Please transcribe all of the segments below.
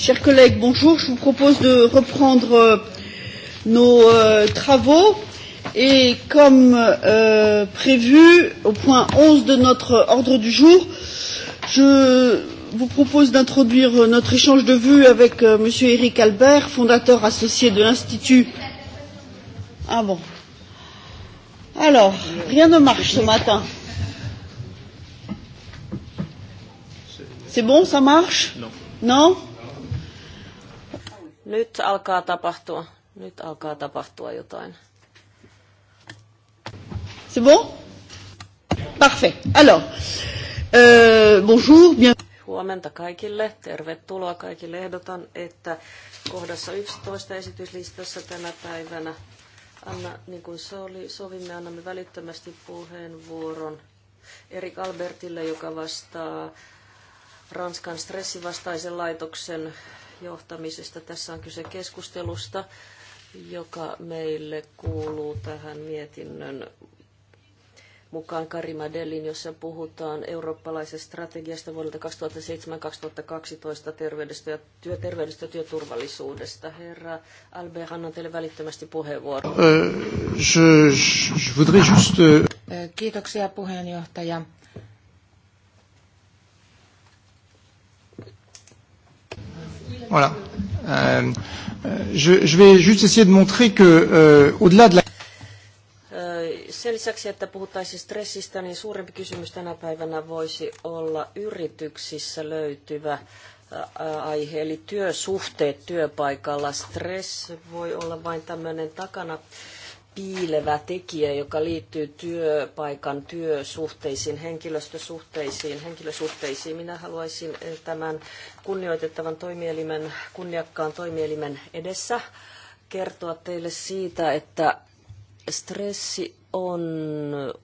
Chers collègues, bonjour. Je vous propose de reprendre euh, nos euh, travaux et comme euh, prévu au point 11 de notre ordre du jour, je vous propose d'introduire euh, notre échange de vues avec euh, M. Eric Albert, fondateur associé de l'Institut. Ah bon. Alors, rien ne marche ce matin. C'est bon, ça marche Non. Non nyt alkaa tapahtua. Nyt alkaa tapahtua jotain. C'est bon? Parfait. Alors, euh, bonjour, bien... Huomenta kaikille. Tervetuloa kaikille. Ehdotan, että kohdassa 11 esityslistassa tänä päivänä, anna, niin kuin se oli, sovimme, annamme välittömästi puheenvuoron Erik Albertille, joka vastaa Ranskan stressivastaisen laitoksen johtamisesta. Tässä on kyse keskustelusta, joka meille kuuluu tähän mietinnön mukaan Karima Delin, jossa puhutaan eurooppalaisesta strategiasta vuodelta 2007-2012 terveydestä ja työterveydestä ja työturvallisuudesta. Herra Albert, annan teille välittömästi puheenvuoron. Euh, euh, Kiitoksia puheenjohtaja. Voilà. Euh, je, je vais juste essayer de montrer que euh, au-delà de la sen lisäksi, että puhuttaisiin stressistä, niin suurempi kysymys tänä päivänä voisi olla yrityksissä löytyvä aihe, eli työsuhteet työpaikalla. Stress voi olla vain tämmöinen takana piilevä tekijä, joka liittyy työpaikan työsuhteisiin, henkilöstösuhteisiin, henkilösuhteisiin. Minä haluaisin tämän kunnioitettavan toimielimen, kunniakkaan toimielimen edessä kertoa teille siitä, että stressi on,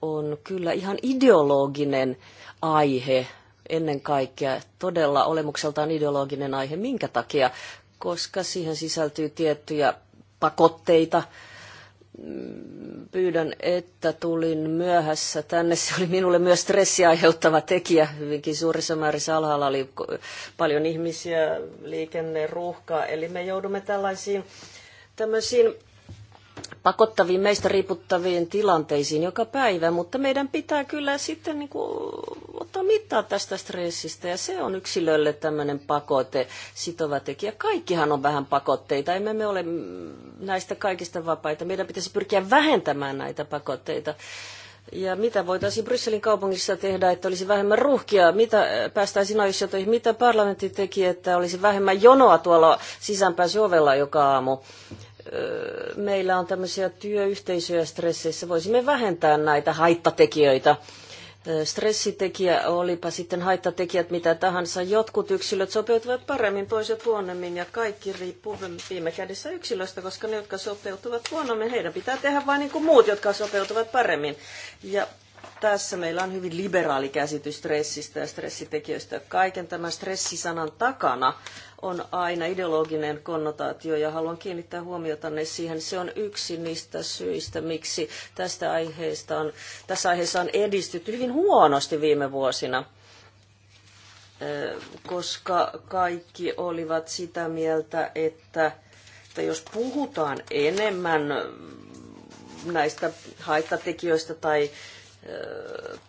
on kyllä ihan ideologinen aihe ennen kaikkea, todella olemukseltaan ideologinen aihe. Minkä takia? Koska siihen sisältyy tiettyjä pakotteita, pyydän, että tulin myöhässä tänne. Se oli minulle myös stressiä aiheuttava tekijä. Hyvinkin suurissa määrissä alhaalla oli paljon ihmisiä, liikenneruuhkaa. Eli me joudumme tällaisiin tämmöisiin pakottaviin, meistä riiputtaviin tilanteisiin joka päivä, mutta meidän pitää kyllä sitten niin kuin, ottaa mittaa tästä stressistä ja se on yksilölle tämmöinen pakote, sitova tekijä. Kaikkihan on vähän pakotteita, emme me ole näistä kaikista vapaita. Meidän pitäisi pyrkiä vähentämään näitä pakotteita. Ja mitä voitaisiin Brysselin kaupungissa tehdä, että olisi vähemmän ruuhkia? Mitä äh, päästäisiin ajoissa Mitä parlamentti teki, että olisi vähemmän jonoa tuolla ovella joka aamu? meillä on tämmöisiä työyhteisöjä stressissä, voisimme vähentää näitä haittatekijöitä. Stressitekijä, olipa sitten haittatekijät mitä tahansa, jotkut yksilöt sopeutuvat paremmin, toiset huonommin ja kaikki riippuu viime kädessä yksilöstä, koska ne, jotka sopeutuvat huonommin, heidän pitää tehdä vain niin kuin muut, jotka sopeutuvat paremmin. Ja tässä meillä on hyvin liberaali käsitys stressistä ja stressitekijöistä. Kaiken tämän stressisanan takana on aina ideologinen konnotaatio ja haluan kiinnittää huomiota siihen. Se on yksi niistä syistä, miksi tästä aiheesta on, tässä aiheessa on edistytty hyvin huonosti viime vuosina eh, koska kaikki olivat sitä mieltä, että, että jos puhutaan enemmän näistä haittatekijöistä tai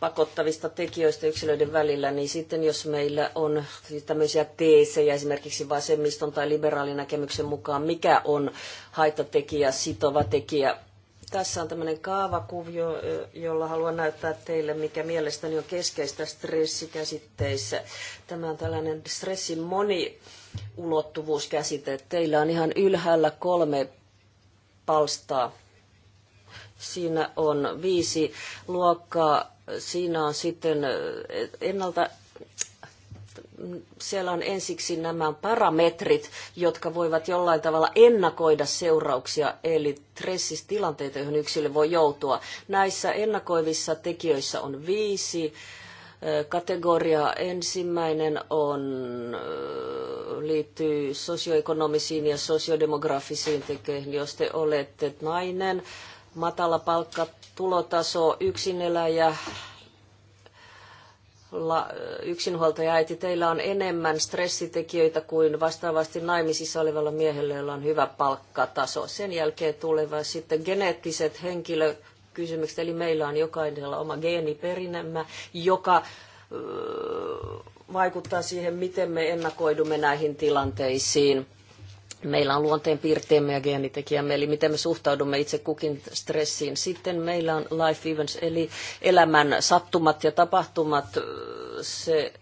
pakottavista tekijöistä yksilöiden välillä, niin sitten jos meillä on siis tämmöisiä teesejä esimerkiksi vasemmiston tai liberaalinäkemyksen mukaan, mikä on haittatekijä, sitova tekijä, tässä on tämmöinen kaavakuvio, jolla haluan näyttää teille, mikä mielestäni on keskeistä stressikäsitteissä. Tämä on tällainen stressin moniulottuvuuskäsite. Teillä on ihan ylhäällä kolme palstaa Siinä on viisi luokkaa. Siinä on sitten eh, ennalta siellä on ensiksi nämä parametrit, jotka voivat jollain tavalla ennakoida seurauksia, eli stressistilanteita, joihin yksilö voi joutua. Näissä ennakoivissa tekijöissä on viisi eh, kategoriaa. Ensimmäinen on, eh, liittyy sosioekonomisiin ja sosiodemografisiin tekijöihin. Jos te olette nainen, matala palkka, tulotaso, yksineläjä, la, yksinhuoltaja äiti, teillä on enemmän stressitekijöitä kuin vastaavasti naimisissa olevalla miehellä, jolla on hyvä palkkataso. Sen jälkeen tulevat sitten geneettiset henkilökysymykset, eli meillä on jokaisella oma geeniperinnämä, joka vaikuttaa siihen, miten me ennakoidumme näihin tilanteisiin meillä on luonteenpiirteemme ja geenitekijämme, eli miten me suhtaudumme itse kukin stressiin. Sitten meillä on life events, eli elämän sattumat ja tapahtumat. Se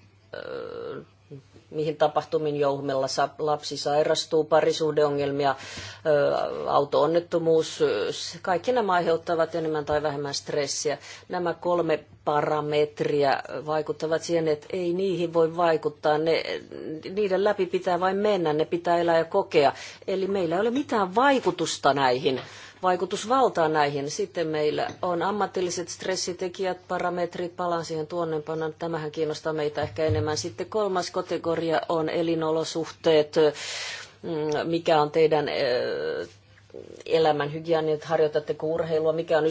mihin tapahtumin jouhmella lapsi sairastuu, parisuhdeongelmia, auto-onnettomuus. Kaikki nämä aiheuttavat enemmän tai vähemmän stressiä. Nämä kolme parametria vaikuttavat siihen, että ei niihin voi vaikuttaa. Ne, niiden läpi pitää vain mennä, ne pitää elää ja kokea. Eli meillä ei ole mitään vaikutusta näihin vaikutusvaltaa näihin. Sitten meillä on ammatilliset stressitekijät, parametrit, palaan siihen tuonnempana. Tämähän kiinnostaa meitä ehkä enemmän. Sitten kolmas kategoria on elinolosuhteet, mm, mikä on teidän eh, elämän hygieniat, harjoitatteko urheilua, mikä on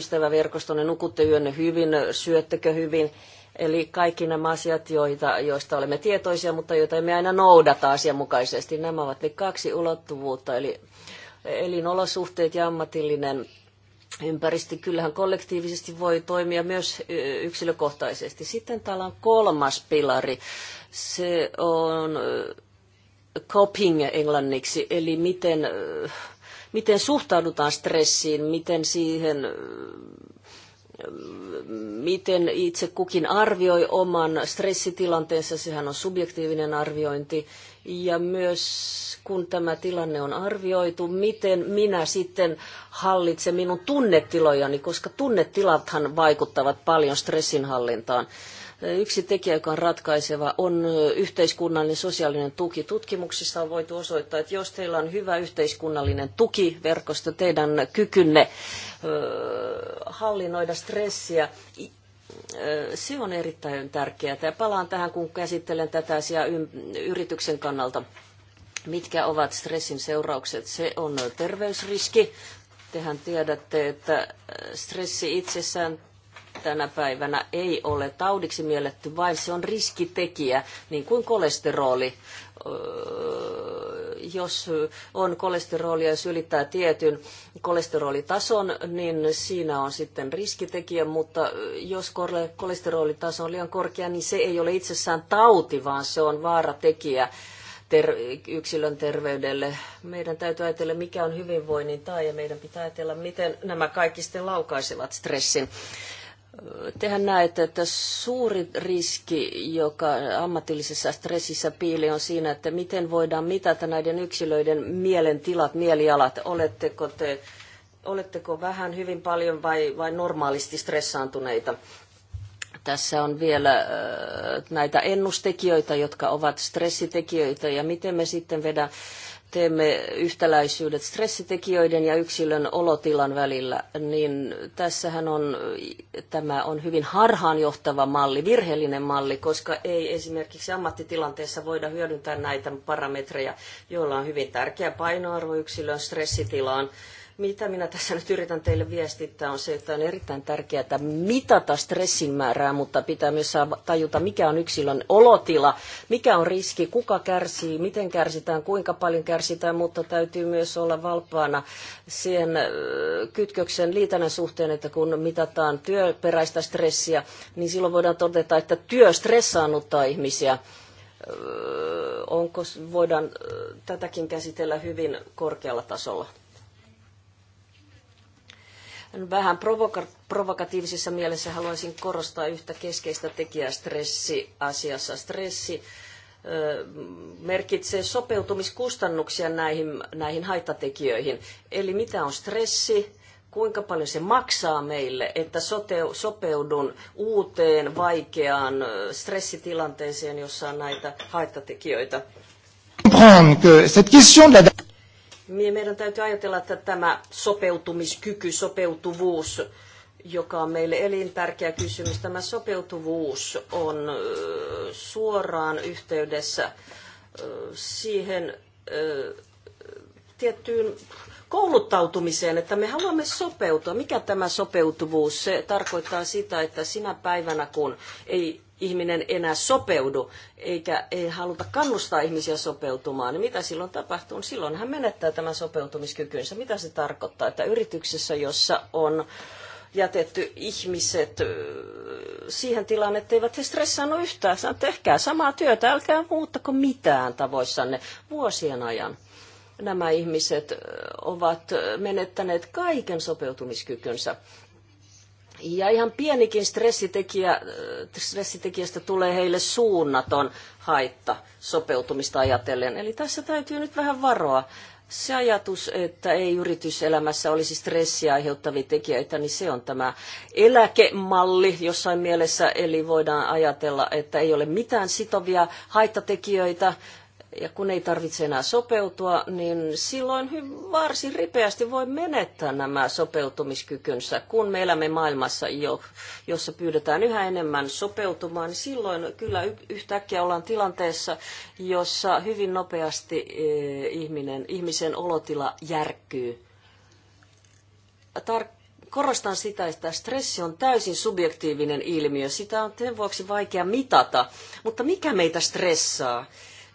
ne nukutte yönne hyvin, syöttekö hyvin. Eli kaikki nämä asiat, joita, joista olemme tietoisia, mutta joita emme aina noudata asianmukaisesti, nämä ovat ne kaksi ulottuvuutta, eli elinolosuhteet ja ammatillinen ympäristö. Kyllähän kollektiivisesti voi toimia myös yksilökohtaisesti. Sitten täällä on kolmas pilari. Se on coping englanniksi, eli miten, miten suhtaudutaan stressiin, miten siihen miten itse kukin arvioi oman stressitilanteensa, sehän on subjektiivinen arviointi, ja myös kun tämä tilanne on arvioitu, miten minä sitten hallitsen minun tunnetilojani, koska tunnetilathan vaikuttavat paljon stressinhallintaan. Yksi tekijä, joka on ratkaiseva, on yhteiskunnallinen sosiaalinen tuki. Tutkimuksissa on voitu osoittaa, että jos teillä on hyvä yhteiskunnallinen tukiverkosto, teidän kykynne hallinnoida stressiä se on erittäin tärkeää. Ja palaan tähän, kun käsittelen tätä asiaa yrityksen kannalta. Mitkä ovat stressin seuraukset? Se on terveysriski. Tehän tiedätte, että stressi itsessään tänä päivänä ei ole taudiksi mielletty, vaan se on riskitekijä, niin kuin kolesteroli jos on kolesterolia, jos ylittää tietyn kolesterolitason, niin siinä on sitten riskitekijä, mutta jos kolesterolitaso on liian korkea, niin se ei ole itsessään tauti, vaan se on vaaratekijä ter- yksilön terveydelle. Meidän täytyy ajatella, mikä on hyvinvoinnin tai ja meidän pitää ajatella, miten nämä kaikki sitten laukaisevat stressin tehän näette, että suuri riski, joka ammatillisessa stressissä piili on siinä, että miten voidaan mitata näiden yksilöiden mielentilat, mielialat. Oletteko te oletteko vähän hyvin paljon vai, vai normaalisti stressaantuneita? Tässä on vielä äh, näitä ennustekijöitä, jotka ovat stressitekijöitä ja miten me sitten vedä, teemme yhtäläisyydet stressitekijöiden ja yksilön olotilan välillä, niin tässähän on, tämä on hyvin harhaanjohtava malli, virheellinen malli, koska ei esimerkiksi ammattitilanteessa voida hyödyntää näitä parametreja, joilla on hyvin tärkeä painoarvo yksilön stressitilaan mitä minä tässä nyt yritän teille viestittää on se, että on erittäin tärkeää mitata stressin määrää, mutta pitää myös tajuta, mikä on yksilön olotila, mikä on riski, kuka kärsii, miten kärsitään, kuinka paljon kärsitään, mutta täytyy myös olla valppaana siihen kytköksen liitännän suhteen, että kun mitataan työperäistä stressiä, niin silloin voidaan todeta, että työ stressaannuttaa ihmisiä onko, voidaan tätäkin käsitellä hyvin korkealla tasolla. Vähän provoka- provokatiivisessa mielessä haluaisin korostaa yhtä keskeistä tekijää stressiasiassa. Stressi merkitsee sopeutumiskustannuksia näihin, näihin haittatekijöihin. Eli mitä on stressi, kuinka paljon se maksaa meille, että sote sopeudun uuteen vaikeaan stressitilanteeseen, jossa on näitä haittatekijöitä. Meidän täytyy ajatella, että tämä sopeutumiskyky, sopeutuvuus, joka on meille elintärkeä kysymys, tämä sopeutuvuus on suoraan yhteydessä siihen tiettyyn kouluttautumiseen, että me haluamme sopeutua. Mikä tämä sopeutuvuus? Se tarkoittaa sitä, että sinä päivänä, kun ei ihminen enää sopeudu, eikä ei haluta kannustaa ihmisiä sopeutumaan, niin mitä silloin tapahtuu? Niin silloin hän menettää tämän sopeutumiskykynsä. Mitä se tarkoittaa, että yrityksessä, jossa on jätetty ihmiset siihen tilaan, että eivät he stressaannu yhtään. sanoo, tehkää samaa työtä, älkää muuttako mitään tavoissanne vuosien ajan. Nämä ihmiset ovat menettäneet kaiken sopeutumiskykynsä. Ja ihan pienikin stressitekijä, äh, stressitekijästä tulee heille suunnaton haitta sopeutumista ajatellen. Eli tässä täytyy nyt vähän varoa. Se ajatus, että ei yrityselämässä olisi stressiä aiheuttavia tekijöitä, niin se on tämä eläkemalli jossain mielessä. Eli voidaan ajatella, että ei ole mitään sitovia haittatekijöitä, ja kun ei tarvitse enää sopeutua, niin silloin varsin ripeästi voi menettää nämä sopeutumiskykynsä. Kun me elämme maailmassa, jo, jossa pyydetään yhä enemmän sopeutumaan, niin silloin kyllä yhtäkkiä ollaan tilanteessa, jossa hyvin nopeasti e, ihminen, ihmisen olotila järkkyy. Tark- korostan sitä, että stressi on täysin subjektiivinen ilmiö. Sitä on sen vuoksi vaikea mitata. Mutta mikä meitä stressaa?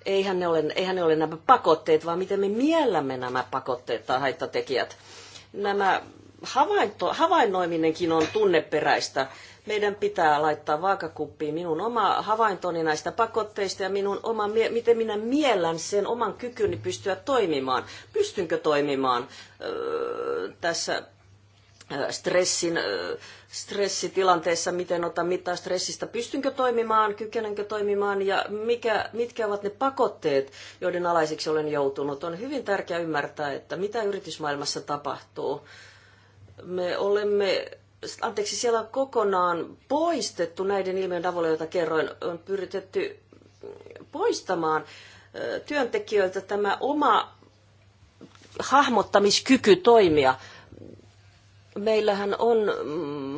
eihän ne ole, eihän ne ole nämä pakotteet, vaan miten me miellämme nämä pakotteet tai haittatekijät. Nämä havainto, havainnoiminenkin on tunneperäistä. Meidän pitää laittaa vaakakuppiin minun oma havaintoni näistä pakotteista ja minun oma, miten minä miellän sen oman kykyni pystyä toimimaan. Pystynkö toimimaan öö, tässä stressin, stressitilanteessa, miten otan mittaa stressistä, pystynkö toimimaan, kykenenkö toimimaan ja mikä, mitkä ovat ne pakotteet, joiden alaisiksi olen joutunut. On hyvin tärkeää ymmärtää, että mitä yritysmaailmassa tapahtuu. Me olemme anteeksi, siellä on kokonaan poistettu näiden ilmiön avulla, joita kerroin, on pyritetty poistamaan työntekijöiltä tämä oma hahmottamiskyky toimia – meillähän on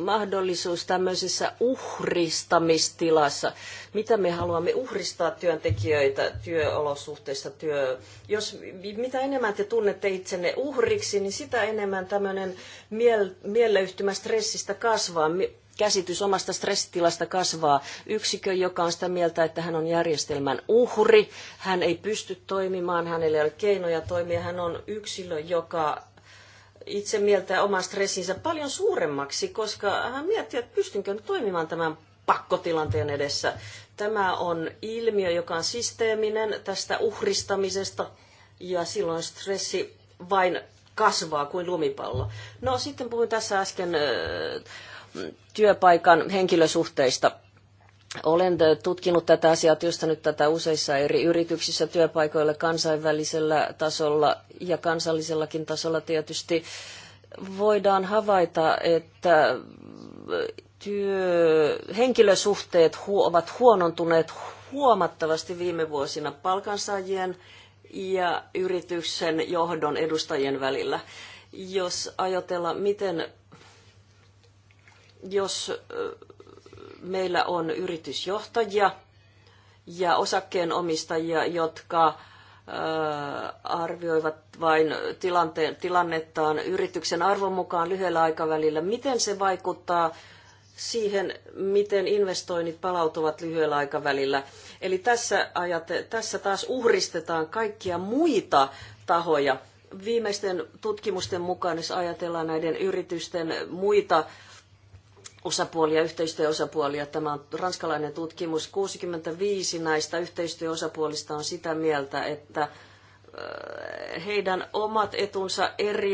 mahdollisuus tämmöisessä uhristamistilassa. Mitä me haluamme uhristaa työntekijöitä työolosuhteista? Työ... Jos, mitä enemmän te tunnette itsenne uhriksi, niin sitä enemmän tämmöinen miel- mieleyhtymä stressistä kasvaa käsitys omasta stressitilasta kasvaa. Yksikö, joka on sitä mieltä, että hän on järjestelmän uhri, hän ei pysty toimimaan, hänellä ei ole keinoja toimia, hän on yksilö, joka itse mieltää oman stressinsä paljon suuremmaksi, koska hän miettii, että pystynkö nyt toimimaan tämän pakkotilanteen edessä. Tämä on ilmiö, joka on systeeminen tästä uhristamisesta ja silloin stressi vain kasvaa kuin lumipallo. No sitten puhuin tässä äsken työpaikan henkilösuhteista. Olen tutkinut tätä asiaa, työstänyt tätä useissa eri yrityksissä, työpaikoilla, kansainvälisellä tasolla ja kansallisellakin tasolla tietysti. Voidaan havaita, että työ, henkilösuhteet ovat huonontuneet huomattavasti viime vuosina palkansaajien ja yrityksen johdon edustajien välillä. Jos ajatellaan, miten jos meillä on yritysjohtajia ja osakkeenomistajia, jotka arvioivat vain tilanteen, tilannettaan yrityksen arvon mukaan lyhyellä aikavälillä. Miten se vaikuttaa siihen, miten investoinnit palautuvat lyhyellä aikavälillä? Eli tässä, ajate, tässä taas uhristetaan kaikkia muita tahoja. Viimeisten tutkimusten mukaan, jos ajatellaan näiden yritysten muita osapuolia, yhteistyöosapuolia. Tämä on ranskalainen tutkimus. 65 näistä yhteistyöosapuolista on sitä mieltä, että äh, heidän omat etunsa eri,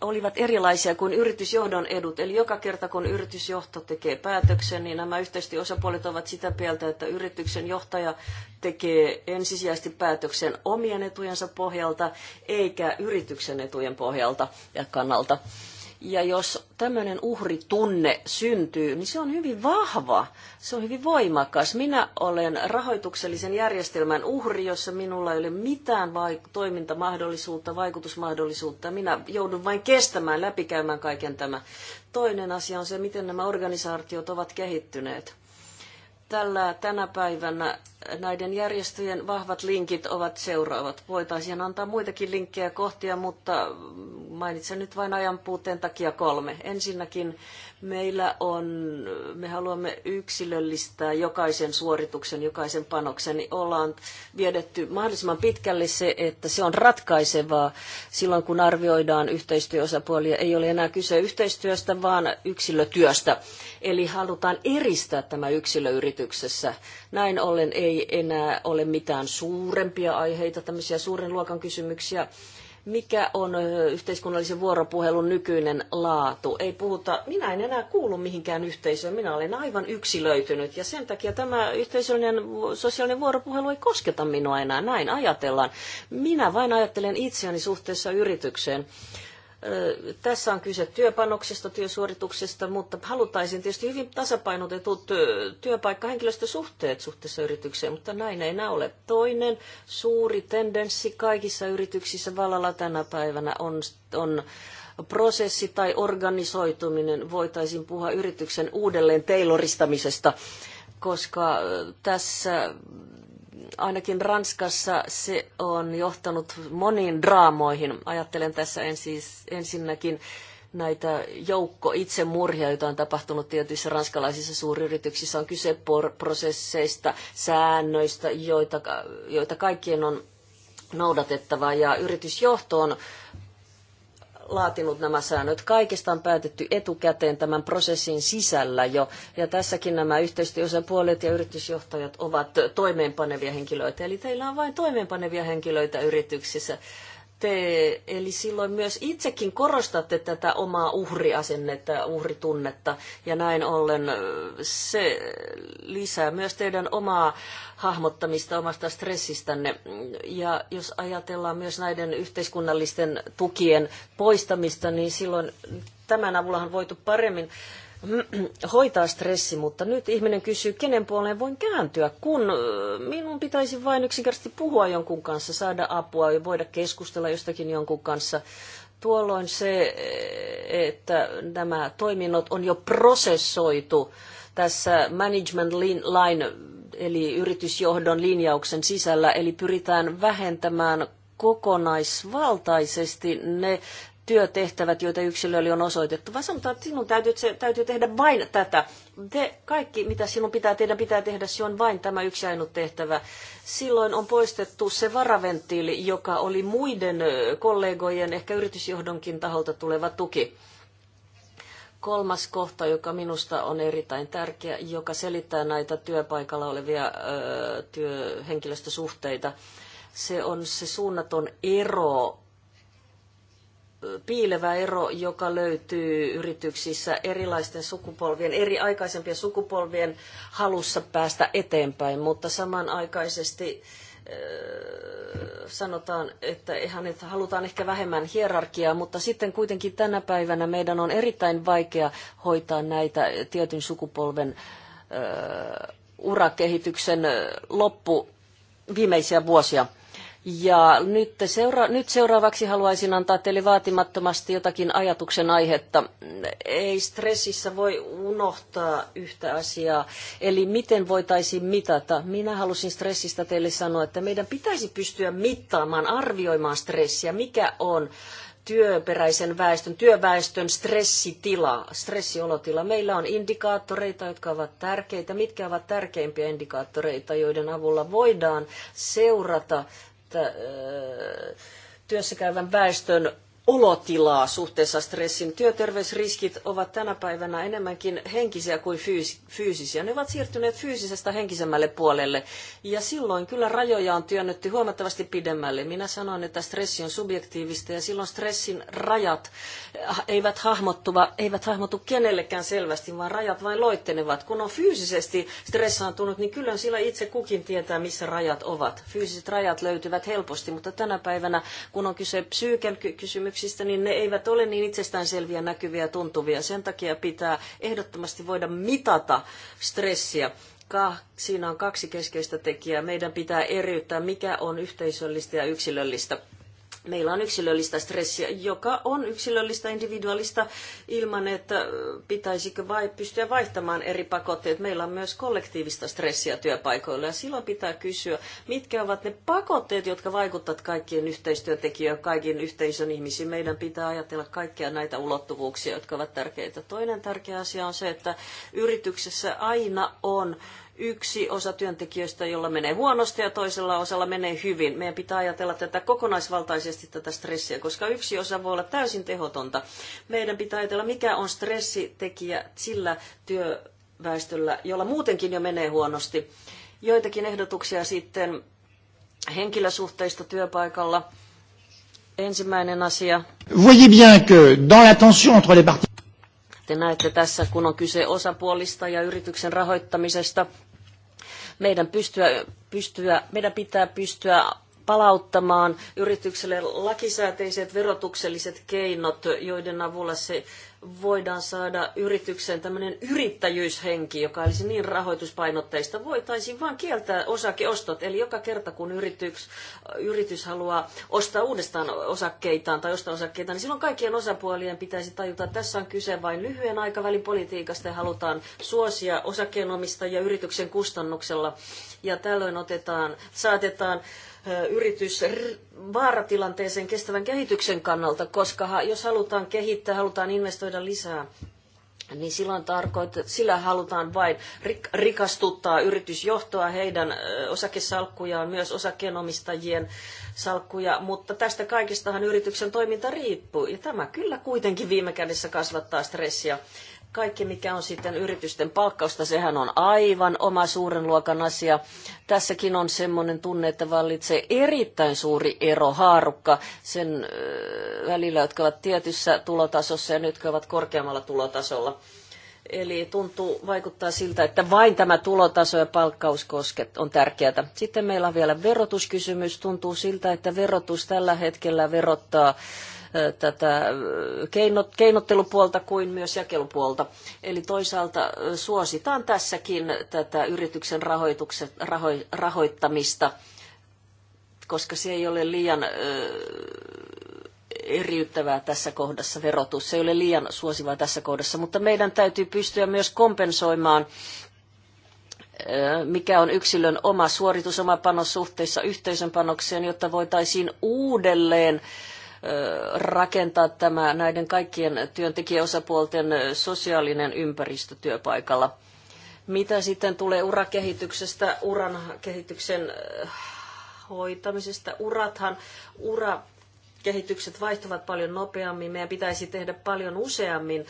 olivat erilaisia kuin yritysjohdon edut. Eli joka kerta kun yritysjohto tekee päätöksen, niin nämä yhteistyöosapuolet ovat sitä mieltä, että yrityksen johtaja tekee ensisijaisesti päätöksen omien etujensa pohjalta eikä yrityksen etujen pohjalta ja kannalta. Ja jos tämmöinen uhritunne syntyy, niin se on hyvin vahva, se on hyvin voimakas. Minä olen rahoituksellisen järjestelmän uhri, jossa minulla ei ole mitään vaik- toimintamahdollisuutta, vaikutusmahdollisuutta. Minä joudun vain kestämään, läpikäymään kaiken tämä. Toinen asia on se, miten nämä organisaatiot ovat kehittyneet Tällä, tänä päivänä näiden järjestöjen vahvat linkit ovat seuraavat. Voitaisiin antaa muitakin linkkejä kohtia, mutta mainitsen nyt vain ajan puutteen takia kolme. Ensinnäkin Meillä on, me haluamme yksilöllistää jokaisen suorituksen, jokaisen panoksen. Niin ollaan viedetty mahdollisimman pitkälle se, että se on ratkaisevaa silloin, kun arvioidaan yhteistyöosapuolia. Ei ole enää kyse yhteistyöstä, vaan yksilötyöstä. Eli halutaan eristää tämä yksilöyrityksessä. Näin ollen ei enää ole mitään suurempia aiheita, tämmöisiä suuren luokan kysymyksiä mikä on yhteiskunnallisen vuoropuhelun nykyinen laatu. Ei puhuta, minä en enää kuulu mihinkään yhteisöön, minä olen aivan yksilöitynyt ja sen takia tämä yhteisöllinen sosiaalinen vuoropuhelu ei kosketa minua enää, näin ajatellaan. Minä vain ajattelen itseäni suhteessa yritykseen. Tässä on kyse työpanoksesta, työsuorituksesta, mutta halutaisin tietysti hyvin tasapainotetut työpaikkahenkilöstösuhteet suhteessa yritykseen, mutta näin ei enää ole. Toinen suuri tendenssi kaikissa yrityksissä vallalla tänä päivänä on, on prosessi tai organisoituminen. Voitaisiin puhua yrityksen uudelleen teiloristamisesta, koska tässä ainakin Ranskassa se on johtanut moniin draamoihin. Ajattelen tässä ensis, ensinnäkin näitä joukko itsemurhia, joita on tapahtunut tietyissä ranskalaisissa suuryrityksissä. On kyse prosesseista, säännöistä, joita, joita kaikkien on noudatettava ja yritysjohto on laatinut nämä säännöt. Kaikista on päätetty etukäteen tämän prosessin sisällä jo. Ja tässäkin nämä yhteistyöosapuolet ja yritysjohtajat ovat toimeenpanevia henkilöitä. Eli teillä on vain toimeenpanevia henkilöitä yrityksissä te, eli silloin myös itsekin korostatte tätä omaa uhriasennetta ja uhritunnetta, ja näin ollen se lisää myös teidän omaa hahmottamista omasta stressistänne. Ja jos ajatellaan myös näiden yhteiskunnallisten tukien poistamista, niin silloin tämän avullahan voitu paremmin hoitaa stressi, mutta nyt ihminen kysyy, kenen puoleen voin kääntyä, kun minun pitäisi vain yksinkertaisesti puhua jonkun kanssa, saada apua ja voida keskustella jostakin jonkun kanssa. Tuolloin se, e, että nämä toiminnot on jo prosessoitu tässä management line, eli yritysjohdon linjauksen sisällä, eli pyritään vähentämään kokonaisvaltaisesti ne työtehtävät, joita yksilölle on osoitettu, vaan sanotaan, että sinun täytyy, se, täytyy tehdä vain tätä. Te, kaikki, mitä sinun pitää tehdä, pitää tehdä, se on vain tämä yksi ainut tehtävä. Silloin on poistettu se varaventtiili, joka oli muiden kollegojen, ehkä yritysjohdonkin taholta tuleva tuki. Kolmas kohta, joka minusta on erittäin tärkeä, joka selittää näitä työpaikalla olevia ö, työhenkilöstösuhteita, se on se suunnaton ero piilevä ero, joka löytyy yrityksissä erilaisten sukupolvien, eri aikaisempien sukupolvien halussa päästä eteenpäin, mutta samanaikaisesti äh, sanotaan, että ihan, että halutaan ehkä vähemmän hierarkiaa, mutta sitten kuitenkin tänä päivänä meidän on erittäin vaikea hoitaa näitä tietyn sukupolven äh, urakehityksen äh, loppu viimeisiä vuosia. Ja nyt, seura- nyt seuraavaksi haluaisin antaa teille vaatimattomasti jotakin ajatuksen aihetta. Ei stressissä voi unohtaa yhtä asiaa, eli miten voitaisiin mitata. Minä halusin stressistä teille sanoa, että meidän pitäisi pystyä mittaamaan, arvioimaan stressiä, mikä on työperäisen väestön, työväestön stressitila, stressiolotila. Meillä on indikaattoreita, jotka ovat tärkeitä. Mitkä ovat tärkeimpiä indikaattoreita, joiden avulla voidaan seurata työssäkäyvän väestön olotilaa suhteessa stressiin. Työterveysriskit ovat tänä päivänä enemmänkin henkisiä kuin fyysisiä. Ne ovat siirtyneet fyysisestä henkisemmälle puolelle. Ja silloin kyllä rajoja on työnnetty huomattavasti pidemmälle. Minä sanon, että stressi on subjektiivista ja silloin stressin rajat eivät, hahmottuva, eivät hahmotu kenellekään selvästi, vaan rajat vain loittenevat. Kun on fyysisesti stressaantunut, niin kyllä sillä itse kukin tietää, missä rajat ovat. Fyysiset rajat löytyvät helposti, mutta tänä päivänä, kun on kyse psyyken kysymyksistä, kysymyksistä, niin ne eivät ole niin itsestäänselviä, näkyviä ja tuntuvia. Sen takia pitää ehdottomasti voida mitata stressiä. Ka- siinä on kaksi keskeistä tekijää. Meidän pitää eriyttää, mikä on yhteisöllistä ja yksilöllistä Meillä on yksilöllistä stressiä, joka on yksilöllistä, individuaalista, ilman että pitäisikö vai pystyä vaihtamaan eri pakotteet. Meillä on myös kollektiivista stressiä työpaikoilla ja silloin pitää kysyä, mitkä ovat ne pakotteet, jotka vaikuttavat kaikkien yhteistyötekijöihin, kaikin yhteisön ihmisiin. Meidän pitää ajatella kaikkia näitä ulottuvuuksia, jotka ovat tärkeitä. Toinen tärkeä asia on se, että yrityksessä aina on äh, yksi osa työntekijöistä, jolla menee huonosti ja toisella osalla menee hyvin. Meidän pitää ajatella tätä kokonaisvaltaisesti tätä stressiä, koska yksi osa voi olla täysin tehotonta. Meidän pitää ajatella, mikä on stressitekijä sillä työväestöllä, jolla muutenkin jo menee huonosti. Joitakin ehdotuksia sitten henkilösuhteista työpaikalla. Ensimmäinen asia. Voyez bien que dans la tension entre les parties te näette tässä, kun on kyse osapuolista ja yrityksen rahoittamisesta, meidän, pystyä, pystyä, meidän pitää pystyä palauttamaan yritykselle lakisääteiset verotukselliset keinot, joiden avulla se voidaan saada yrityksen tämmöinen yrittäjyyshenki, joka olisi niin rahoituspainotteista, voitaisiin vain kieltää osakeostot. Eli joka kerta, kun yrityks, yritys haluaa ostaa uudestaan osakkeitaan tai ostaa osakkeita, niin silloin kaikkien osapuolien pitäisi tajuta, että tässä on kyse vain lyhyen aikavälin politiikasta ja halutaan suosia osakkeenomistajia yrityksen kustannuksella. Ja tällöin otetaan, saatetaan yritys vaaratilanteeseen kestävän kehityksen kannalta, koska jos halutaan kehittää, halutaan investoida lisää niin silloin tarkoita, sillä halutaan vain rikastuttaa yritysjohtoa, heidän osakesalkkujaan, myös osakkeenomistajien salkkuja, mutta tästä kaikestahan yrityksen toiminta riippuu. Ja tämä kyllä kuitenkin viime kädessä kasvattaa stressiä kaikki, mikä on sitten yritysten palkkausta, sehän on aivan oma suuren luokan asia. Tässäkin on semmoinen tunne, että vallitsee erittäin suuri ero haarukka sen välillä, jotka ovat tietyssä tulotasossa ja nyt, jotka ovat korkeammalla tulotasolla. Eli tuntuu, vaikuttaa siltä, että vain tämä tulotaso ja palkkaus kosket on tärkeää. Sitten meillä on vielä verotuskysymys. Tuntuu siltä, että verotus tällä hetkellä verottaa tätä keinot, keinottelupuolta kuin myös jakelupuolta. Eli toisaalta suositaan tässäkin tätä yrityksen raho, rahoittamista, koska se ei ole liian eriyttävää tässä kohdassa verotus. Se ei ole liian suosivaa tässä kohdassa, mutta meidän täytyy pystyä myös kompensoimaan mikä on yksilön oma suoritus, oma panos suhteessa yhteisön panokseen, jotta voitaisiin uudelleen äh, rakentaa tämä näiden kaikkien työntekijäosapuolten sosiaalinen ympäristö työpaikalla. Mitä sitten tulee urakehityksestä, uran kehityksen hoitamisesta? Urathan, ura kehitykset vaihtuvat paljon nopeammin. Meidän pitäisi tehdä paljon useammin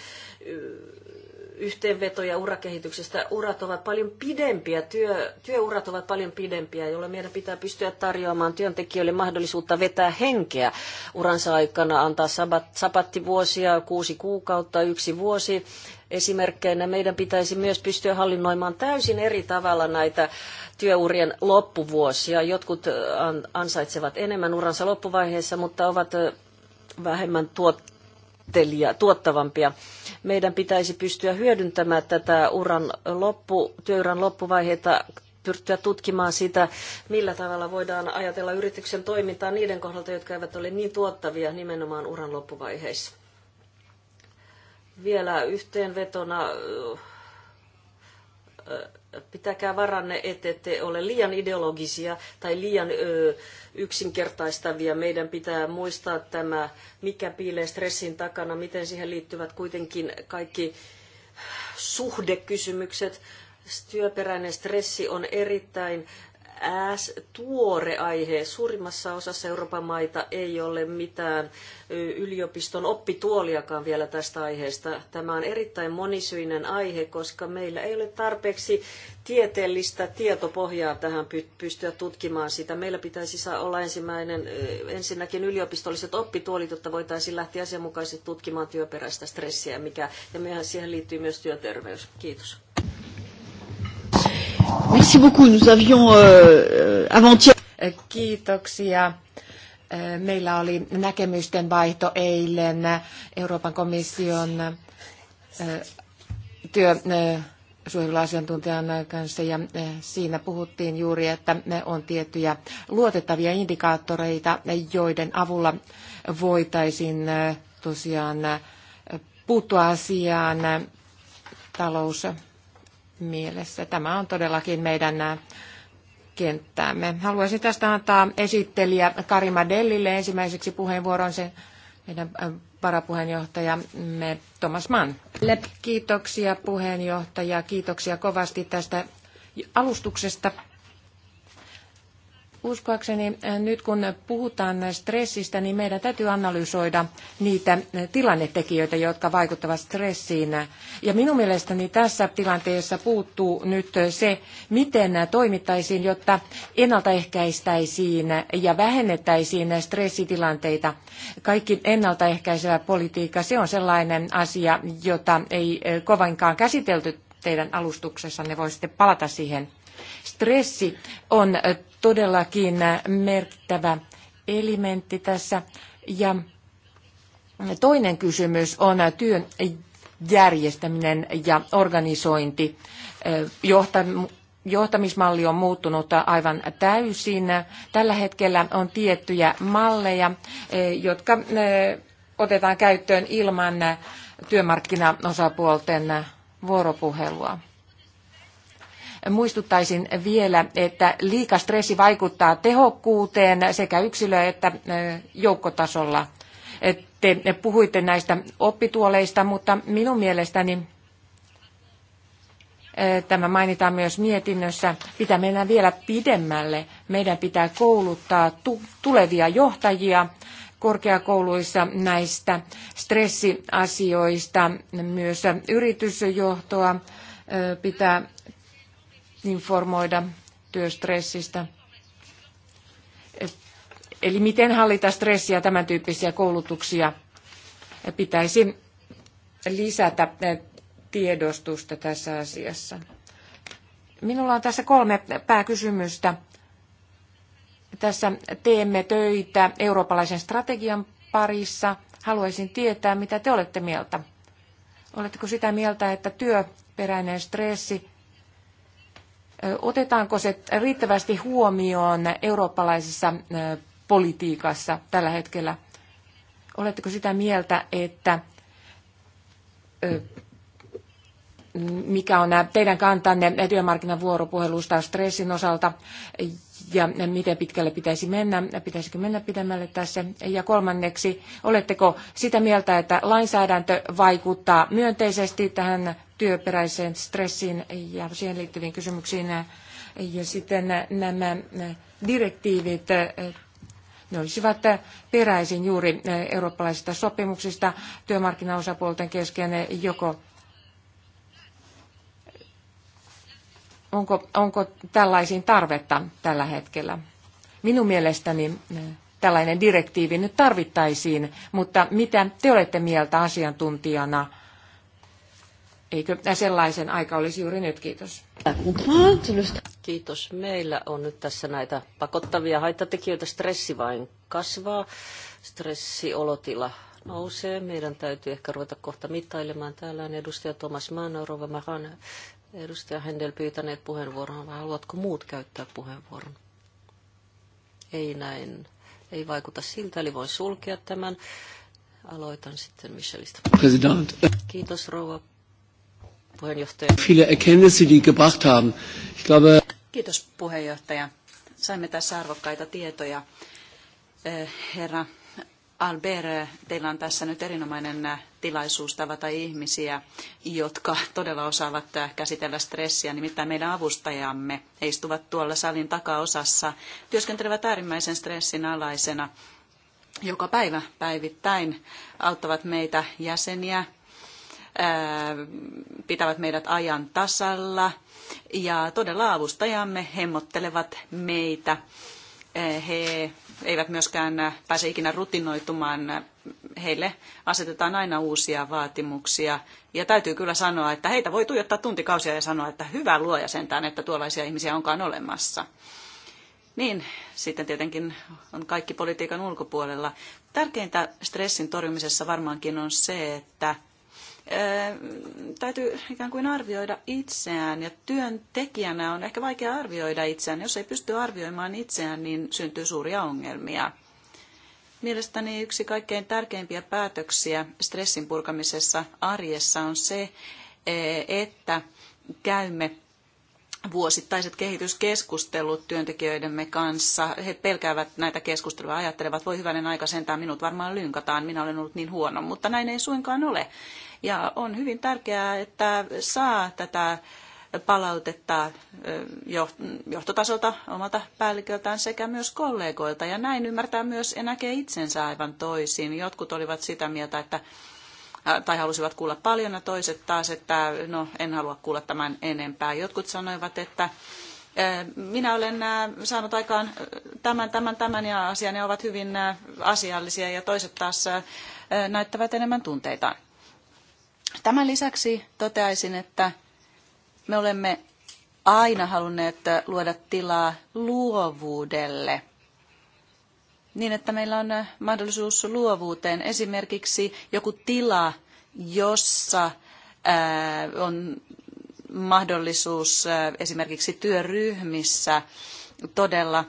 yhteenvetoja urakehityksestä. Urat ovat paljon pidempiä, työ, työurat ovat paljon pidempiä, jolloin meidän pitää pystyä tarjoamaan työntekijöille mahdollisuutta vetää henkeä uransa aikana, antaa sabat, sabattivuosia, kuusi kuukautta, yksi vuosi. Esimerkkeinä meidän pitäisi myös pystyä hallinnoimaan täysin eri tavalla näitä työurien loppuvuosia. Jotkut ansaitsevat enemmän uransa loppuvaiheessa, mutta ovat vähemmän tuot, tuottelia, tuottavampia. Meidän pitäisi pystyä hyödyntämään tätä uran loppu, työuran loppuvaiheita pyrkiä tutkimaan sitä, millä tavalla voidaan ajatella yrityksen toimintaa niiden kohdalta, jotka eivät ole niin tuottavia nimenomaan uran loppuvaiheissa. Vielä yhteenvetona pitäkää varanne, ettette ole liian ideologisia tai liian ö, yksinkertaistavia. Meidän pitää muistaa tämä, mikä piilee stressin takana, miten siihen liittyvät kuitenkin kaikki suhdekysymykset. Työperäinen stressi on erittäin ääs tuore aihe. Suurimmassa osassa Euroopan maita ei ole mitään yliopiston oppituoliakaan vielä tästä aiheesta. Tämä on erittäin monisyinen aihe, koska meillä ei ole tarpeeksi tieteellistä tietopohjaa tähän pystyä tutkimaan sitä. Meillä pitäisi saa olla ensimmäinen, ensinnäkin yliopistolliset oppituolit, jotta voitaisiin lähteä asianmukaisesti tutkimaan työperäistä stressiä, mikä, ja siihen liittyy myös työterveys. Kiitos. Merci beaucoup. Nous avions euh, euh avant-hier. Kiitoksia. Äh, meillä oli näkemysten vaihto eilen Euroopan komission äh, äh, suojeluasiantuntijan kanssa ja siinä puhuttiin juuri, että on tiettyjä luotettavia indikaattoreita, joiden avulla voitaisiin tosiaan puuttua asiaan talous mielessä. Tämä on todellakin meidän äh, kenttäämme. Haluaisin tästä antaa esittelijä Karima Dellille ensimmäiseksi puheenvuoron sen meidän äh, varapuheenjohtajamme mm, Thomas Mann. Kiitoksia puheenjohtaja, kiitoksia kovasti tästä alustuksesta. Uskoakseni eh, nyt kun puhutaan stressistä, niin meidän täytyy analysoida niitä eh, tilannetekijöitä, jotka vaikuttavat stressiin. Ja minun mielestäni tässä tilanteessa puuttuu nyt se, miten toimittaisiin, jotta ennaltaehkäistäisiin ja vähennettäisiin stressitilanteita. Kaikki ennaltaehkäisevä politiikka, se on sellainen asia, jota ei eh, kovinkaan käsitelty teidän alustuksessanne. Voisitte palata siihen Stressi on todellakin merkittävä elementti tässä. Ja toinen kysymys on työn järjestäminen ja organisointi. Johtamismalli on muuttunut aivan täysin. Tällä hetkellä on tiettyjä malleja, jotka otetaan käyttöön ilman työmarkkinaosapuolten vuoropuhelua. Muistuttaisin vielä, että liika stressi vaikuttaa tehokkuuteen sekä yksilö- että joukkotasolla. Te puhuitte näistä oppituoleista, mutta minun mielestäni Tämä mainitaan myös mietinnössä. Pitää mennä vielä pidemmälle. Meidän pitää kouluttaa tulevia johtajia korkeakouluissa näistä stressiasioista, myös yritysjohtoa pitää informoida työstressistä. Eli miten hallita stressiä, tämän tyyppisiä koulutuksia pitäisi lisätä tiedostusta tässä asiassa. Minulla on tässä kolme pääkysymystä. Tässä teemme töitä eurooppalaisen strategian parissa. Haluaisin tietää, mitä te olette mieltä. Oletteko sitä mieltä, että työperäinen stressi Otetaanko se riittävästi huomioon eurooppalaisessa politiikassa tällä hetkellä? Oletteko sitä mieltä, että mikä on teidän kantanne vuoropuhelusta stressin osalta ja miten pitkälle pitäisi mennä, pitäisikö mennä pidemmälle tässä. Ja kolmanneksi, oletteko sitä mieltä, että lainsäädäntö vaikuttaa myönteisesti tähän työperäiseen stressiin ja siihen liittyviin kysymyksiin? Ja sitten nämä direktiivit, ne olisivat peräisin juuri eurooppalaisista sopimuksista työmarkkinaosapuolten kesken joko Onko, onko tällaisiin tarvetta tällä hetkellä? Minun mielestäni tällainen direktiivi nyt tarvittaisiin, mutta mitä te olette mieltä asiantuntijana? Eikö sellaisen aika olisi juuri nyt? Kiitos. Kiitos. Meillä on nyt tässä näitä pakottavia haittatekijöitä. Stressi vain kasvaa. Stressiolotila nousee. Meidän täytyy ehkä ruveta kohta mittailemaan. Täällä on edustaja Thomas Mann, Rova Mahan, edustaja Händel pyytäneet puheenvuoron, vai haluatko muut käyttää puheenvuoron? Ei näin, ei vaikuta siltä, eli voin sulkea tämän. Aloitan sitten Michelistä. President. Kiitos rouva puheenjohtaja. Viele Erkenntnisse, die gebracht haben. Ich glaube... Kiitos puheenjohtaja. Saimme tässä arvokkaita tietoja. Eh, herra Albert, teillä on tässä nyt erinomainen eh, tilaisuus tavata ihmisiä, jotka todella osaavat käsitellä stressiä. Nimittäin meidän avustajamme he istuvat tuolla salin takaosassa, työskentelevät äärimmäisen stressin alaisena joka päivä päivittäin auttavat meitä jäseniä, pitävät meidät ajan tasalla ja todella avustajamme hemmottelevat meitä. He eivät myöskään äh, pääse ikinä rutinoitumaan. Heille asetetaan aina uusia vaatimuksia. Ja täytyy kyllä sanoa, että heitä voi tuijottaa tuntikausia ja sanoa, että hyvä luoja sentään, että tuollaisia ihmisiä onkaan olemassa. Niin, sitten tietenkin on kaikki politiikan ulkopuolella. Tärkeintä stressin torjumisessa varmaankin on se, että täytyy ikään kuin arvioida itseään ja työntekijänä on ehkä vaikea arvioida itseään. Jos ei pysty arvioimaan itseään, niin syntyy suuria ongelmia. Mielestäni yksi kaikkein tärkeimpiä päätöksiä stressin purkamisessa arjessa on se, e, että käymme vuosittaiset kehityskeskustelut työntekijöidemme kanssa. He pelkäävät näitä keskusteluja, ajattelevat, voi hyvänen aika sentään, minut varmaan lynkataan, minä olen ollut niin huono, mutta näin ei suinkaan ole. Ja on hyvin tärkeää, että saa tätä palautetta johtotasolta, omalta päälliköltään sekä myös kollegoilta. Ja näin ymmärtää myös ja näkee itsensä aivan toisin. Jotkut olivat sitä mieltä, että tai halusivat kuulla paljon ja toiset taas, että no en halua kuulla tämän enempää. Jotkut sanoivat, että minä olen saanut aikaan tämän, tämän, tämän ja asia, ovat hyvin asiallisia ja toiset taas näyttävät enemmän tunteitaan. Tämän lisäksi toteaisin, että me olemme aina halunneet luoda tilaa luovuudelle – niin, että meillä on mahdollisuus luovuuteen. Esimerkiksi joku tila, jossa on mahdollisuus esimerkiksi työryhmissä todella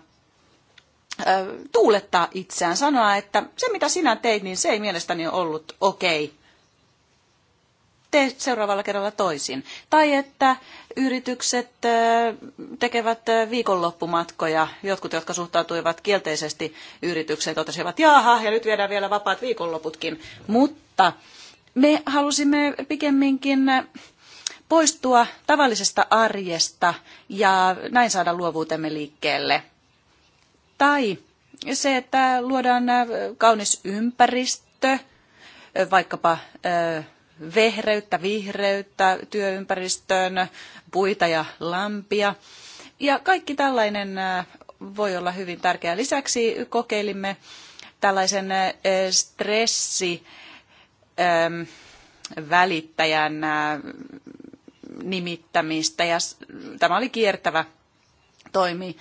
tuulettaa itseään, sanoa, että se mitä sinä teit, niin se ei mielestäni ollut okei. Okay tee seuraavalla kerralla toisin. Tai että yritykset tekevät viikonloppumatkoja. Jotkut, jotka suhtautuivat kielteisesti yritykseen, totesivat, jaha, ja nyt viedään vielä vapaat viikonloputkin. Mutta me halusimme pikemminkin poistua tavallisesta arjesta ja näin saada luovuutemme liikkeelle. Tai se, että luodaan kaunis ympäristö, vaikkapa vehreyttä, vihreyttä työympäristöön, puita ja lampia. Ja kaikki tällainen voi olla hyvin tärkeää. Lisäksi kokeilimme tällaisen stressi välittäjän nimittämistä ja tämä oli kiertävä toimi.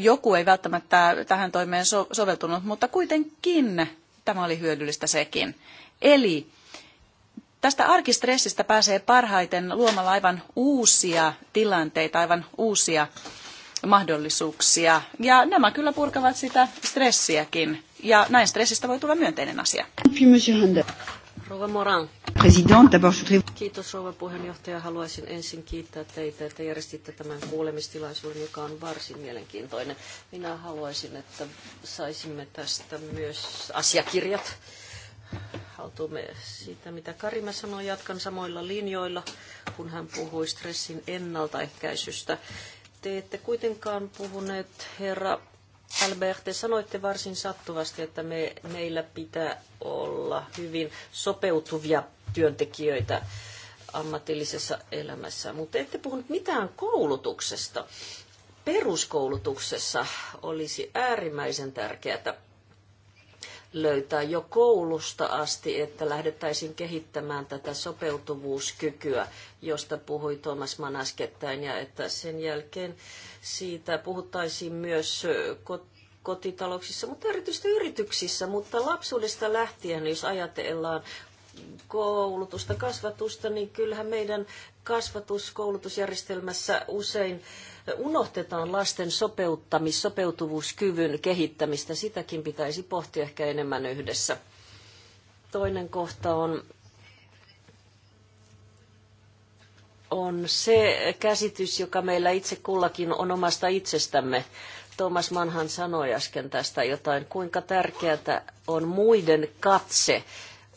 Joku ei välttämättä tähän toimeen soveltunut, mutta kuitenkin tämä oli hyödyllistä sekin. Eli Tästä arkistressistä pääsee parhaiten luomalla aivan uusia tilanteita, aivan uusia mahdollisuuksia. Ja nämä kyllä purkavat sitä stressiäkin. Ja näin stressistä voi tulla myönteinen asia. Rouva Moran. Kiitos rouva puheenjohtaja. Haluaisin ensin kiittää teitä, että järjestitte tämän kuulemistilaisuuden, joka on varsin mielenkiintoinen. Minä haluaisin, että saisimme tästä myös asiakirjat haltuumme siitä, mitä Karima sanoi. Jatkan samoilla linjoilla, kun hän puhui stressin ennaltaehkäisystä. Te ette kuitenkaan puhuneet, herra Albert, te sanoitte varsin sattuvasti, että me, meillä pitää olla hyvin sopeutuvia työntekijöitä ammatillisessa elämässä, mutta ette puhunut mitään koulutuksesta. Peruskoulutuksessa olisi äärimmäisen tärkeää löytää jo koulusta asti, että lähdettäisiin kehittämään tätä sopeutuvuuskykyä, josta puhui Thomas Manaskettäin, ja että sen jälkeen siitä puhuttaisiin myös kotitalouksissa, mutta erityisesti yrityksissä, mutta lapsuudesta lähtien, jos ajatellaan koulutusta, kasvatusta, niin kyllähän meidän kasvatuskoulutusjärjestelmässä usein äh, unohtetaan lasten sopeuttamis, sopeutuvuuskyvyn kehittämistä. Sitäkin pitäisi pohtia ehkä enemmän yhdessä. Toinen kohta on on se käsitys, joka meillä itse kullakin on omasta itsestämme. Thomas Manhan sanoi äsken tästä jotain, kuinka tärkeää on muiden katse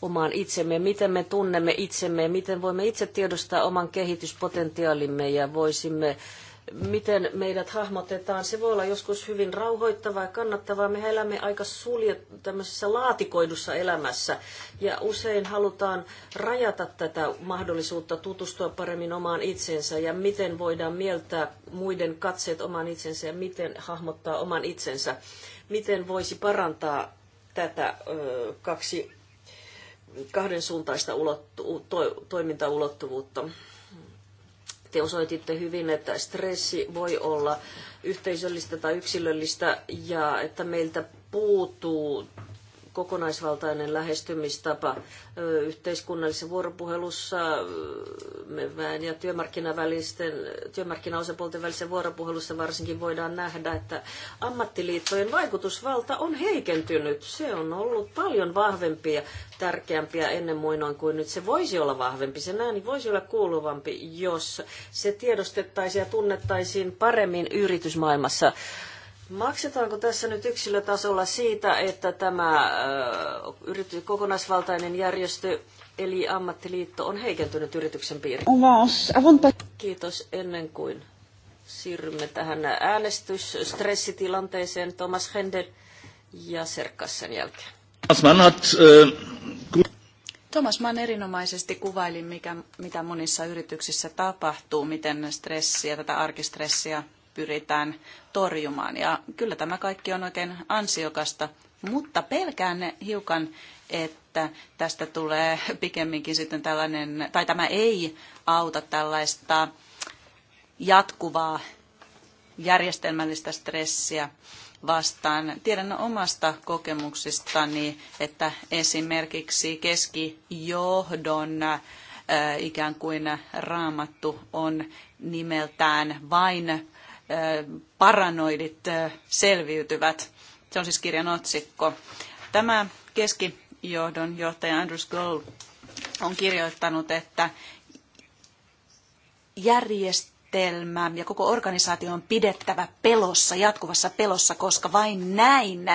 omaan itsemme, miten me tunnemme itsemme ja miten voimme itse tiedostaa oman kehityspotentiaalimme ja voisimme miten meidät hahmotetaan. Se voi olla joskus hyvin rauhoittavaa ja kannattavaa. Me elämme aika sulje tämmöisessä laatikoidussa elämässä ja usein halutaan rajata tätä mahdollisuutta tutustua paremmin omaan itsensä ja miten voidaan mieltää muiden katseet oman itsensä ja miten hahmottaa oman itsensä. Miten voisi parantaa tätä ö, kaksi kahden suuntaista ulottu, to, toimintaulottuvuutta. Te osoititte hyvin, että stressi voi olla yhteisöllistä tai yksilöllistä ja että meiltä puuttuu kokonaisvaltainen lähestymistapa yhteiskunnallisessa vuoropuhelussa väen ja työmarkkinavälisten, työmarkkinaosapuolten välisessä vuoropuhelussa varsinkin voidaan nähdä, että ammattiliittojen vaikutusvalta on heikentynyt. Se on ollut paljon vahvempi ja tärkeämpi ja ennen muinoin kuin nyt se voisi olla vahvempi. Se ääni voisi olla kuuluvampi, jos se tiedostettaisiin ja tunnettaisiin paremmin yritysmaailmassa Maksetaanko tässä nyt yksilötasolla siitä, että tämä yrity, kokonaisvaltainen järjestö eli ammattiliitto on heikentynyt yrityksen piiriin? Kiitos ennen kuin siirrymme tähän äänestysstressitilanteeseen Thomas Hendel ja Serkkas sen jälkeen. Thomas Mann erinomaisesti kuvaili, mikä, mitä monissa yrityksissä tapahtuu, miten stressiä, tätä arkistressiä pyritään torjumaan. Ja kyllä tämä kaikki on oikein ansiokasta, mutta pelkään hiukan, että tästä tulee pikemminkin sitten tällainen, tai tämä ei auta tällaista jatkuvaa järjestelmällistä stressiä vastaan. Tiedän omasta kokemuksistani, että esimerkiksi keskijohdon äh, ikään kuin raamattu on nimeltään vain paranoidit selviytyvät. Se on siis kirjan otsikko. Tämä keskijohdon johtaja Andrew Gold on kirjoittanut, että järjestelmä ja koko organisaatio on pidettävä pelossa, jatkuvassa pelossa, koska vain näin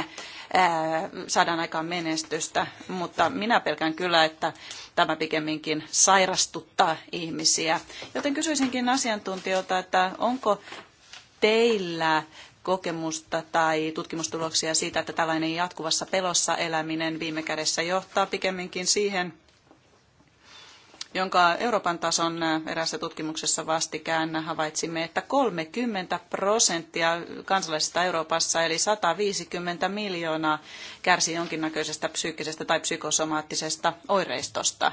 saadaan aikaan menestystä. Mutta minä pelkään kyllä, että tämä pikemminkin sairastuttaa ihmisiä. Joten kysyisinkin asiantuntijoilta, että onko teillä kokemusta tai tutkimustuloksia siitä, että tällainen jatkuvassa pelossa eläminen viime kädessä johtaa pikemminkin siihen, jonka Euroopan tason erässä tutkimuksessa vastikään havaitsimme, että 30 prosenttia kansalaisista Euroopassa, eli 150 miljoonaa, kärsii jonkinnäköisestä psyykkisestä tai psykosomaattisesta oireistosta.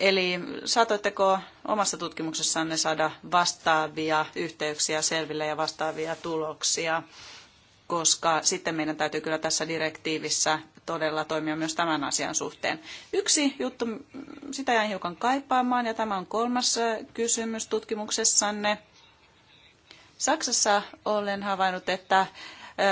Eli saatoitteko omassa tutkimuksessanne saada vastaavia yhteyksiä selville ja vastaavia tuloksia? koska sitten meidän täytyy kyllä tässä direktiivissä todella toimia myös tämän asian suhteen. Yksi juttu, sitä jäin hiukan kaipaamaan, ja tämä on kolmas äh, kysymys tutkimuksessanne. Saksassa olen havainnut, että äh,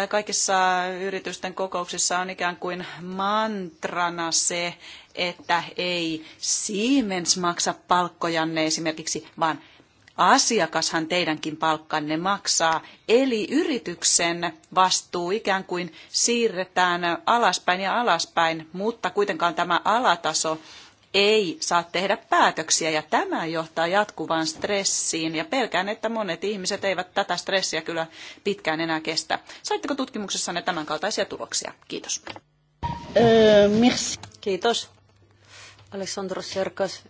kaikissa yritysten kokouksissa on ikään kuin mantrana se, että ei Siemens maksa palkkojanne esimerkiksi, vaan asiakashan teidänkin palkkanne maksaa. Eli yrityksen vastuu ikään kuin siirretään alaspäin ja alaspäin, mutta kuitenkaan tämä alataso ei saa tehdä päätöksiä ja tämä johtaa jatkuvaan stressiin ja pelkään, että monet ihmiset eivät tätä stressiä kyllä pitkään enää kestä. Saitteko tutkimuksessanne tämän kaltaisia tuloksia? Kiitos. Öö, merci. Kiitos. Alessandro Serkas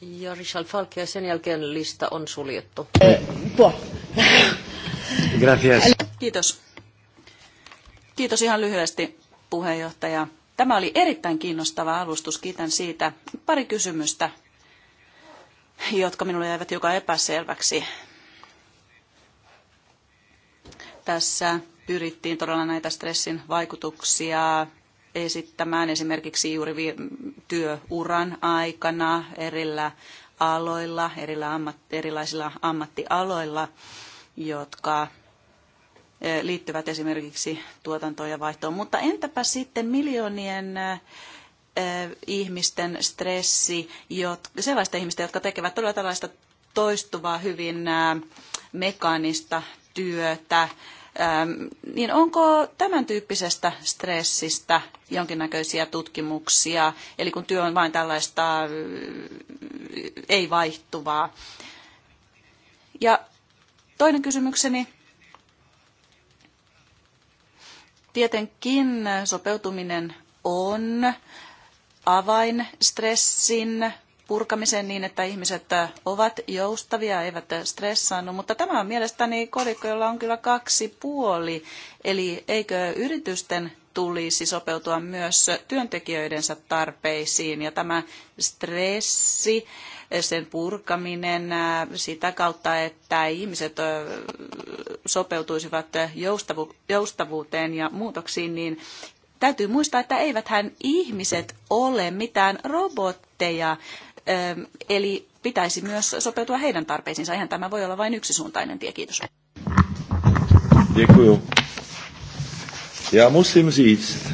ja Richard Falk, ja sen jälkeen lista on suljettu. Eh, Gracias. Kiitos. Kiitos ihan lyhyesti, puheenjohtaja. Tämä oli erittäin kiinnostava alustus. Kiitän siitä. Pari kysymystä, jotka minulle jäivät joka epäselväksi. Tässä pyrittiin todella näitä stressin vaikutuksia esittämään esimerkiksi juuri työuran aikana erillä aloilla, erillä ammat, erilaisilla ammattialoilla, jotka e, liittyvät esimerkiksi tuotantoon ja vaihtoon. Mutta entäpä sitten miljoonien e, ihmisten stressi, jotka, sellaisten ihmisten, jotka tekevät todella tällaista toistuvaa hyvin e, mekaanista työtä, Ähm, niin onko tämän tyyppisestä stressistä jonkinnäköisiä tutkimuksia, eli kun työ on vain tällaista äh, ei vaihtuvaa? Ja toinen kysymykseni Tietenkin sopeutuminen on avain stressin purkamiseen niin, että ihmiset äh, ovat joustavia, eivät äh, stressaannu. Mutta tämä on mielestäni kolikko, jolla on kyllä kaksi puoli. Eli eikö yritysten tulisi sopeutua myös työntekijöidensä tarpeisiin ja tämä stressi, äh, sen purkaminen sitä kautta, että ihmiset sopeutuisivat joustavuuteen ja muutoksiin, niin täytyy muistaa, että eiväthän ihmiset ole mitään robotteja. Eli pitäisi myös sopeutua heidän tarpeisiinsa. Eihän tämä voi olla vain yksisuuntainen tie. Kiitos. Ja musím říct.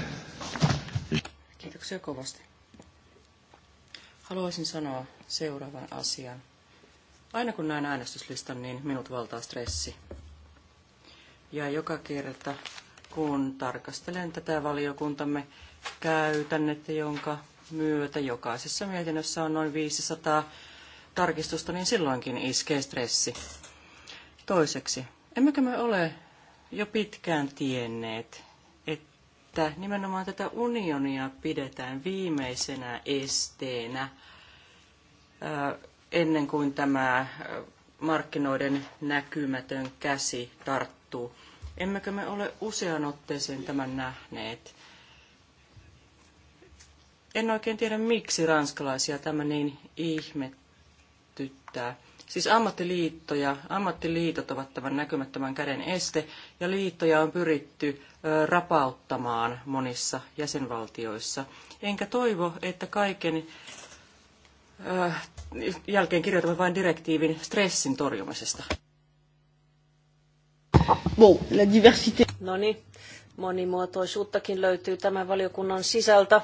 Kiitoksia kovasti. Haluaisin sanoa seuraavan asian. Aina kun näen äänestyslistan, niin minut valtaa stressi. Ja joka kerta, kun tarkastelen tätä valiokuntamme käytännettä, jonka myötä jokaisessa mietinnössä on noin 500 tarkistusta, niin silloinkin iskee stressi. Toiseksi, emmekö me ole jo pitkään tienneet, että nimenomaan tätä unionia pidetään viimeisenä esteenä ennen kuin tämä markkinoiden näkymätön käsi tarttuu. Emmekö me ole usean otteeseen tämän nähneet? En oikein tiedä, miksi ranskalaisia tämä niin ihmettyttää. Siis ammattiliittoja, ammattiliitot ovat tämän näkymättömän käden este, ja liittoja on pyritty rapauttamaan monissa jäsenvaltioissa. Enkä toivo, että kaiken jälkeen kirjoitamme vain direktiivin stressin torjumisesta. Bon, la diversité. No niin, monimuotoisuuttakin löytyy tämän valiokunnan sisältä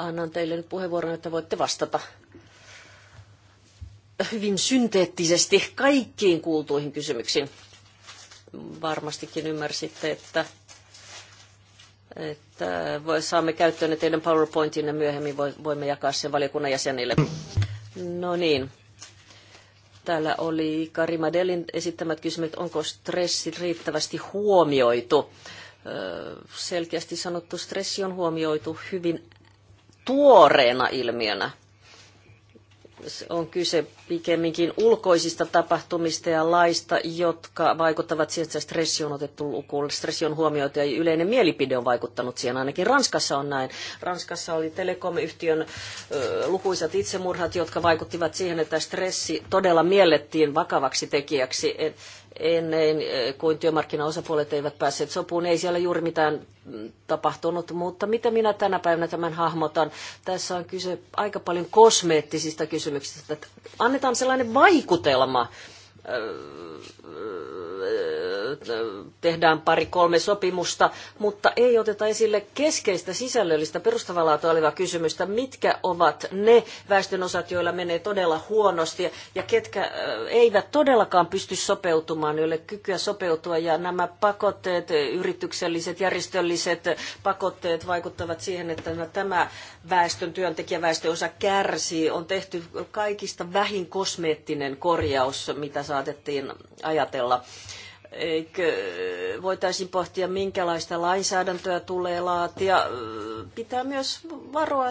annan teille nyt puheenvuoron, että voitte vastata hyvin synteettisesti kaikkiin kuultuihin kysymyksiin. Varmastikin ymmärsitte, että, että voi, saamme käyttöön teidän ja myöhemmin, voimme jakaa sen valiokunnan jäsenille. No niin. Täällä oli Karima Delin esittämät kysymykset, onko stressi riittävästi huomioitu selkeästi sanottu stressi on huomioitu hyvin tuoreena ilmiönä. On kyse pikemminkin ulkoisista tapahtumista ja laista, jotka vaikuttavat siihen, että stressi on otettu lukuun. Stressi on huomioitu ja yleinen mielipide on vaikuttanut siihen. Ainakin Ranskassa on näin. Ranskassa oli telekomyhtiön ö, lukuisat itsemurhat, jotka vaikuttivat siihen, että stressi todella miellettiin vakavaksi tekijäksi ennen kuin työmarkkinaosapuolet eivät päässeet sopuun. Ei siellä juuri mitään mm, tapahtunut, mutta mitä minä tänä päivänä tämän hahmotan? Tässä on kyse aika paljon kosmeettisista kysymyksistä. Anne annetaan sellainen vaikutelma, tehdään pari-kolme sopimusta, mutta ei oteta esille keskeistä sisällöllistä perustavanlaatua olevaa kysymystä, mitkä ovat ne väestönosat, joilla menee todella huonosti ja ketkä eivät todellakaan pysty sopeutumaan, joille kykyä sopeutua ja nämä pakotteet, yritykselliset, järjestölliset pakotteet vaikuttavat siihen, että tämä väestön, työntekijäväestöosa kärsii. On tehty kaikista vähin kosmeettinen korjaus, mitä saatettiin ajatella Eikö voitaisiin pohtia, minkälaista lainsäädäntöä tulee laatia. Pitää myös varoa,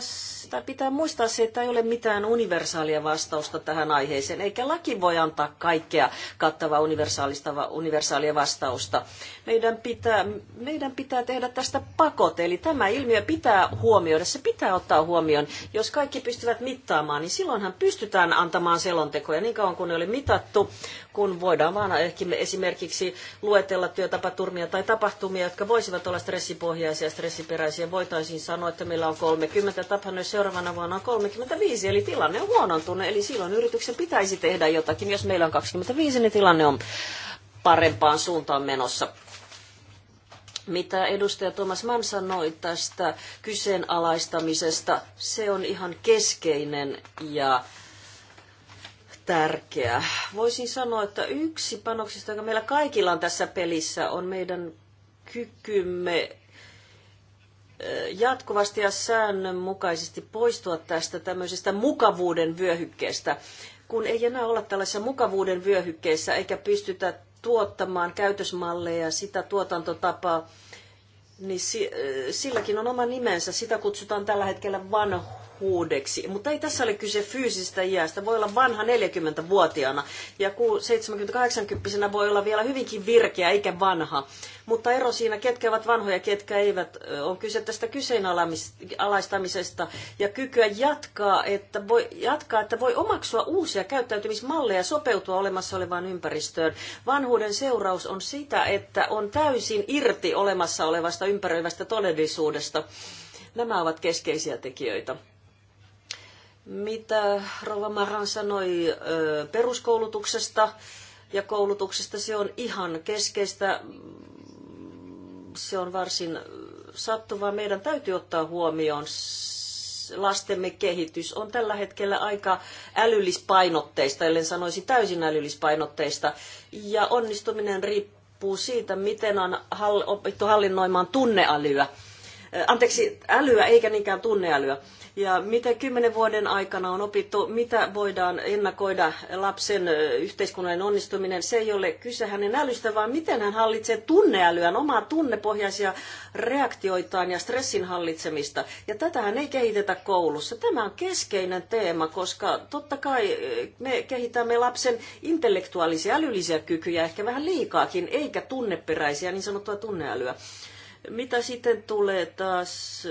tai pitää muistaa se, että ei ole mitään universaalia vastausta tähän aiheeseen, eikä laki voi antaa kaikkea kattavaa universaalista, universaalia vastausta. Meidän pitää, meidän pitää tehdä tästä pakote, eli tämä ilmiö pitää huomioida, se pitää ottaa huomioon. Jos kaikki pystyvät mittaamaan, niin silloinhan pystytään antamaan selontekoja niin kauan kuin ne oli mitattu, kun voidaan vaan ehkä esimerkiksi luetella työtapaturmia tai tapahtumia, jotka voisivat olla stressipohjaisia ja stressiperäisiä. Voitaisiin sanoa, että meillä on 30 tapahtumia, seuraavana vuonna on 35, eli tilanne on huonontunut, eli silloin yrityksen pitäisi tehdä jotakin. Jos meillä on 25, niin tilanne on parempaan suuntaan menossa mitä edustaja Thomas Mann sanoi tästä kyseenalaistamisesta, se on ihan keskeinen ja tärkeä. Voisin sanoa, että yksi panoksista, joka meillä kaikilla on tässä pelissä, on meidän kykymme jatkuvasti ja säännönmukaisesti poistua tästä tämmöisestä mukavuuden vyöhykkeestä kun ei enää olla tällaisessa mukavuuden vyöhykkeessä eikä pystytä tuottamaan käytösmalleja, sitä tuotantotapaa, niin äh, silläkin on oma nimensä. Sitä kutsutaan tällä hetkellä vanhu vanhuudeksi. Mutta ei tässä ole kyse fyysistä iästä. Voi olla vanha 40-vuotiaana ja 70-80-vuotiaana voi olla vielä hyvinkin virkeä eikä vanha. Mutta ero siinä, ketkä ovat vanhoja, ketkä eivät, on kyse tästä kyseenalaistamisesta ja kykyä jatkaa, että voi, jatkaa, että voi omaksua uusia käyttäytymismalleja, sopeutua olemassa olevaan ympäristöön. Vanhuuden seuraus on sitä, että on täysin irti olemassa olevasta ympäröivästä todellisuudesta. Nämä ovat keskeisiä tekijöitä. Mitä Rova Maran sanoi peruskoulutuksesta ja koulutuksesta, se on ihan keskeistä. Se on varsin sattuvaa. Meidän täytyy ottaa huomioon lastemme kehitys on tällä hetkellä aika älyllispainotteista, ellen sanoisi täysin älyllispainotteista. Ja onnistuminen riippuu siitä, miten on opittu hallinnoimaan tunneälyä anteeksi, älyä eikä niinkään tunneälyä. Ja miten kymmenen vuoden aikana on opittu, mitä voidaan ennakoida lapsen yhteiskunnallinen onnistuminen, se ei ole kyse hänen älystä, vaan miten hän hallitsee tunneälyään, omaa tunnepohjaisia reaktioitaan ja stressin hallitsemista. Ja tätähän ei kehitetä koulussa. Tämä on keskeinen teema, koska totta kai me kehitämme lapsen intellektuaalisia älyllisiä kykyjä, ehkä vähän liikaakin, eikä tunneperäisiä niin sanottua tunneälyä. Mitä sitten tulee taas...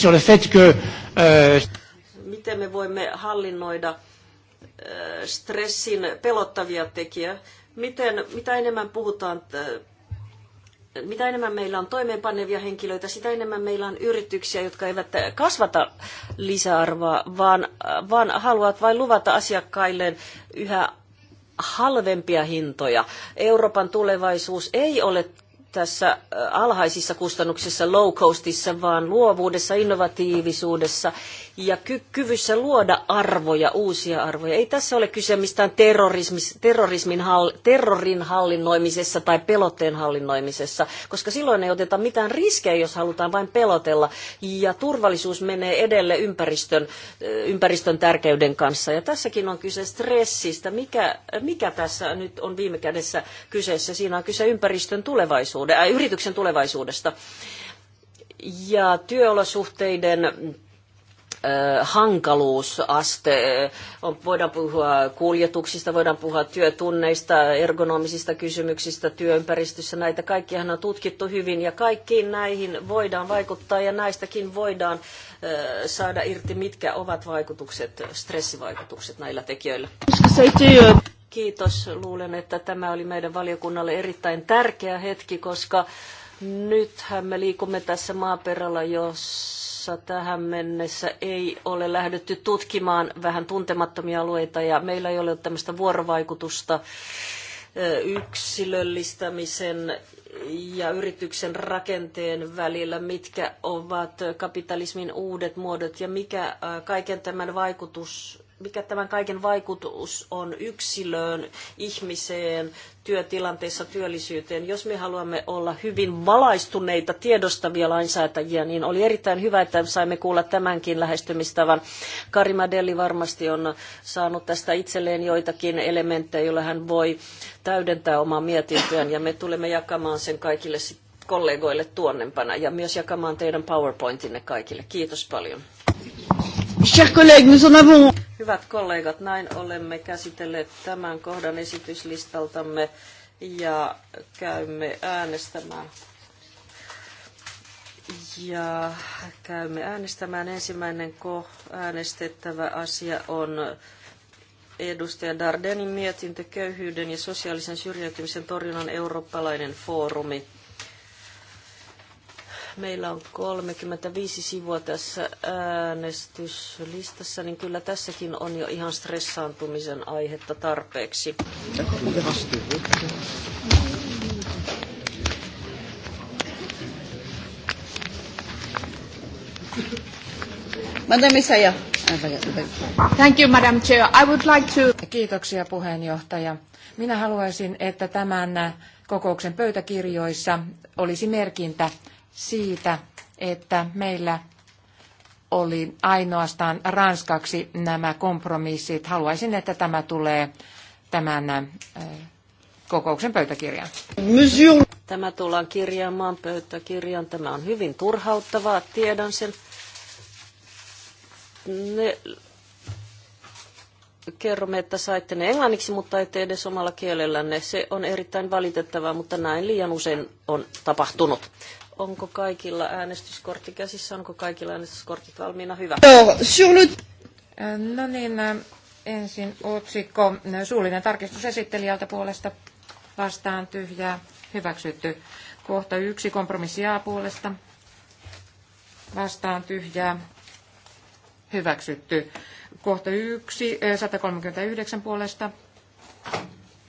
Sur le fait que, euh, Miten me voimme hallinnoida stressin pelottavia tekijöitä? Miten, mitä enemmän puhutaan mitä enemmän meillä on toimeenpanevia henkilöitä, sitä enemmän meillä on yrityksiä, jotka eivät kasvata lisäarvoa, vaan, vaan haluavat vain luvata asiakkailleen yhä halvempia hintoja. Euroopan tulevaisuus ei ole tässä alhaisissa kustannuksissa, low costissa, vaan luovuudessa, innovatiivisuudessa ja ky- kyvyssä luoda arvoja, uusia arvoja. Ei tässä ole kyse mistään terrorismin hall- terrorin hallinnoimisessa tai pelotteen hallinnoimisessa, koska silloin ei oteta mitään riskejä, jos halutaan vain pelotella. Ja turvallisuus menee edelle ympäristön, ympäristön tärkeyden kanssa. Ja tässäkin on kyse stressistä. Mikä, mikä tässä nyt on viime kädessä kyseessä? Siinä on kyse ympäristön tulevaisuuden, äh, yrityksen tulevaisuudesta. Ja työolosuhteiden hankaluusaste. On, voidaan puhua kuljetuksista, voidaan puhua työtunneista, ergonomisista kysymyksistä työympäristössä. Näitä kaikkihan on tutkittu hyvin ja kaikkiin näihin voidaan vaikuttaa ja näistäkin voidaan saada irti, mitkä ovat vaikutukset, stressivaikutukset näillä tekijöillä. Kiitos. Luulen, että tämä oli meidän valiokunnalle erittäin tärkeä hetki, koska nythän me liikumme tässä maaperällä, jos jossa tähän mennessä ei ole lähdetty tutkimaan vähän tuntemattomia alueita ja meillä ei ole tämmöistä vuorovaikutusta yksilöllistämisen ja yrityksen rakenteen välillä, mitkä ovat kapitalismin uudet muodot ja mikä kaiken tämän vaikutus mikä tämän kaiken vaikutus on yksilöön, ihmiseen, työtilanteessa, työllisyyteen. Jos me haluamme olla hyvin valaistuneita, tiedostavia lainsäätäjiä, niin oli erittäin hyvä, että saimme kuulla tämänkin lähestymistavan. Karima Delli varmasti on saanut tästä itselleen joitakin elementtejä, joilla hän voi täydentää omaa mietintöään, ja me tulemme jakamaan sen kaikille kollegoille tuonnempana ja myös jakamaan teidän PowerPointinne kaikille. Kiitos paljon. Chers collègues, nous en avons... Hyvät kollegat, näin olemme käsitelleet tämän kohdan esityslistaltamme ja käymme äänestämään. Ja käymme äänestämään. Ensimmäinen ko äänestettävä asia on edustaja Dardenin mietintö köyhyyden ja sosiaalisen syrjäytymisen torjunnan eurooppalainen foorumi meillä on 35 sivua tässä äänestyslistassa, niin kyllä tässäkin on jo ihan stressaantumisen aihetta tarpeeksi. Madame Isaya. Thank you, Madam Chair. I would like to... Kiitoksia puheenjohtaja. Minä haluaisin, että tämän kokouksen pöytäkirjoissa olisi merkintä siitä, että meillä oli ainoastaan ranskaksi nämä kompromissit. Haluaisin, että tämä tulee tämän äh, kokouksen pöytäkirjaan. Tämä tullaan kirjaamaan pöytäkirjaan. Tämä on hyvin turhauttavaa, tiedän sen. Ne... Kerromme, että saitte ne englanniksi, mutta ette edes omalla kielellänne. Se on erittäin valitettavaa, mutta näin liian usein on tapahtunut. Onko kaikilla äänestyskortti käsissä? Onko kaikilla äänestyskortit valmiina? Hyvä. No niin, äh, ensin otsikko suullinen tarkistus esittelijältä puolesta vastaan tyhjää hyväksytty. Kohta yksi kompromissia puolesta vastaan tyhjää hyväksytty. Kohta yksi 139 äh, puolesta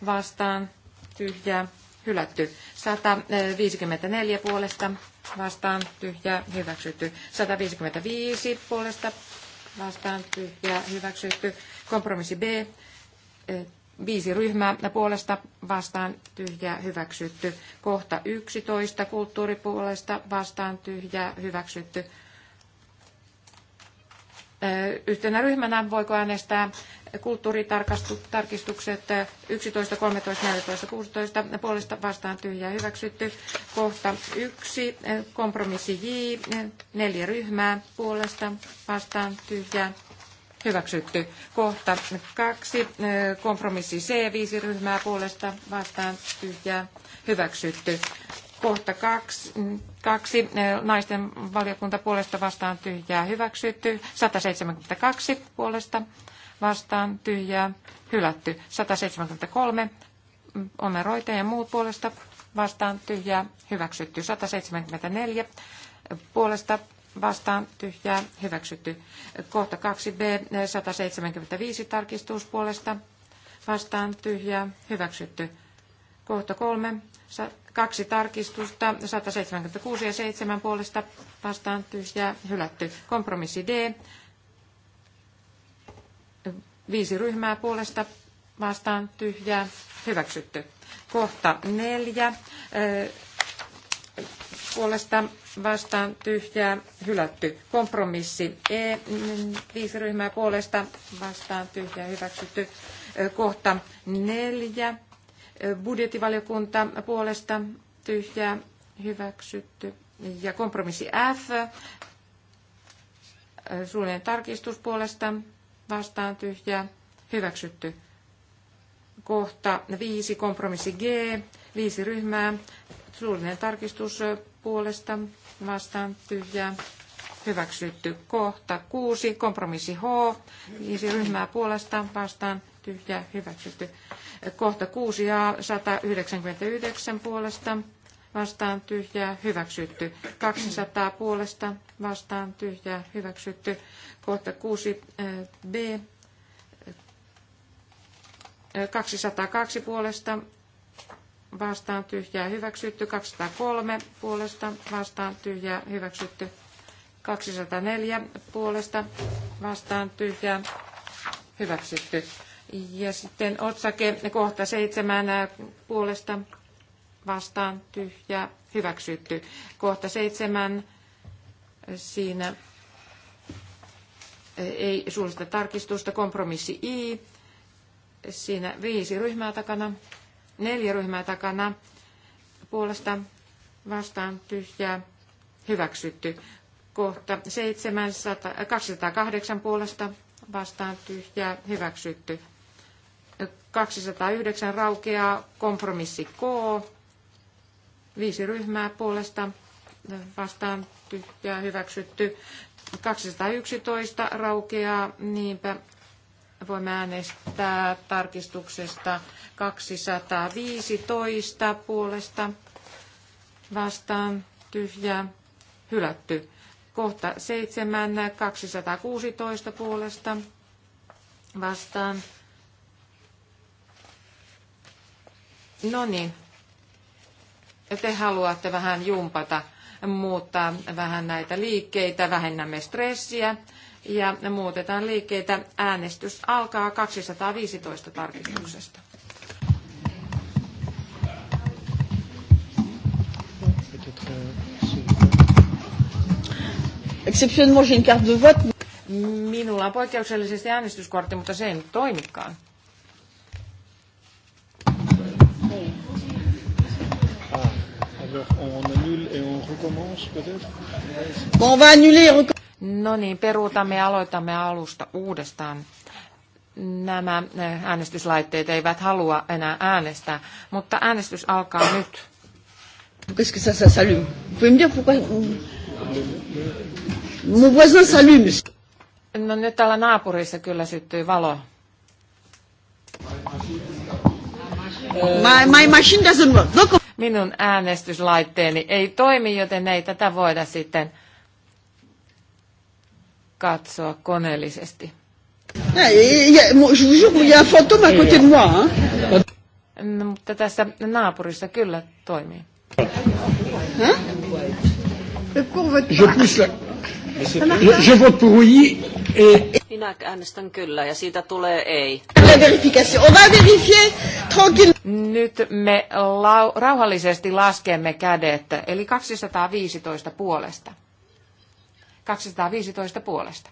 vastaan tyhjää hylätty. 154 puolesta vastaan tyhjää hyväksytty. 155 puolesta vastaan tyhjää hyväksytty. Kompromissi B. Eh, viisi ryhmää puolesta vastaan tyhjää hyväksytty. Kohta 11 kulttuuripuolesta vastaan tyhjää hyväksytty. Yhtenä ryhmänä voiko äänestää kulttuuritarkistukset 11, 13, 14, 16 puolesta vastaan tyhjää hyväksytty. Kohta 1, kompromissi J, neljä ryhmää puolesta vastaan tyhjää hyväksytty. Kohta 2, kompromissi C, viisi ryhmää puolesta vastaan tyhjää hyväksytty. Kohta kaksi, kaksi eh, naisten valiokunta puolesta vastaan tyhjää hyväksytty. 172 puolesta vastaan tyhjää hylätty. 173 mm, omeroita ja muut puolesta vastaan tyhjää hyväksytty. 174 eh, puolesta vastaan tyhjää hyväksytty. Kohta 2b 175 tarkistuspuolesta vastaan tyhjää hyväksytty. Kohta kolme. Kaksi tarkistusta, 176 ja 7 puolesta vastaan tyhjää hylätty. Kompromissi D. Viisi ryhmää puolesta vastaan tyhjää hyväksytty. Kohta neljä. Puolesta vastaan tyhjää hylätty. Kompromissi E. Viisi ryhmää puolesta vastaan tyhjää hyväksytty. Kohta neljä budjettivaliokunta puolesta tyhjää hyväksytty. Ja kompromissi F, suullinen tarkistus puolesta vastaan tyhjää hyväksytty. Kohta 5, kompromissi G, viisi ryhmää, suullinen tarkistus puolesta vastaan tyhjää hyväksytty. Kohta 6, kompromissi H, viisi ryhmää puolesta vastaan tyhjää hyväksytty. Kohta 6 ja 199 puolesta vastaan tyhjää hyväksytty. 200 puolesta vastaan tyhjää hyväksytty. Kohta 6 eh, B 202 eh, puolesta vastaan tyhjää hyväksytty, 203 puolesta vastaan tyhjää hyväksytty, 204 puolesta vastaan tyhjää hyväksytty, ja sitten otsake kohta seitsemän puolesta vastaan tyhjä hyväksytty. Kohta seitsemän siinä ei suosita tarkistusta. Kompromissi I. Siinä viisi ryhmää takana, neljä ryhmää takana puolesta vastaan tyhjää hyväksytty. Kohta 700, 208 puolesta vastaan tyhjää hyväksytty. 209 raukeaa kompromissi K. Viisi ryhmää puolesta vastaan tyhjää hyväksytty. 211 raukeaa, niinpä voimme äänestää tarkistuksesta 215 puolesta vastaan tyhjää hylätty. Kohta 7 216 puolesta vastaan No niin. Te haluatte vähän jumpata, muuttaa vähän näitä liikkeitä, vähennämme stressiä ja muutetaan liikkeitä. Äänestys alkaa 215 tarkistuksesta. Exceptionnellement, j'ai une carte de vote. Minulla on poikkeuksellisesti äänestyskortti, mutta se ei nyt toimikaan. on va annuler et No niin, peruutamme ja aloitamme alusta uudestaan. Nämä äh, äänestyslaitteet eivät halua enää äänestää, mutta äänestys alkaa nyt. Qu'est-ce que ça, ça s'allume Vous pouvez me dire pourquoi Mon voisin s'allume. No nyt täällä naapurissa kyllä syttyy valo. My, my machine doesn't work. Donc minun äänestyslaitteeni ei toimi, joten ei tätä voida sitten katsoa koneellisesti. No, mutta tässä naapurissa kyllä toimii. Huh? Je pousse la... Je, vote pour oui et... Minä äänestän kyllä ja siitä tulee ei. Nyt me lau- rauhallisesti laskemme kädet, eli 215 puolesta. 215 puolesta.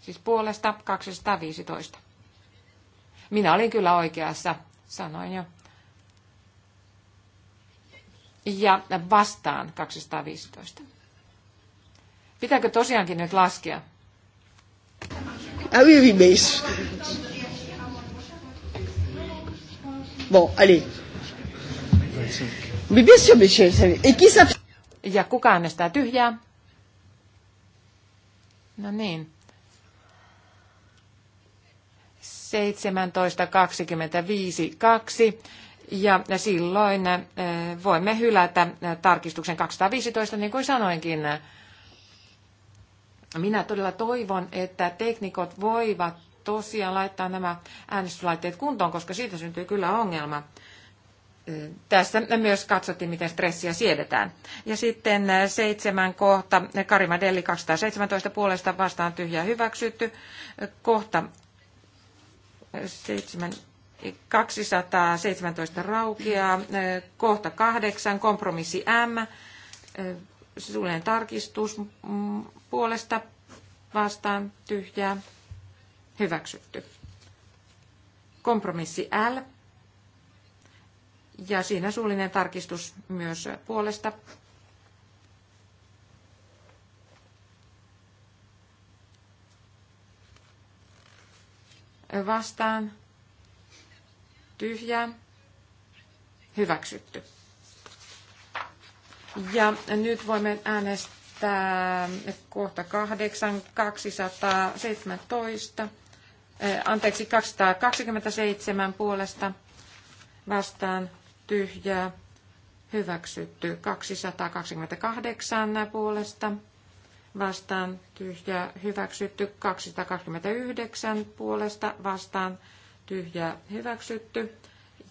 Siis puolesta 215. Minä olin kyllä oikeassa, sanoin jo. Ja vastaan 215. Pitääkö tosiaankin nyt laskea? Ah oui, oui, mais... Bon, allez. Mais bien sûr, monsieur. Et qui ça... Ja kuka äänestää tyhjää? No niin. 17.25.2. Ja silloin eh, voimme hylätä eh, tarkistuksen 215, niin kuin sanoinkin. Minä todella toivon, että teknikot voivat tosiaan laittaa nämä äänestyslaitteet kuntoon, koska siitä syntyy kyllä ongelma. Tässä myös katsottiin, miten stressiä siedetään. Ja sitten seitsemän kohta, Karima Delli 217 puolesta vastaan tyhjä hyväksytty. Kohta 7, 217 raukeaa. Kohta 8, kompromissi M suullinen tarkistus mm, puolesta vastaan tyhjää hyväksytty. Kompromissi L ja siinä suullinen tarkistus myös puolesta vastaan, tyhjää, hyväksytty. Ja nyt voimme äänestää kohta 8, 217, eh, anteeksi 227 puolesta vastaan tyhjää hyväksytty 228 puolesta vastaan tyhjää hyväksytty 229 puolesta vastaan tyhjää hyväksytty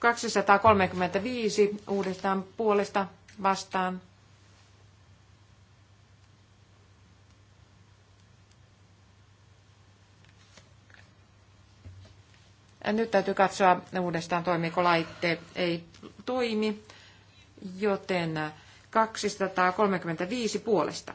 235 uudestaan puolesta vastaan. Ja nyt täytyy katsoa uudestaan, toimiiko laitteet. Ei toimi, joten 235 puolesta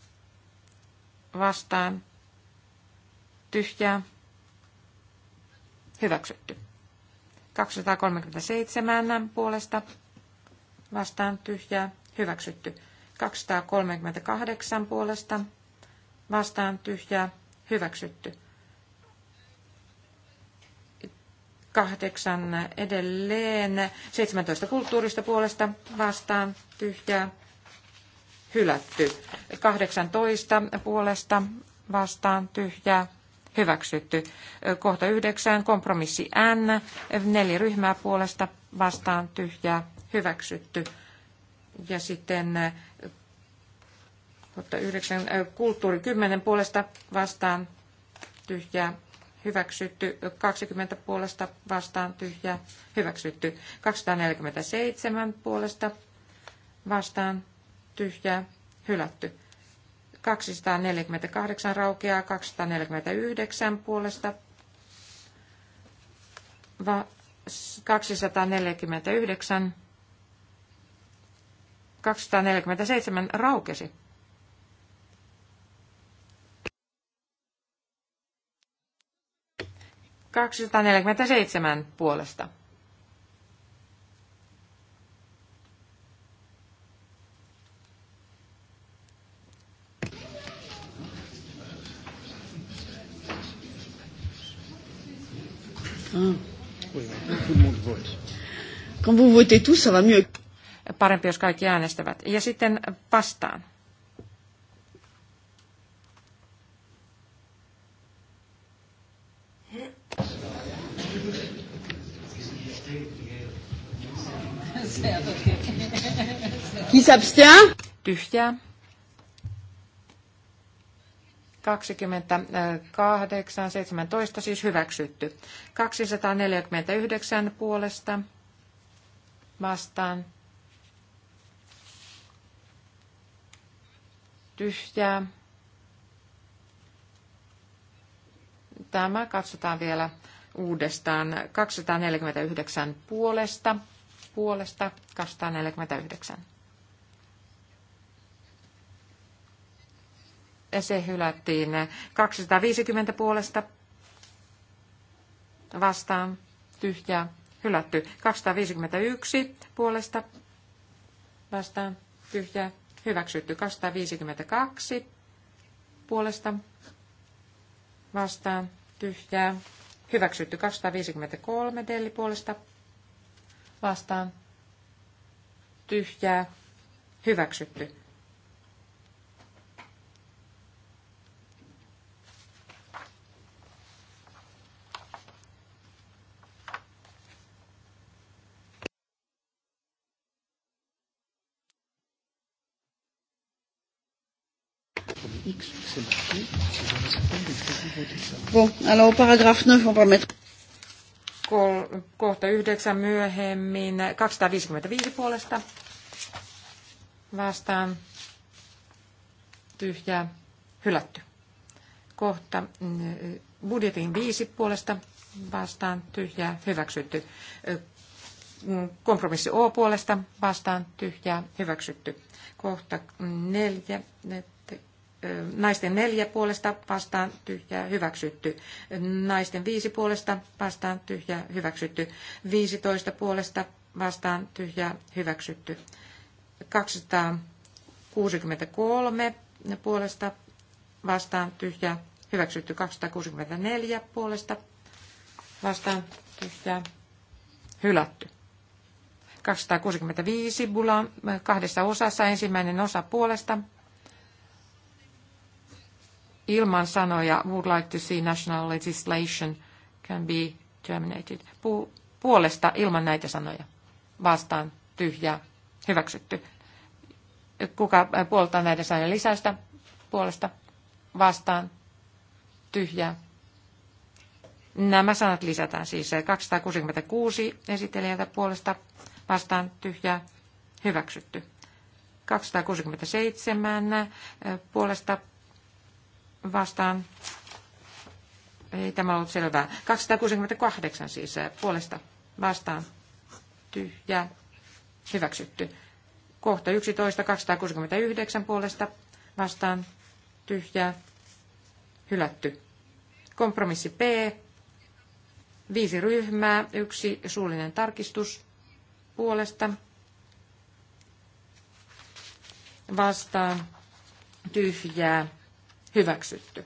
vastaan tyhjää hyväksytty. 237 puolesta vastaan tyhjää hyväksytty. 238 puolesta vastaan tyhjää hyväksytty. Kahdeksan edelleen 17 kulttuurista puolesta vastaan tyhjää hylätty. 18 puolesta vastaan tyhjää hyväksytty. Kohta 9 kompromissi N, neljä ryhmää puolesta vastaan tyhjää hyväksytty. Ja sitten kohta 9 kulttuuri 10 puolesta vastaan tyhjää hyväksytty, 20 puolesta vastaan tyhjää hyväksytty, 247 puolesta vastaan tyhjää, hylätty. 248 raukeaa, 249 puolesta, 249, 247 raukesi. Kaksisataaneljäkymmentäseitsemän puolesta. Quand vous votez tous, ça va mieux. Parempi, jos kaikki äänestävät. Ja sitten vastaan. Qui s'abstient? Tyhjää. 28, 17 siis hyväksytty. 249 puolesta vastaan tyhjää. Tämä katsotaan vielä uudestaan. 249 puolesta, puolesta 249. se hylättiin 250 puolesta vastaan tyhjää hylätty 251 puolesta vastaan tyhjää hyväksytty 252 puolesta vastaan tyhjää hyväksytty 253 delli puolesta vastaan tyhjää hyväksytty Bon, alors paragraphe 9, on va mettre... Kohta yhdeksän myöhemmin, 255 puolesta vastaan tyhjää hylätty. Kohta budjetin viisi puolesta vastaan tyhjää hyväksytty. Kompromissi O puolesta vastaan tyhjää hyväksytty. Kohta neljä Naisten neljä puolesta vastaan tyhjää hyväksytty. Naisten viisi puolesta vastaan tyhjää hyväksytty. 15 puolesta vastaan tyhjää hyväksytty. 263 puolesta vastaan tyhjää hyväksytty. 264 puolesta vastaan tyhjää hylätty. 265 Bulan kahdessa osassa ensimmäinen osa puolesta ilman sanoja would like to see national legislation can be terminated. Pu- puolesta ilman näitä sanoja. Vastaan tyhjää. Hyväksytty. Kuka puoltaa näitä sanoja lisäystä? Puolesta vastaan tyhjää. Nämä sanat lisätään siis 266 esittelijältä puolesta vastaan tyhjää hyväksytty. 267 puolesta vastaan. Ei tämä ollut selvää. 268 siis eh, puolesta vastaan. Tyhjä. Hyväksytty. Kohta 11. 269 puolesta vastaan. tyhjä Hylätty. Kompromissi P. Viisi ryhmää. Yksi suullinen tarkistus puolesta vastaan tyhjää hyväksytty.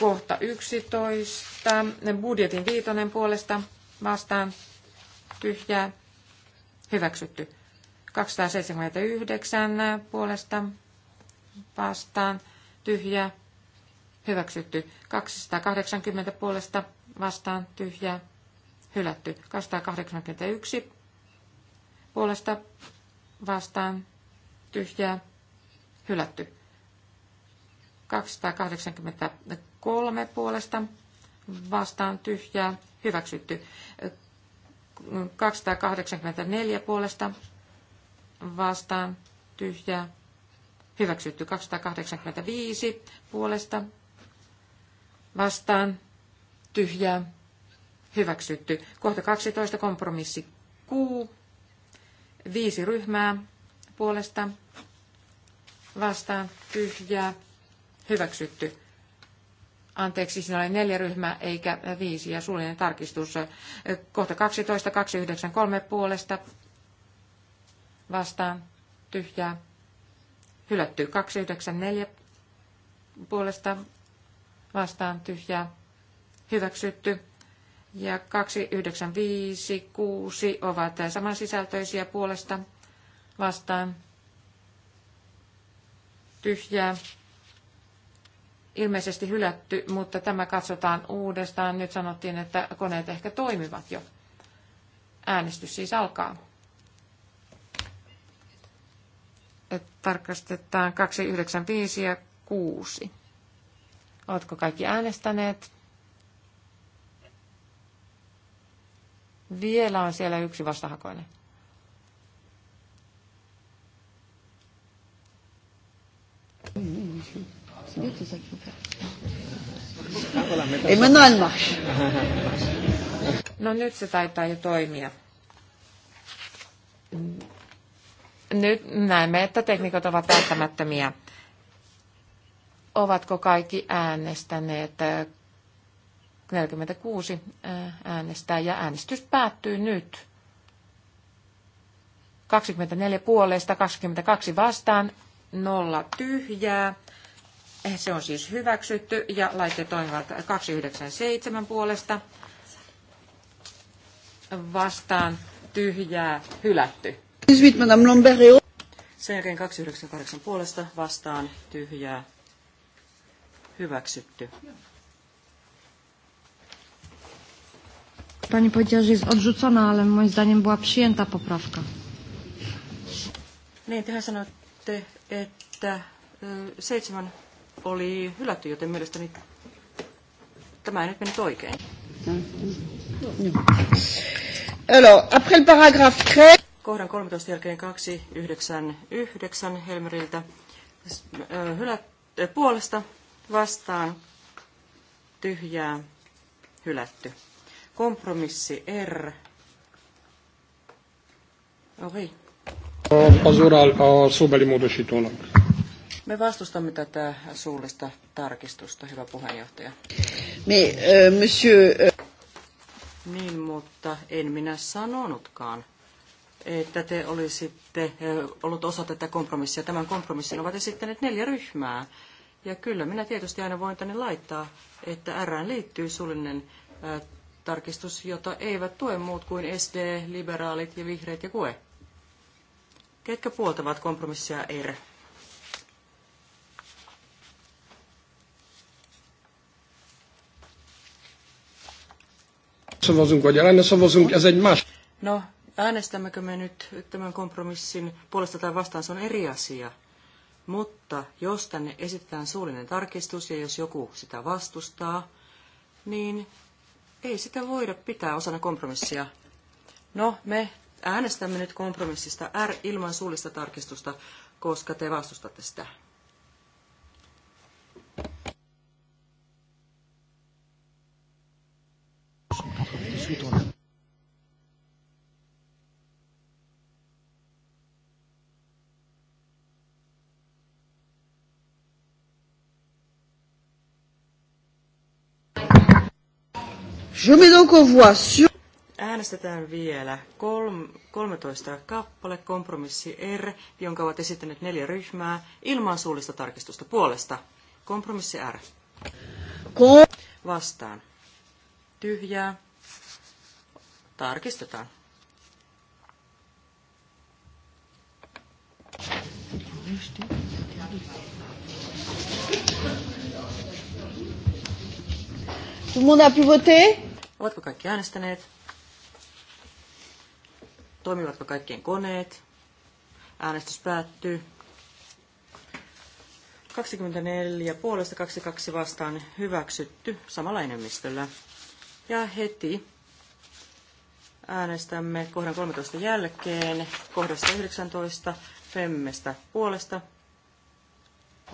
Kohta 11. Budjetin viitonen puolesta vastaan tyhjää hyväksytty. 279 puolesta vastaan tyhjää hyväksytty. 280 puolesta vastaan tyhjää hylätty. 281 puolesta vastaan tyhjää hylätty. 283 puolesta vastaan tyhjää hyväksytty. 284 puolesta vastaan tyhjää hyväksytty. 285 puolesta vastaan tyhjää hyväksytty. Kohta 12 kompromissi Q Viisi ryhmää puolesta vastaan tyhjää hyväksytty. Anteeksi, siinä oli neljä ryhmää eikä viisi ja suullinen tarkistus. Kohta 12, 293 puolesta vastaan tyhjää hylätty. 294 puolesta vastaan tyhjää hyväksytty ja kuusi ovat samansisältöisiä puolesta vastaan tyhjää. Ilmeisesti hylätty, mutta tämä katsotaan uudestaan. Nyt sanottiin, että koneet ehkä toimivat jo. Äänestys siis alkaa. Et tarkastetaan 295 ja 6. Oletko kaikki äänestäneet? Vielä on siellä yksi vastahakoinen. Ei maintenant No nyt se taitaa jo toimia. Nyt näemme, että teknikot ovat välttämättömiä. Ovatko kaikki äänestäneet 46 äänestää ja äänestys päättyy nyt. 24 puolesta, 22 vastaan, nolla tyhjää. Se on siis hyväksytty ja laite toimivat 297 puolesta vastaan tyhjää hylätty. Sen jälkeen 298 puolesta vastaan tyhjää hyväksytty. Pani powiedziała, że jest odrzucona, ale moim zdaniem była przyjęta poprawka. Niin, tehän sanoitte, että seitsemän oli hylätty, joten mielestäni tämä ei nyt mennyt oikein. Alors, après le Kohdan 13 jälkeen 299 Helmeriltä hylät, puolesta vastaan tyhjää hylätty. Kompromissi R. Ohi. Me vastustamme tätä suullista tarkistusta, hyvä puheenjohtaja. Me, äh, monsieur... Niin, mutta en minä sanonutkaan, että te olisitte ollut osa tätä kompromissia. Tämän kompromissin ovat esittäneet neljä ryhmää. Ja kyllä, minä tietysti aina voin tänne laittaa, että R liittyy suullinen tarkistus, jota eivät tue muut kuin SD, liberaalit ja vihreät ja kue. Ketkä puoltavat kompromissia R? Szavazunk, No, äänestämmekö me nyt tämän kompromissin puolesta tai vastaan, se on eri asia. Mutta jos tänne esitetään suullinen tarkistus ja jos joku sitä vastustaa, niin ei sitä voida pitää osana kompromissia. No, me äänestämme nyt kompromissista R ilman suullista tarkistusta, koska te vastustatte sitä. Je mets donc aux voix sur... Äänestetään vielä kolm, 13 kappale kompromissi R, jonka ovat esittäneet neljä ryhmää ilman suullista tarkistusta puolesta. Kompromissi R. Ko- Vastaan. Tyhjää. Tarkistetaan. Tout le monde a pu voter Ovatko kaikki äänestäneet? Toimivatko kaikkien koneet? Äänestys päättyy. 24 puolesta 22 vastaan hyväksytty samalla enemmistöllä. Ja heti äänestämme kohdan 13 jälkeen kohdasta 19 femmestä puolesta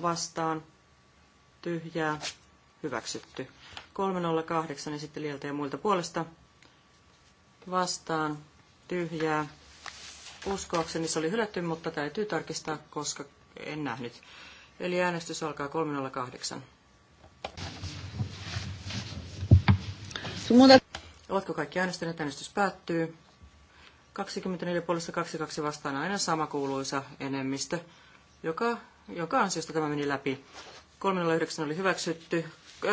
vastaan tyhjää hyväksytty. 308 esittelijältä ja muilta puolesta vastaan tyhjää. Uskoakseni se oli hylätty, mutta täytyy tarkistaa, koska en nähnyt. Eli äänestys alkaa 308. Ovatko kaikki äänestäneet? Äänestys päättyy. 24 puolesta 22 vastaan aina sama kuuluisa enemmistö, joka, joka ansiosta tämä meni läpi. 309 oli hyväksytty,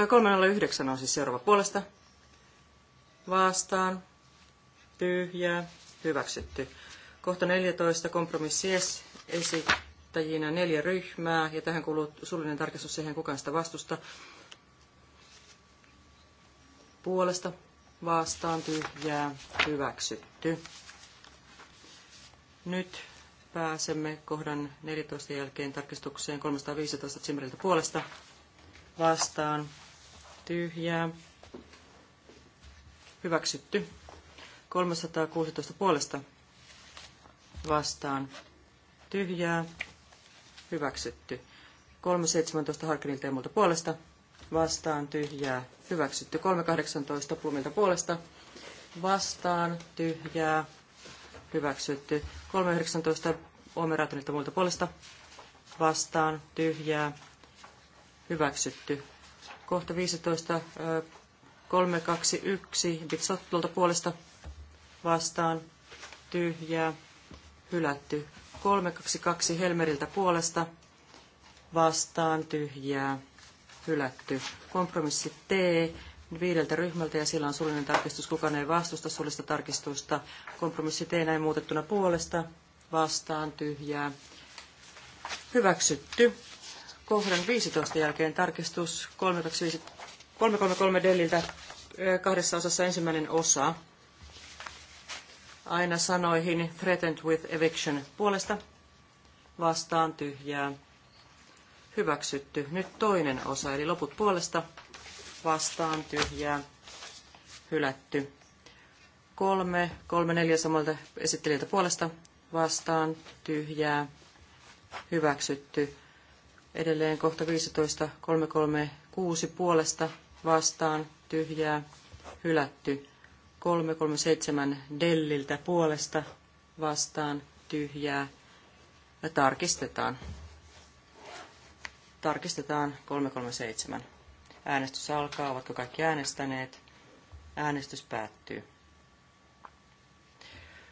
309 äh, on siis seuraava puolesta. Vastaan. Tyhjää. Hyväksytty. Kohta 14. Kompromissi S. Esittäjinä neljä ryhmää. Ja tähän kuuluu suullinen tarkistus. siihen kukaan sitä vastusta. Puolesta. Vastaan. Tyhjää. Hyväksytty. Nyt pääsemme kohdan 14 jälkeen tarkistukseen 315 Zimmeriltä puolesta vastaan tyhjää, hyväksytty. 316 puolesta vastaan tyhjää, hyväksytty. 317 harkinilta ja puolesta vastaan tyhjää, hyväksytty. 318 plumilta puolesta vastaan tyhjää, hyväksytty. 319 Omeratonilta muilta puolesta vastaan tyhjää, hyväksytty kohta 15, yksi, Bitsottulta puolesta vastaan, tyhjää, hylätty. kaksi, Helmeriltä puolesta vastaan, tyhjää, hylätty. Kompromissi T viideltä ryhmältä ja sillä on suullinen tarkistus. Kukaan ei vastusta suullista tarkistusta. Kompromissi T näin muutettuna puolesta vastaan, tyhjää, hyväksytty kohdan 15 jälkeen tarkistus 325, Deliltä kahdessa osassa ensimmäinen osa. Aina sanoihin threatened with eviction puolesta vastaan tyhjää. Hyväksytty. Nyt toinen osa, eli loput puolesta vastaan tyhjää. Hylätty. Kolme, kolme neljä samalta esittelijältä puolesta vastaan tyhjää. Hyväksytty. Edelleen kohta 15, 336 puolesta vastaan tyhjää hylätty. 337 Delliltä puolesta vastaan tyhjää ja tarkistetaan. Tarkistetaan 337. Äänestys alkaa, ovatko kaikki äänestäneet? Äänestys päättyy.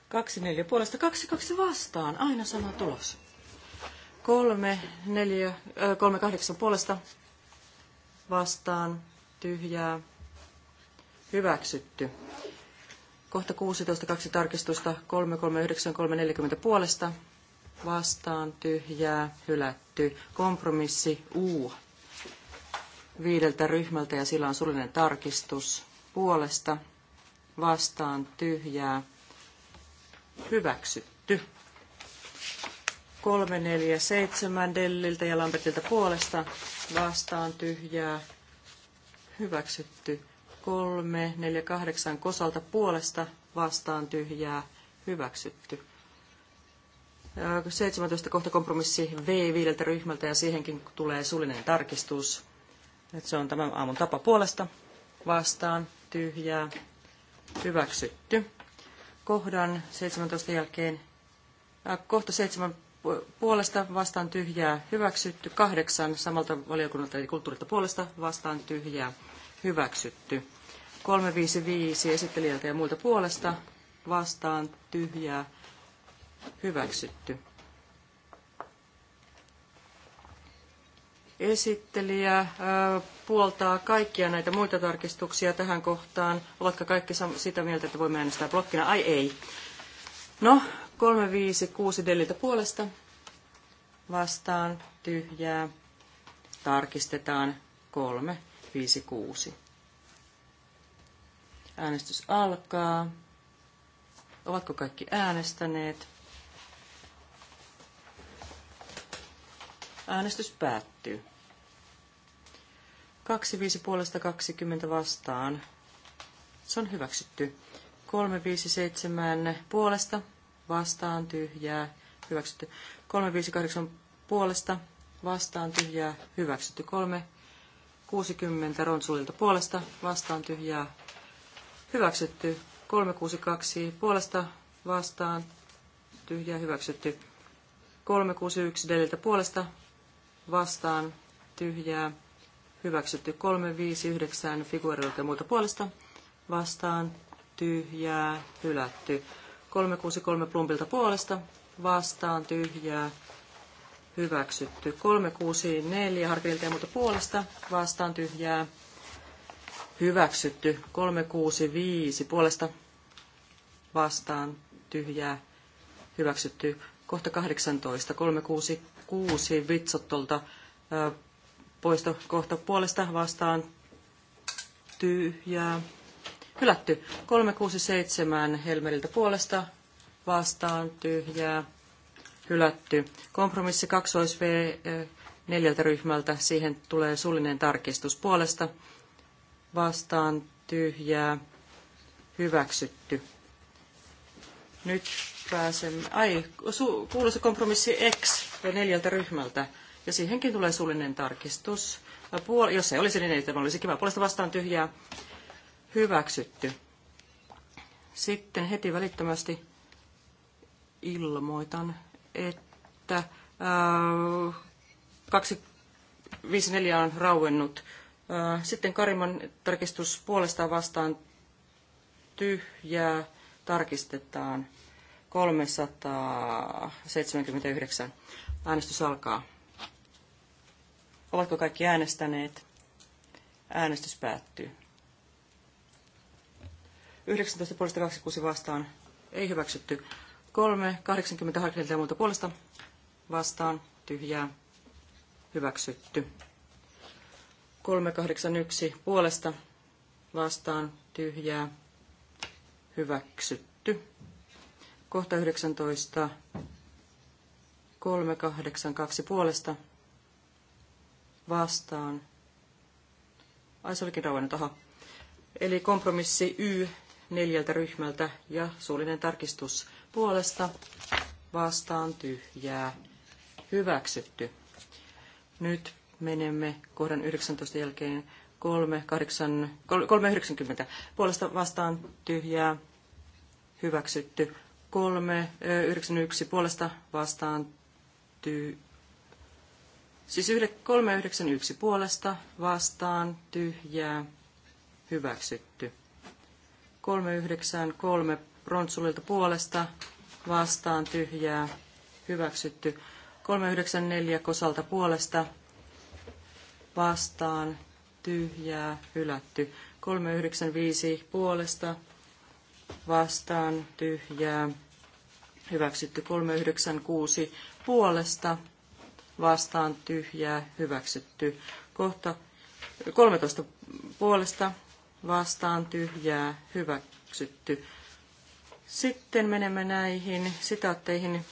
24 puolesta 22 vastaan, aina sama tulos. Kolme, neljä, kolme kahdeksan puolesta vastaan tyhjää hyväksytty. Kohta 16, kaksi tarkistusta, 339, 340 puolesta vastaan tyhjää hylätty. Kompromissi U viideltä ryhmältä ja sillä on suullinen tarkistus puolesta vastaan tyhjää hyväksytty. 347 Delliltä ja Lambertilta puolesta vastaan tyhjää. Hyväksytty. 348 Kosalta puolesta vastaan tyhjää. Hyväksytty. 17 kohta kompromissi V viideltä ryhmältä ja siihenkin tulee sulinen tarkistus. Nyt se on tämän aamun tapa puolesta vastaan tyhjää. Hyväksytty. Kohdan 17 jälkeen, äh, kohta 7 puolesta vastaan tyhjää hyväksytty. Kahdeksan samalta valiokunnalta eli kulttuurilta puolesta vastaan tyhjää hyväksytty. 355 esittelijältä ja muilta puolesta vastaan tyhjää hyväksytty. Esittelijä puoltaa kaikkia näitä muita tarkistuksia tähän kohtaan. Ovatko kaikki sitä mieltä, että voimme äänestää blokkina? Ai ei. No, 3, 5, 6 deliltä puolesta. Vastaan tyhjää. Tarkistetaan kolme viisi kuusi Äänestys alkaa. Ovatko kaikki äänestäneet? Äänestys päättyy. 25 puolesta 20 vastaan. Se on hyväksytty. 357 puolesta vastaan tyhjää hyväksytty. 358 puolesta vastaan tyhjää hyväksytty. 3 60 ronsulilta puolesta vastaan tyhjää hyväksytty. 362 puolesta vastaan tyhjää hyväksytty. 361 deliltä puolesta vastaan tyhjää hyväksytty. 359 figuurilta ja muilta puolesta vastaan tyhjää hylätty. 363 plumpilta puolesta vastaan tyhjää hyväksytty. 364 harkinilta ja muuta puolesta vastaan tyhjää hyväksytty. 365 puolesta vastaan tyhjää hyväksytty. Kohta 18. 366 vitsottolta poisto kohta puolesta vastaan tyhjää Hylätty. 367 Helmeriltä puolesta vastaan tyhjää. Hylätty. Kompromissi 2V neljältä ryhmältä. Siihen tulee suullinen tarkistus puolesta. Vastaan tyhjää. Hyväksytty. Nyt pääsemme... Ai, kuuluisa kompromissi X neljältä ryhmältä. Ja siihenkin tulee suullinen tarkistus. Puol- jos ei olisi, niin ei tämä olisi kiva. Puolesta vastaan tyhjää Hyväksytty. Sitten heti välittömästi ilmoitan, että äh, 254 on rauennut. Äh, sitten Kariman tarkistus puolestaan vastaan tyhjää tarkistetaan 379. Äänestys alkaa. Ovatko kaikki äänestäneet? Äänestys päättyy. 19 puolesta 26 vastaan. Ei hyväksytty. 3, 80 harkinnilta ja muilta puolesta vastaan. Tyhjää. Hyväksytty. 381 puolesta vastaan. Tyhjää. Hyväksytty. Kohta 19. 382 puolesta vastaan. Ai se olikin rauennut, aha. Eli kompromissi Y neljältä ryhmältä ja suullinen tarkistus puolesta vastaan tyhjää hyväksytty. Nyt menemme kohdan 19 jälkeen 390 puolesta vastaan tyhjää hyväksytty. 391 puolesta vastaan tyy... Siis 391 puolesta vastaan tyhjää hyväksytty. 393 Bronssulilta puolesta vastaan tyhjää hyväksytty. 394 Kosalta puolesta vastaan tyhjää hylätty. 395 puolesta vastaan tyhjää hyväksytty. 396 puolesta vastaan tyhjää hyväksytty. Kohta 13 puolesta vastaan tyhjää hyväksytty. Sitten menemme näihin sitaatteihin.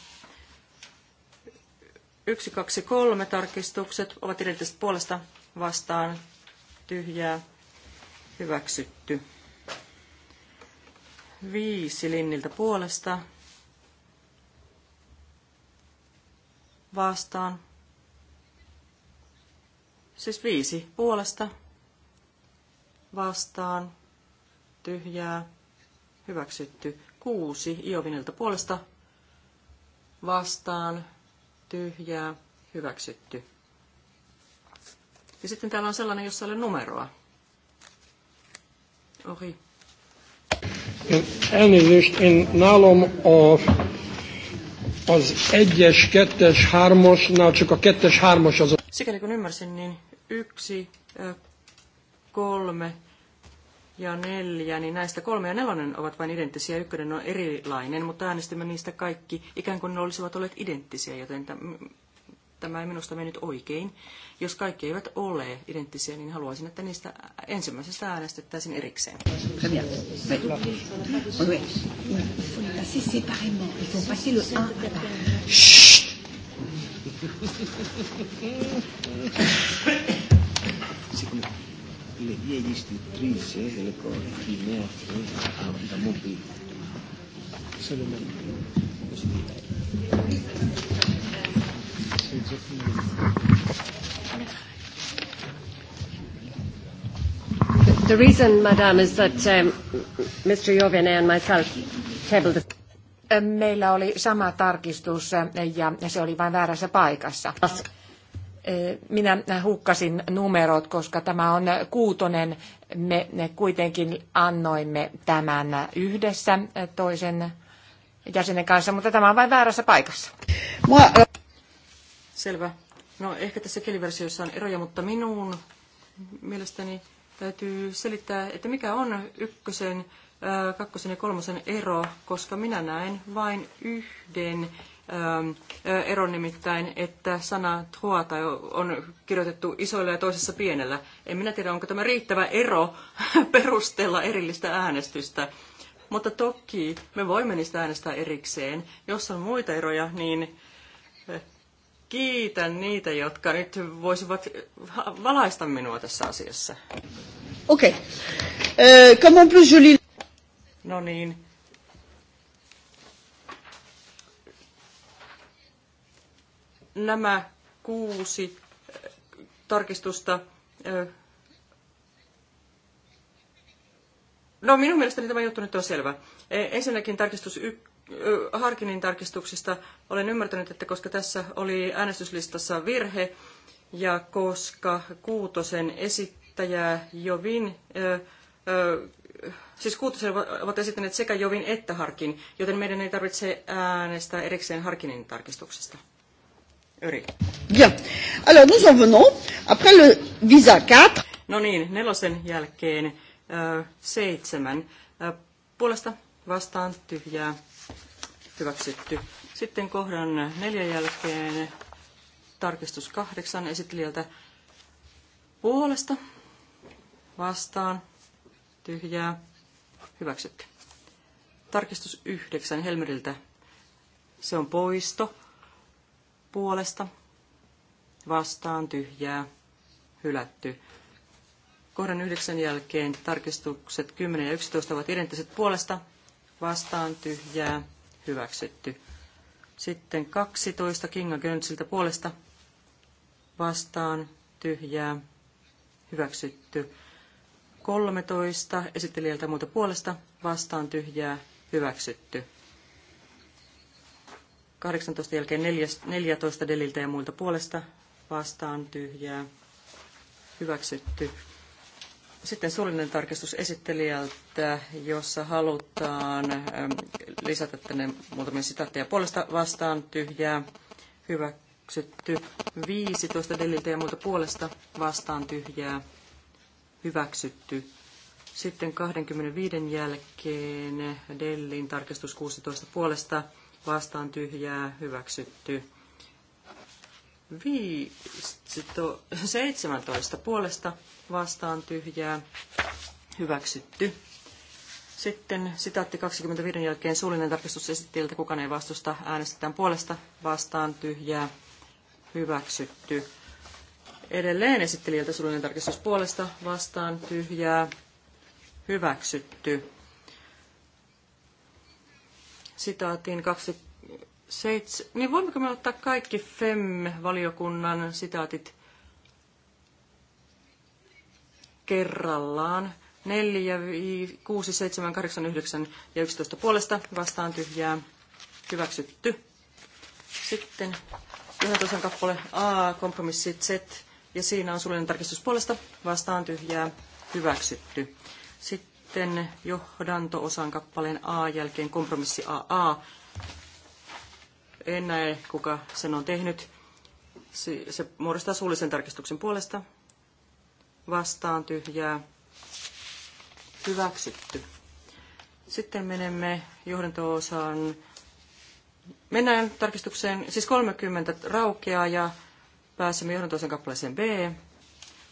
1, 2, 3 tarkistukset ovat edellisestä puolesta vastaan tyhjää hyväksytty. Viisi linniltä puolesta vastaan. Siis viisi puolesta vastaan, tyhjää, hyväksytty. Kuusi Iovinilta puolesta vastaan, tyhjää, hyväksytty. Ja sitten täällä on sellainen, jossa ei ole numeroa. Ohi. Elnézést, én nálom a, az egyes, kettes, 2-es, csak a kettes, es az a... Sikäli kun ymmärsin, niin yksi, kolme ja neljä, niin näistä kolme ja nelonen ovat vain identtisiä. Ykkönen on erilainen, mutta äänestimme niistä kaikki ikään kuin ne olisivat olleet identtisiä, joten tämä ei minusta mennyt oikein. Jos kaikki eivät ole identtisiä, niin haluaisin, että niistä ensimmäisestä äänestettäisiin erikseen. Très le vie le The reason, madam, is that um, Mr. Jovene and myself tabled the... Meillä oli sama tarkistus ja se oli vain väärässä paikassa. Eh, minä hukkasin numerot, koska tämä on kuutonen. Me kuitenkin annoimme tämän yhdessä eh, toisen jäsenen kanssa, mutta tämä on vain väärässä paikassa. Mua... Selvä. No ehkä tässä keliversiossa on eroja, mutta minun mielestäni täytyy selittää, että mikä on ykkösen, kakkosen ja kolmosen ero, koska minä näen vain yhden Ähm, äh, ero nimittäin, että sana trois tai on kirjoitettu isoilla ja toisessa pienellä. En minä tiedä, onko tämä riittävä ero perustella erillistä äänestystä. Mutta toki me voimme niistä äänestää erikseen. Jos on muita eroja, niin äh, kiitän niitä, jotka nyt voisivat äh, valaista minua tässä asiassa. Okei. Okay. Euh, plus No niin nämä kuusi äh, tarkistusta. Äh, no minun mielestäni tämä juttu nyt on selvä. E, ensinnäkin tarkistus y- Harkinin tarkistuksista olen ymmärtänyt, että koska tässä oli äänestyslistassa virhe ja koska Kuutosen esittäjää Jovin, ö, ö, siis Kuutosen ovat esittäneet sekä Jovin että Harkin, joten meidän ei tarvitse äänestää erikseen Harkinin tarkistuksesta. Yri. Bien. Alors nous en venons, après le visa 4. No niin, nelosen jälkeen ö, seitsemän. Ö, puolesta vastaan tyhjää hyväksytty. Sitten kohdan neljän jälkeen tarkistus kahdeksan esittelijältä puolesta vastaan tyhjää hyväksytty. Tarkistus yhdeksän Helmeriltä. Se on poisto puolesta vastaan tyhjää hylätty. Kohdan 9 jälkeen tarkistukset 10 ja 11 ovat identtiset puolesta vastaan tyhjää hyväksytty. Sitten 12 Kinga Gönsiltä puolesta vastaan tyhjää hyväksytty. 13 esittelijältä muuta puolesta vastaan tyhjää hyväksytty. 18 jälkeen 14 deliltä ja muilta puolesta vastaan tyhjää hyväksytty. Sitten suullinen tarkistus esittelijältä, jossa halutaan ähm, lisätä tänne muutamia sitaatteja puolesta vastaan tyhjää hyväksytty. 15 deliltä ja muilta puolesta vastaan tyhjää hyväksytty. Sitten 25 jälkeen Dellin tarkistus 16 puolesta vastaan tyhjää hyväksytty. 17 puolesta vastaan tyhjää hyväksytty. Sitten sitaatti 25 jälkeen suullinen tarkistus että kukaan ei vastusta, äänestetään puolesta vastaan tyhjää hyväksytty. Edelleen esittelijältä suullinen tarkistus puolesta vastaan tyhjää hyväksytty sitaatin 27, niin voimmeko me ottaa kaikki FEM-valiokunnan sitaatit kerrallaan? 4, 6, 7, 8, 9 ja 11 puolesta vastaan tyhjää hyväksytty. Sitten johdantosan kappale A, kompromissi Z, ja siinä on suullinen tarkistus puolesta vastaan tyhjää hyväksytty. Sitten sitten johdanto-osan kappaleen A jälkeen kompromissi AA. En näe, kuka sen on tehnyt. Se muodostaa suullisen tarkistuksen puolesta. Vastaan tyhjää. Hyväksytty. Sitten menemme johdanto-osaan. Mennään tarkistukseen, siis 30 raukeaa ja pääsemme johdanto-osan kappaleeseen B,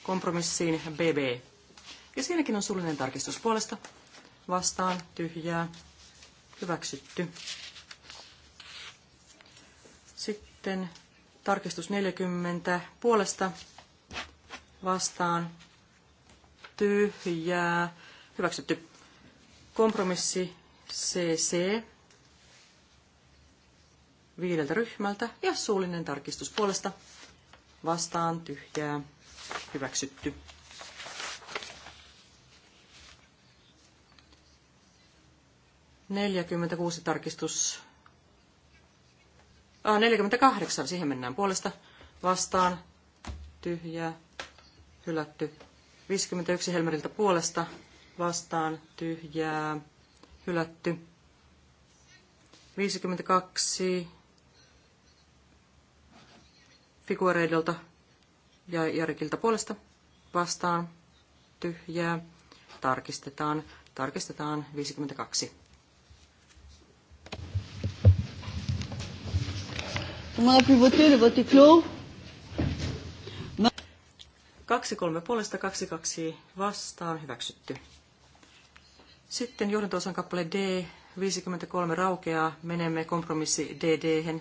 kompromissiin BB ja siinäkin on sulinen tarkistus puolesta. Vastaan tyhjää. Hyväksytty. Sitten tarkistus 40 puolesta. Vastaan tyhjää. Hyväksytty. Kompromissi CC viideltä ryhmältä ja suullinen tarkistus puolesta vastaan tyhjää hyväksytty. 46 tarkistus. Ah, 48, siihen mennään puolesta. Vastaan. Tyhjää. Hylätty. 51 Helmeriltä puolesta. Vastaan. Tyhjää. Hylätty. 52 Figuareidolta ja Jarikilta puolesta. Vastaan. Tyhjää. Tarkistetaan. Tarkistetaan 52. Tout le monde a pu voter, le vote est clos. 2-3 puolesta, 2-2 vastaan, hyväksytty. Sitten johdantosan kappale D, 53 raukeaa. Menemme kompromissi dd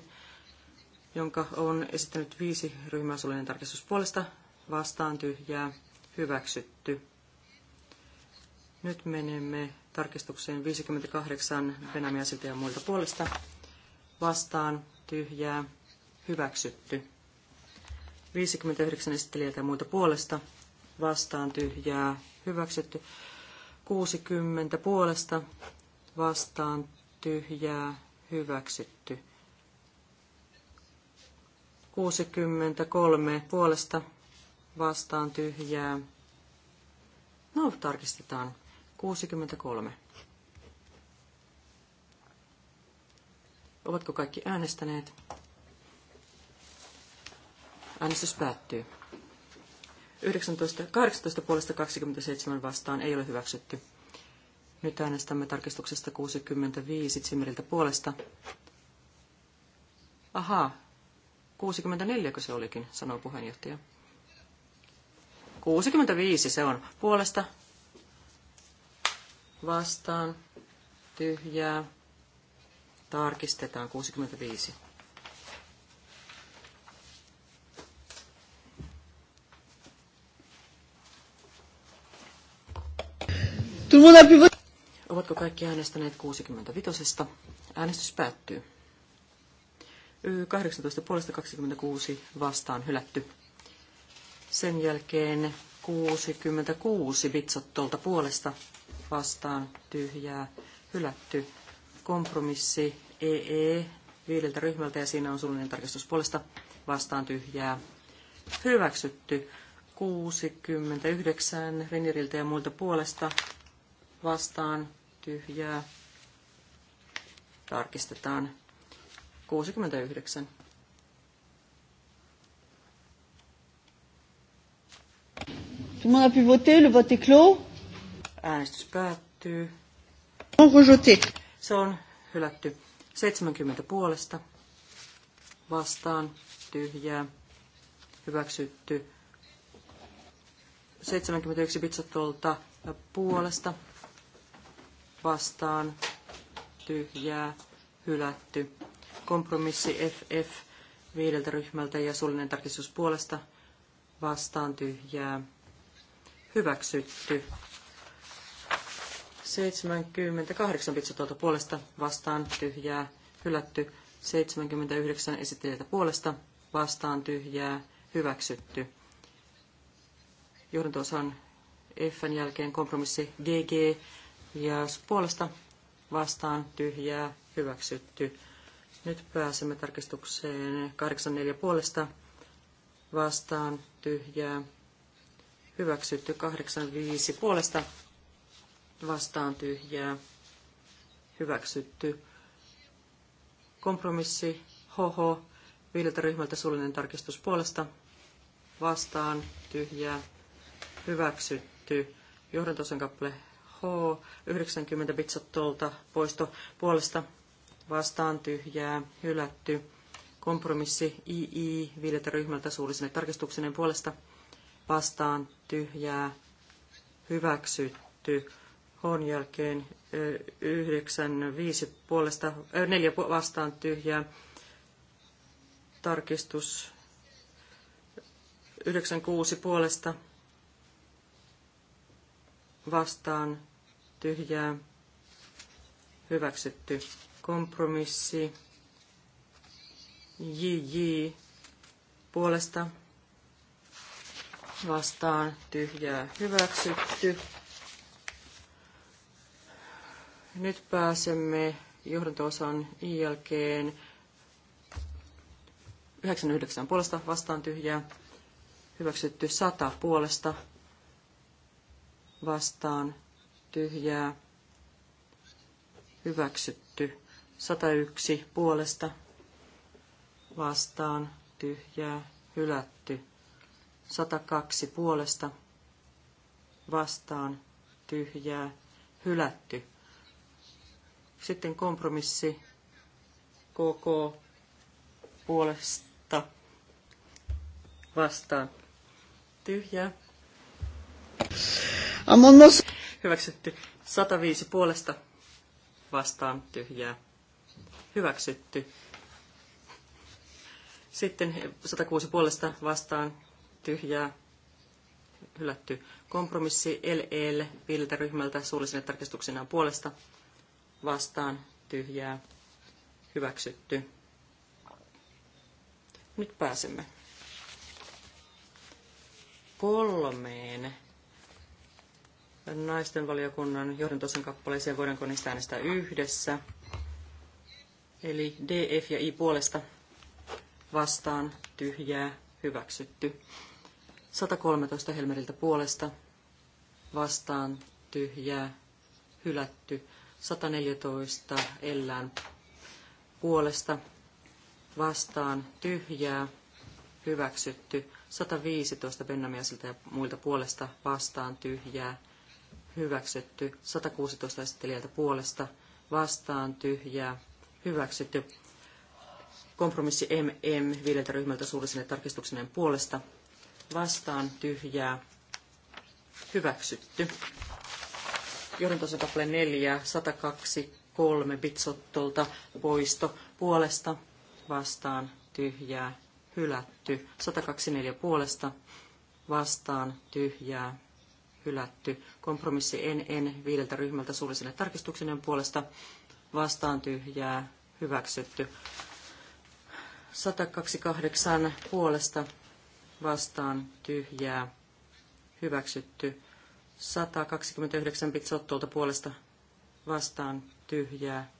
jonka on esittänyt viisi ryhmää suullinen tarkistus puolesta, vastaan tyhjää, hyväksytty. Nyt menemme tarkistukseen 58 Venämiä ja muilta puolesta, vastaan tyhjää, hyväksytty. 59 esittelijää ja muilta puolesta vastaan tyhjää hyväksytty. 60 puolesta vastaan tyhjää hyväksytty. 63 puolesta vastaan tyhjää. No, tarkistetaan. 63. Ovatko kaikki äänestäneet? Äänestys päättyy. 19, 18 puolesta 27 vastaan ei ole hyväksytty. Nyt äänestämme tarkistuksesta 65 Zimmeriltä puolesta. Ahaa, 64 se olikin, sanoo puheenjohtaja. 65 se on puolesta. Vastaan, tyhjää, tarkistetaan 65. Ovatko kaikki äänestäneet 65? Äänestys päättyy. 18 puolesta 26 vastaan hylätty. Sen jälkeen 66 vitsottolta puolesta vastaan tyhjää hylätty. Kompromissi EE e viideltä ryhmältä ja siinä on suunnilleen tarkistus puolesta vastaan tyhjää hyväksytty. 69 Reniriltä ja muilta puolesta vastaan tyhjää. Tarkistetaan 69. Tout le monde a pu voter, le vote est clos. Äänestys päättyy. On rejeté. Se on hylätty. 70 puolesta vastaan tyhjää. Hyväksytty. 71 pizzatolta puolesta vastaan tyhjää hylätty. Kompromissi FF viideltä ryhmältä ja suullinen tarkistus puolesta vastaan tyhjää hyväksytty. 78 pitsatolta puolesta vastaan tyhjää hylätty. 79 esittäjältä puolesta vastaan tyhjää hyväksytty. Johdanto-osan Fn jälkeen kompromissi GG ja puolesta vastaan tyhjää hyväksytty. Nyt pääsemme tarkistukseen 84 puolesta vastaan tyhjää hyväksytty 85 puolesta vastaan tyhjää hyväksytty. Kompromissi HH viideltä ryhmältä suullinen tarkistus puolesta vastaan tyhjää hyväksytty. Johdantosen kappale K90 Bitsottolta poisto puolesta vastaan tyhjää hylätty. Kompromissi II viideltä ryhmältä suullisine tarkistuksinen puolesta vastaan tyhjää hyväksytty. Hon jälkeen 9, 5 puolesta, 4 vastaan tyhjää tarkistus 96 puolesta vastaan tyhjää hyväksytty. Kompromissi JJ puolesta vastaan tyhjää hyväksytty. Nyt pääsemme johdanto-osan jälkeen 99 puolesta vastaan tyhjää, hyväksytty 100 puolesta vastaan tyhjää, hyväksytty. 101 puolesta vastaan, tyhjää, hylätty. 102 puolesta vastaan, tyhjää, hylätty. Sitten kompromissi koko puolesta vastaan. Tyhjää. amonos hyväksytty. 105 puolesta vastaan tyhjää, hyväksytty. Sitten 106 puolesta vastaan tyhjää, hylätty. Kompromissi LEL viideltä ryhmältä suullisena tarkistuksena puolesta vastaan tyhjää, hyväksytty. Nyt pääsemme kolmeen naisten valiokunnan johdantosan kappaleeseen. Voidaanko niistä äänestää yhdessä? Eli DF ja I puolesta vastaan tyhjää hyväksytty. 113 Helmeriltä puolesta vastaan tyhjää hylätty. 114 Ellään puolesta vastaan tyhjää hyväksytty. 115 Bennamiasilta ja muilta puolesta vastaan tyhjää hyväksytty. 116 esittelijältä puolesta vastaan tyhjää hyväksytty. Kompromissi MM viideltä ryhmältä suulliselle tarkistuksineen puolesta vastaan tyhjää hyväksytty. Johdantosa kappale 4, 102, 3 bitsottolta poisto puolesta vastaan tyhjää hylätty. 124 puolesta vastaan tyhjää hylätty. Kompromissi en en viideltä ryhmältä suulliselle tarkistuksinen puolesta vastaan tyhjää hyväksytty. 128 puolesta vastaan tyhjää hyväksytty. 129 pitsottolta puolesta vastaan tyhjää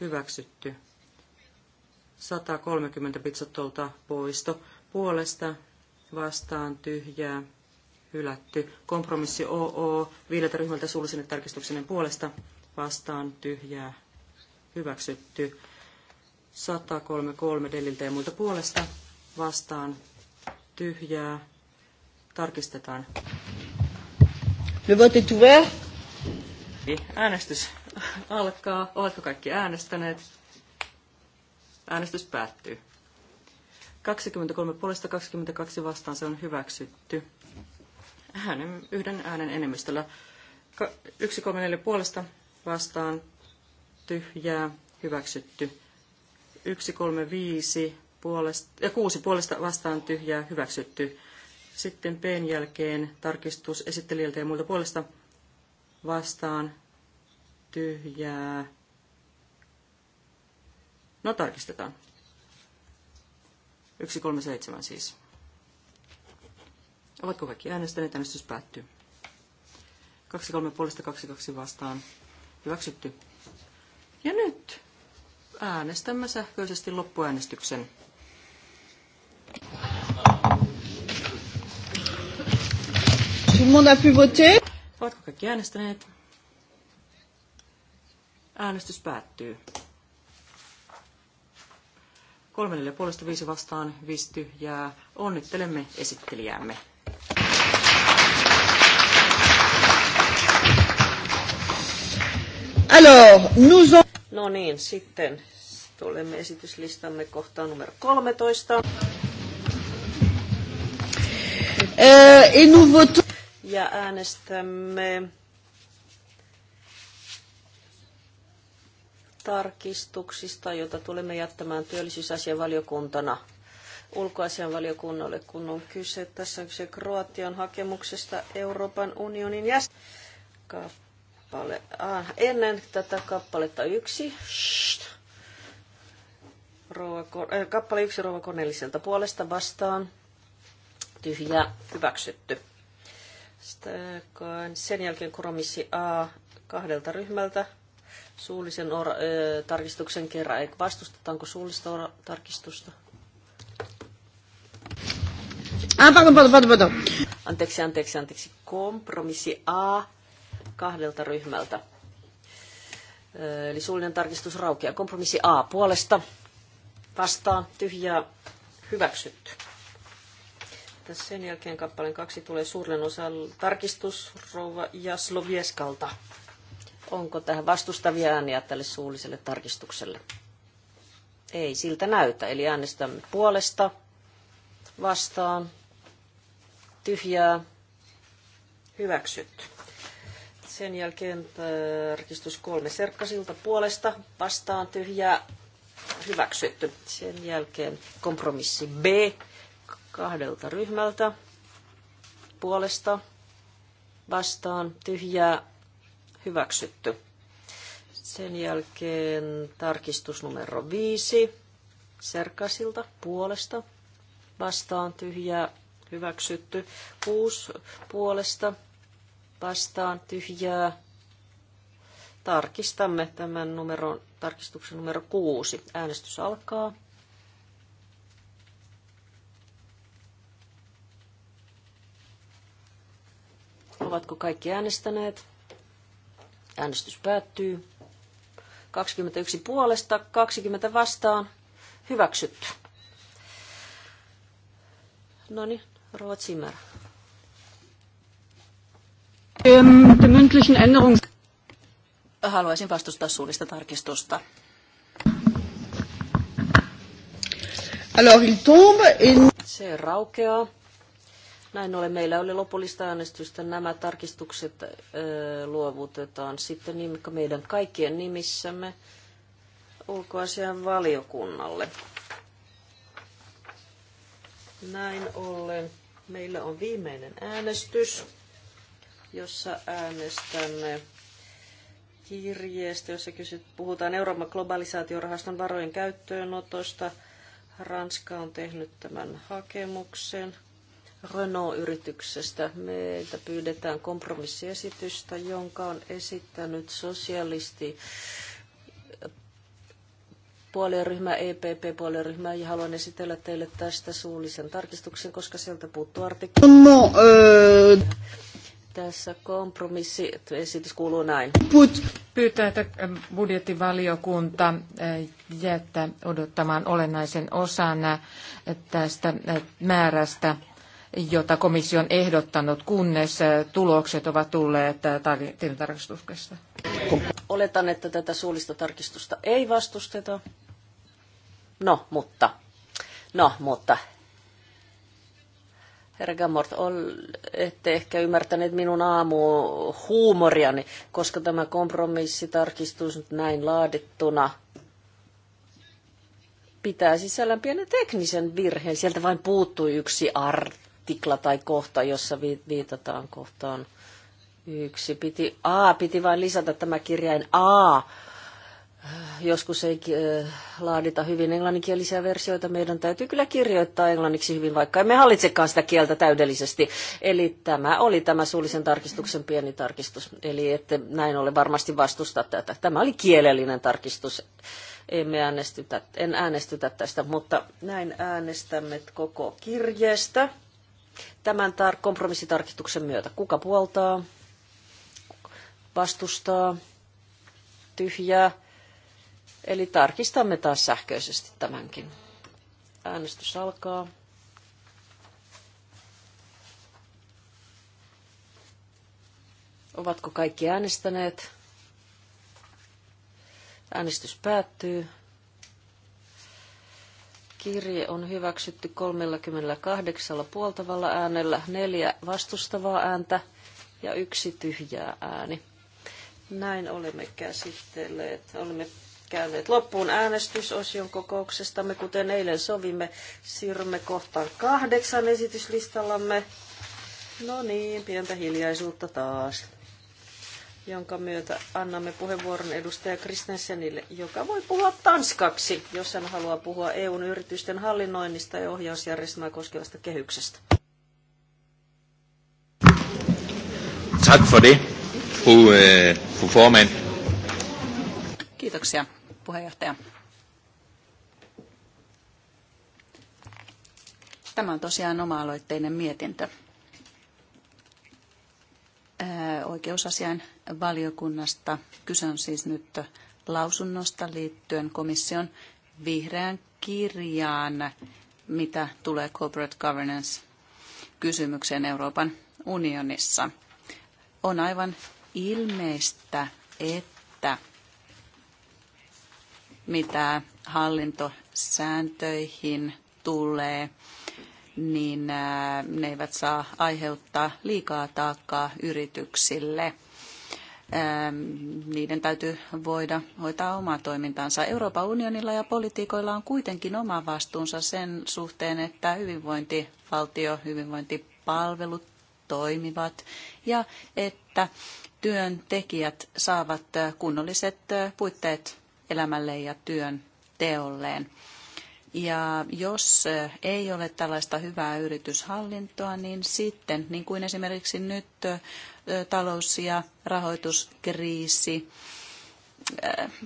hyväksytty. 130 pitsottolta poisto puolesta vastaan tyhjää hylätty. Kompromissi OO viideltä ryhmältä suullisen tarkistuksenen puolesta vastaan tyhjää hyväksytty. 133 deliltä ja muilta puolesta vastaan tyhjää. Tarkistetaan. Le vote est ouvert. Niin, äänestys alkaa. Oletko kaikki äänestäneet? Äänestys päättyy. 23 puolesta 22 vastaan se on hyväksytty hänen yhden äänen enemmistöllä. 134 puolesta vastaan tyhjää hyväksytty. viisi puolesta, ja kuusi puolesta vastaan tyhjää hyväksytty. Sitten p jälkeen tarkistus esittelijältä ja muilta puolesta vastaan tyhjää. No tarkistetaan. 137 siis. Ovatko kaikki äänestäneet? Äänestys päättyy. Kaksi kolme puolesta kaksi kaksi vastaan. Hyväksytty. Ja nyt äänestämme sähköisesti loppuäänestyksen. Ovatko kaikki äänestäneet? Äänestys päättyy. Kolmelle puolesta viisi vastaan, viisi tyhjää. Onnittelemme esittelijäämme. Alors, nous on... No niin, sitten tulemme esityslistamme kohtaan numero 13. Euh, et nous votons... Ja äänestämme tarkistuksista, joita tulemme jättämään työllisyysasianvaliokuntana ulkoasianvaliokunnalle, kun on kyse. Tässä on kyse Kroatian hakemuksesta Euroopan unionin jäsen kappale, ah, ennen tätä kappaletta yksi, Rouva, äh, kappale yksi rouva koneelliselta puolesta vastaan, tyhjä, hyväksytty. Sitten sen jälkeen kompromissi A kahdelta ryhmältä, suullisen or, äh, tarkistuksen kerran. Ei, vastustetaanko suullista or, tarkistusta? Ah, anteeksi, anteeksi, anteeksi. Kompromissi A kahdelta ryhmältä. Eli suullinen tarkistus raukea. Kompromissi A puolesta vastaan tyhjää hyväksytty. Tässä sen jälkeen kappaleen kaksi tulee suurin osa tarkistus rouva Jaslovieskalta. Onko tähän vastustavia ääniä tälle suulliselle tarkistukselle? Ei siltä näytä, eli äänestämme puolesta, vastaan, tyhjää, hyväksytty. Sen jälkeen äh, tarkistus kolme serkkasilta puolesta vastaan tyhjä hyväksytty. Sen jälkeen kompromissi B kahdelta ryhmältä puolesta vastaan tyhjää hyväksytty. Sen jälkeen tarkistus numero viisi serkasilta puolesta vastaan tyhjää hyväksytty. 6 puolesta vastaan tyhjää. Tarkistamme tämän numeron, tarkistuksen numero kuusi. Äänestys alkaa. Ovatko kaikki äänestäneet? Äänestys päättyy. 21 puolesta, 20 vastaan. Hyväksytty. No niin, Ruotsi määrä. Ähm, Haluaisin vastustaa suullista tarkistusta. Alors, il tombe in... Se raukeaa. Näin ollen meillä oli lopullista äänestystä. Nämä tarkistukset ö, äh, luovutetaan sitten niin, meidän kaikkien nimissämme ulkoasian valiokunnalle. Näin ollen meillä on viimeinen äänestys jossa äänestämme kirjeestä, jossa kysyt, puhutaan Euroopan globalisaatiorahaston varojen käyttöönotosta. Ranska on tehnyt tämän hakemuksen Renault-yrityksestä. Meiltä pyydetään kompromissiesitystä, jonka on esittänyt sosialisti puolueryhmä, EPP-puolueryhmä, ja haluan esitellä teille tästä suullisen tarkistuksen, koska sieltä puuttuu artikkeli. No, öö. Tässä kompromissiesitys kuuluu näin. Put. Pyytää, että ähm, budjettivaliokunta äh, jättää odottamaan olennaisen osan äh, tästä äh, määrästä jota komissio on ehdottanut, kunnes tulokset ovat tulleet tilintarkastuksesta. Oletan, että tätä suullista tarkistusta ei vastusteta. No, mutta. No, mutta Herra Gamort, ette ehkä ymmärtäneet minun aamu huumoriani, koska tämä kompromissitarkistus nyt näin laadittuna pitää sisällään pienen teknisen virheen. Sieltä vain puuttui yksi artikla tai kohta, jossa viitataan kohtaan yksi. Piti, A, piti vain lisätä tämä kirjain A joskus ei eh, laadita hyvin englanninkielisiä versioita. Meidän täytyy kyllä kirjoittaa englanniksi hyvin, vaikka emme hallitsekaan sitä kieltä täydellisesti. Eli tämä oli tämä suullisen tarkistuksen pieni tarkistus. Eli että näin ole varmasti vastusta tätä. Tämä oli kielellinen tarkistus. Emme äänestytä, en äänestytä tästä, mutta näin äänestämme koko kirjeestä tämän tar- kompromissitarkistuksen myötä. Kuka puoltaa? Vastustaa? Tyhjää? Eli tarkistamme taas sähköisesti tämänkin. Äänestys alkaa. Ovatko kaikki äänestäneet? Äänestys päättyy. Kirje on hyväksytty 38 puoltavalla äänellä, neljä vastustavaa ääntä ja yksi tyhjää ääni. Näin olemme käsitelleet, olemme käyneet loppuun äänestysosion kokouksestamme. Kuten eilen sovimme, siirrymme kohtaan kahdeksan esityslistallamme. No niin, pientä hiljaisuutta taas, jonka myötä annamme puheenvuoron edustaja Kristensenille, joka voi puhua tanskaksi, jos hän haluaa puhua EUn yritysten hallinnoinnista ja ohjausjärjestelmää koskevasta kehyksestä. Tack för det, fru, øh, fru Kiitoksia puheenjohtaja. Tämä on tosiaan oma-aloitteinen mietintö. Oikeusasian valiokunnasta. Kyse on siis nyt lausunnosta liittyen komission vihreään kirjaan, mitä tulee corporate governance-kysymykseen Euroopan unionissa. On aivan ilmeistä, että mitä hallintosääntöihin tulee, niin äh, ne eivät saa aiheuttaa liikaa taakkaa yrityksille. Ähm, niiden täytyy voida hoitaa omaa toimintaansa. Euroopan unionilla ja politiikoilla on kuitenkin oma vastuunsa sen suhteen, että hyvinvointivaltio, hyvinvointipalvelut toimivat ja että työntekijät saavat kunnolliset puitteet elämälle ja työn teolleen. Ja jos ei ole tällaista hyvää yrityshallintoa, niin sitten, niin kuin esimerkiksi nyt talous- ja rahoituskriisi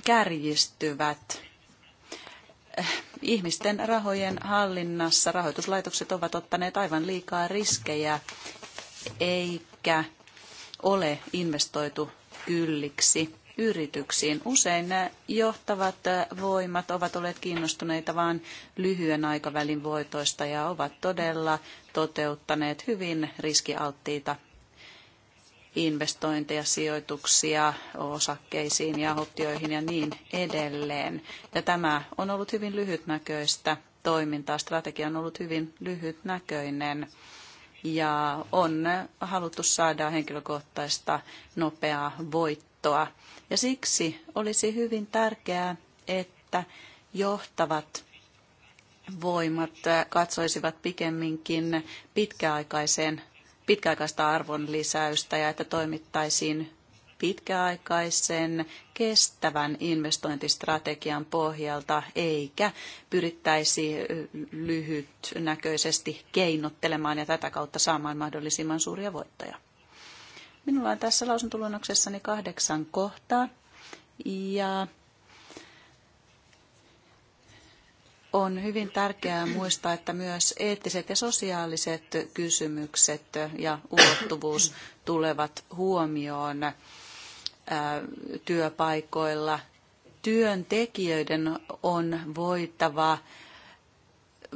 kärjistyvät, ihmisten rahojen hallinnassa rahoituslaitokset ovat ottaneet aivan liikaa riskejä, eikä ole investoitu kylliksi yrityksiin. Usein nämä johtavat äh, voimat ovat olleet kiinnostuneita vain lyhyen aikavälin voitoista ja ovat todella toteuttaneet hyvin riskialttiita investointeja, sijoituksia osakkeisiin ja optioihin ja niin edelleen. Ja tämä on ollut hyvin lyhytnäköistä toimintaa. Strategia on ollut hyvin lyhytnäköinen ja on haluttu saada henkilökohtaista nopeaa voittoa ja siksi olisi hyvin tärkeää, että johtavat voimat äh, katsoisivat pikemminkin pitkäaikaiseen, pitkäaikaista arvonlisäystä ja että toimittaisiin pitkäaikaisen kestävän investointistrategian pohjalta, eikä pyrittäisi äh, lyhytnäköisesti keinottelemaan ja tätä kautta saamaan mahdollisimman suuria voittoja. Minulla on tässä lausuntoluennoksessani kahdeksan kohtaa ja on hyvin tärkeää muistaa, että myös eettiset ja sosiaaliset kysymykset ja ulottuvuus tulevat huomioon äh, työpaikoilla. Työntekijöiden on voitava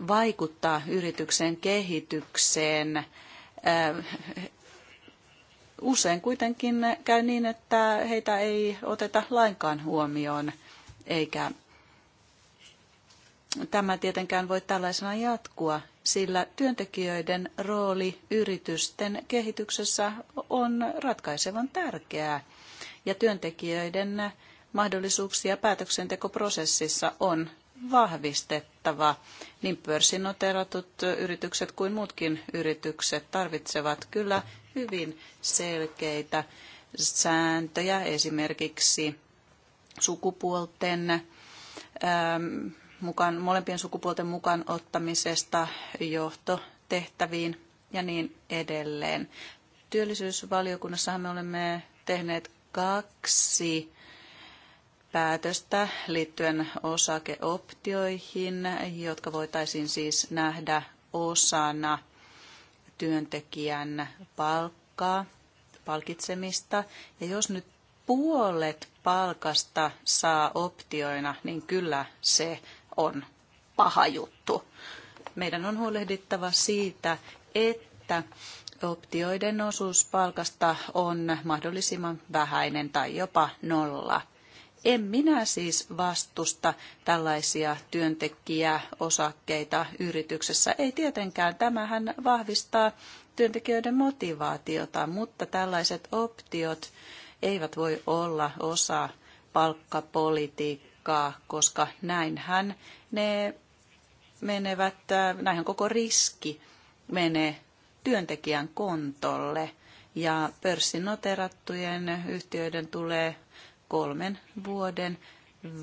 vaikuttaa yrityksen kehitykseen äh, usein kuitenkin käy niin, että heitä ei oteta lainkaan huomioon, eikä tämä tietenkään voi tällaisena jatkua, sillä työntekijöiden rooli yritysten kehityksessä on ratkaisevan tärkeää ja työntekijöiden mahdollisuuksia päätöksentekoprosessissa on vahvistettava. Niin pörssinoteratut yritykset kuin muutkin yritykset tarvitsevat kyllä hyvin selkeitä sääntöjä esimerkiksi sukupuolten ähm, mukaan, molempien sukupuolten mukaan ottamisesta johtotehtäviin ja niin edelleen. Työllisyysvaliokunnassahan me olemme tehneet kaksi päätöstä liittyen osakeoptioihin, jotka voitaisiin siis nähdä osana työntekijän palkkaa, palkitsemista. Ja jos nyt puolet palkasta saa optioina, niin kyllä se on paha juttu. Meidän on huolehdittava siitä, että optioiden osuus palkasta on mahdollisimman vähäinen tai jopa nolla – en minä siis vastusta tällaisia osakkeita yrityksessä. Ei tietenkään. Tämähän vahvistaa työntekijöiden motivaatiota, mutta tällaiset optiot eivät voi olla osa palkkapolitiikkaa, koska näinhän ne menevät, äh, näinhän koko riski menee työntekijän kontolle. Ja pörssinoterattujen yhtiöiden tulee kolmen vuoden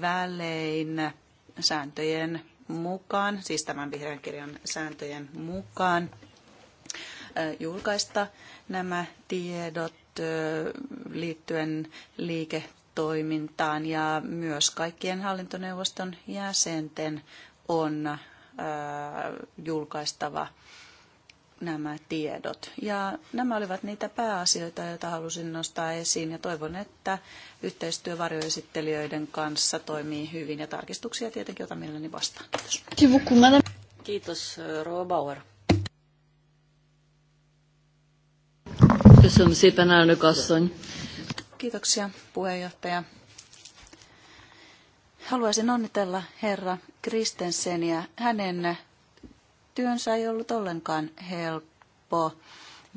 välein sääntöjen mukaan, siis tämän vihreän kirjan sääntöjen mukaan, julkaista nämä tiedot liittyen liiketoimintaan ja myös kaikkien hallintoneuvoston jäsenten on julkaistava nämä tiedot. Ja nämä olivat niitä pääasioita, joita halusin nostaa esiin ja toivon, että yhteistyö varjoesittelijöiden kanssa toimii hyvin ja tarkistuksia tietenkin otan mielelläni vastaan. Kiitos. Kiitos, eh, Rova Bauer. Kiitoksia, puheenjohtaja. Haluaisin onnitella herra Kristenseniä hänen työnsä ei ollut ollenkaan helppo.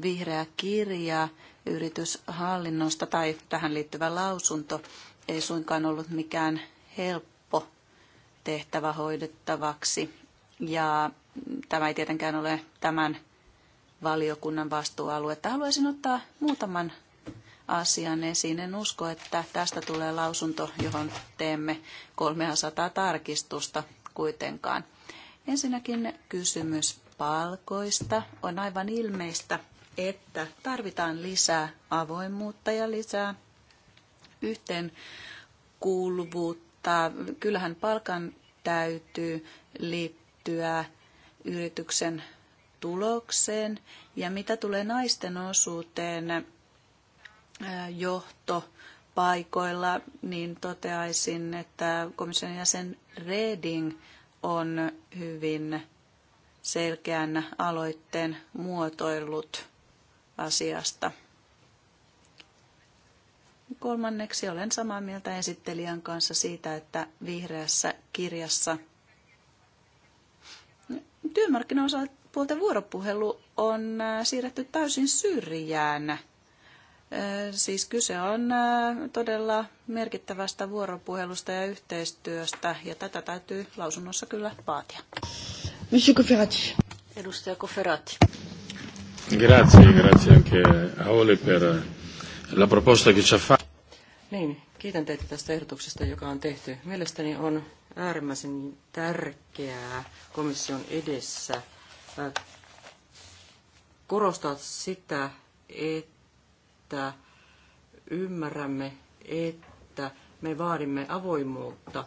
Vihreä kirja yrityshallinnosta tai tähän liittyvä lausunto ei suinkaan ollut mikään helppo tehtävä hoidettavaksi. Ja tämä ei tietenkään ole tämän valiokunnan vastuualuetta. Haluaisin ottaa muutaman asian esiin. En usko, että tästä tulee lausunto, johon teemme 300 tarkistusta kuitenkaan. Ensinnäkin kysymys palkoista. On aivan ilmeistä, että tarvitaan lisää avoimuutta ja lisää yhteenkuuluvuutta. Kyllähän palkan täytyy liittyä yrityksen tulokseen. Ja mitä tulee naisten osuuteen johtopaikoilla, niin toteaisin, että komission jäsen Reding on hyvin selkeän aloitteen muotoillut asiasta. Kolmanneksi olen samaa mieltä esittelijän kanssa siitä, että vihreässä kirjassa työmarkkinaosapuolten vuoropuhelu on äh, siirretty täysin syrjään – Siis kyse on todella merkittävästä vuoropuhelusta ja yhteistyöstä, ja tätä täytyy lausunnossa kyllä vaatia. Monsieur Koferati. Edustaja Koferati. Grazie, grazie anche a Oli per la proposta che ci ha fatto. Niin, kiitän teitä tästä ehdotuksesta, joka on tehty. Mielestäni on äärimmäisen tärkeää komission edessä korostaa sitä, että että ymmärrämme, että me vaadimme avoimuutta.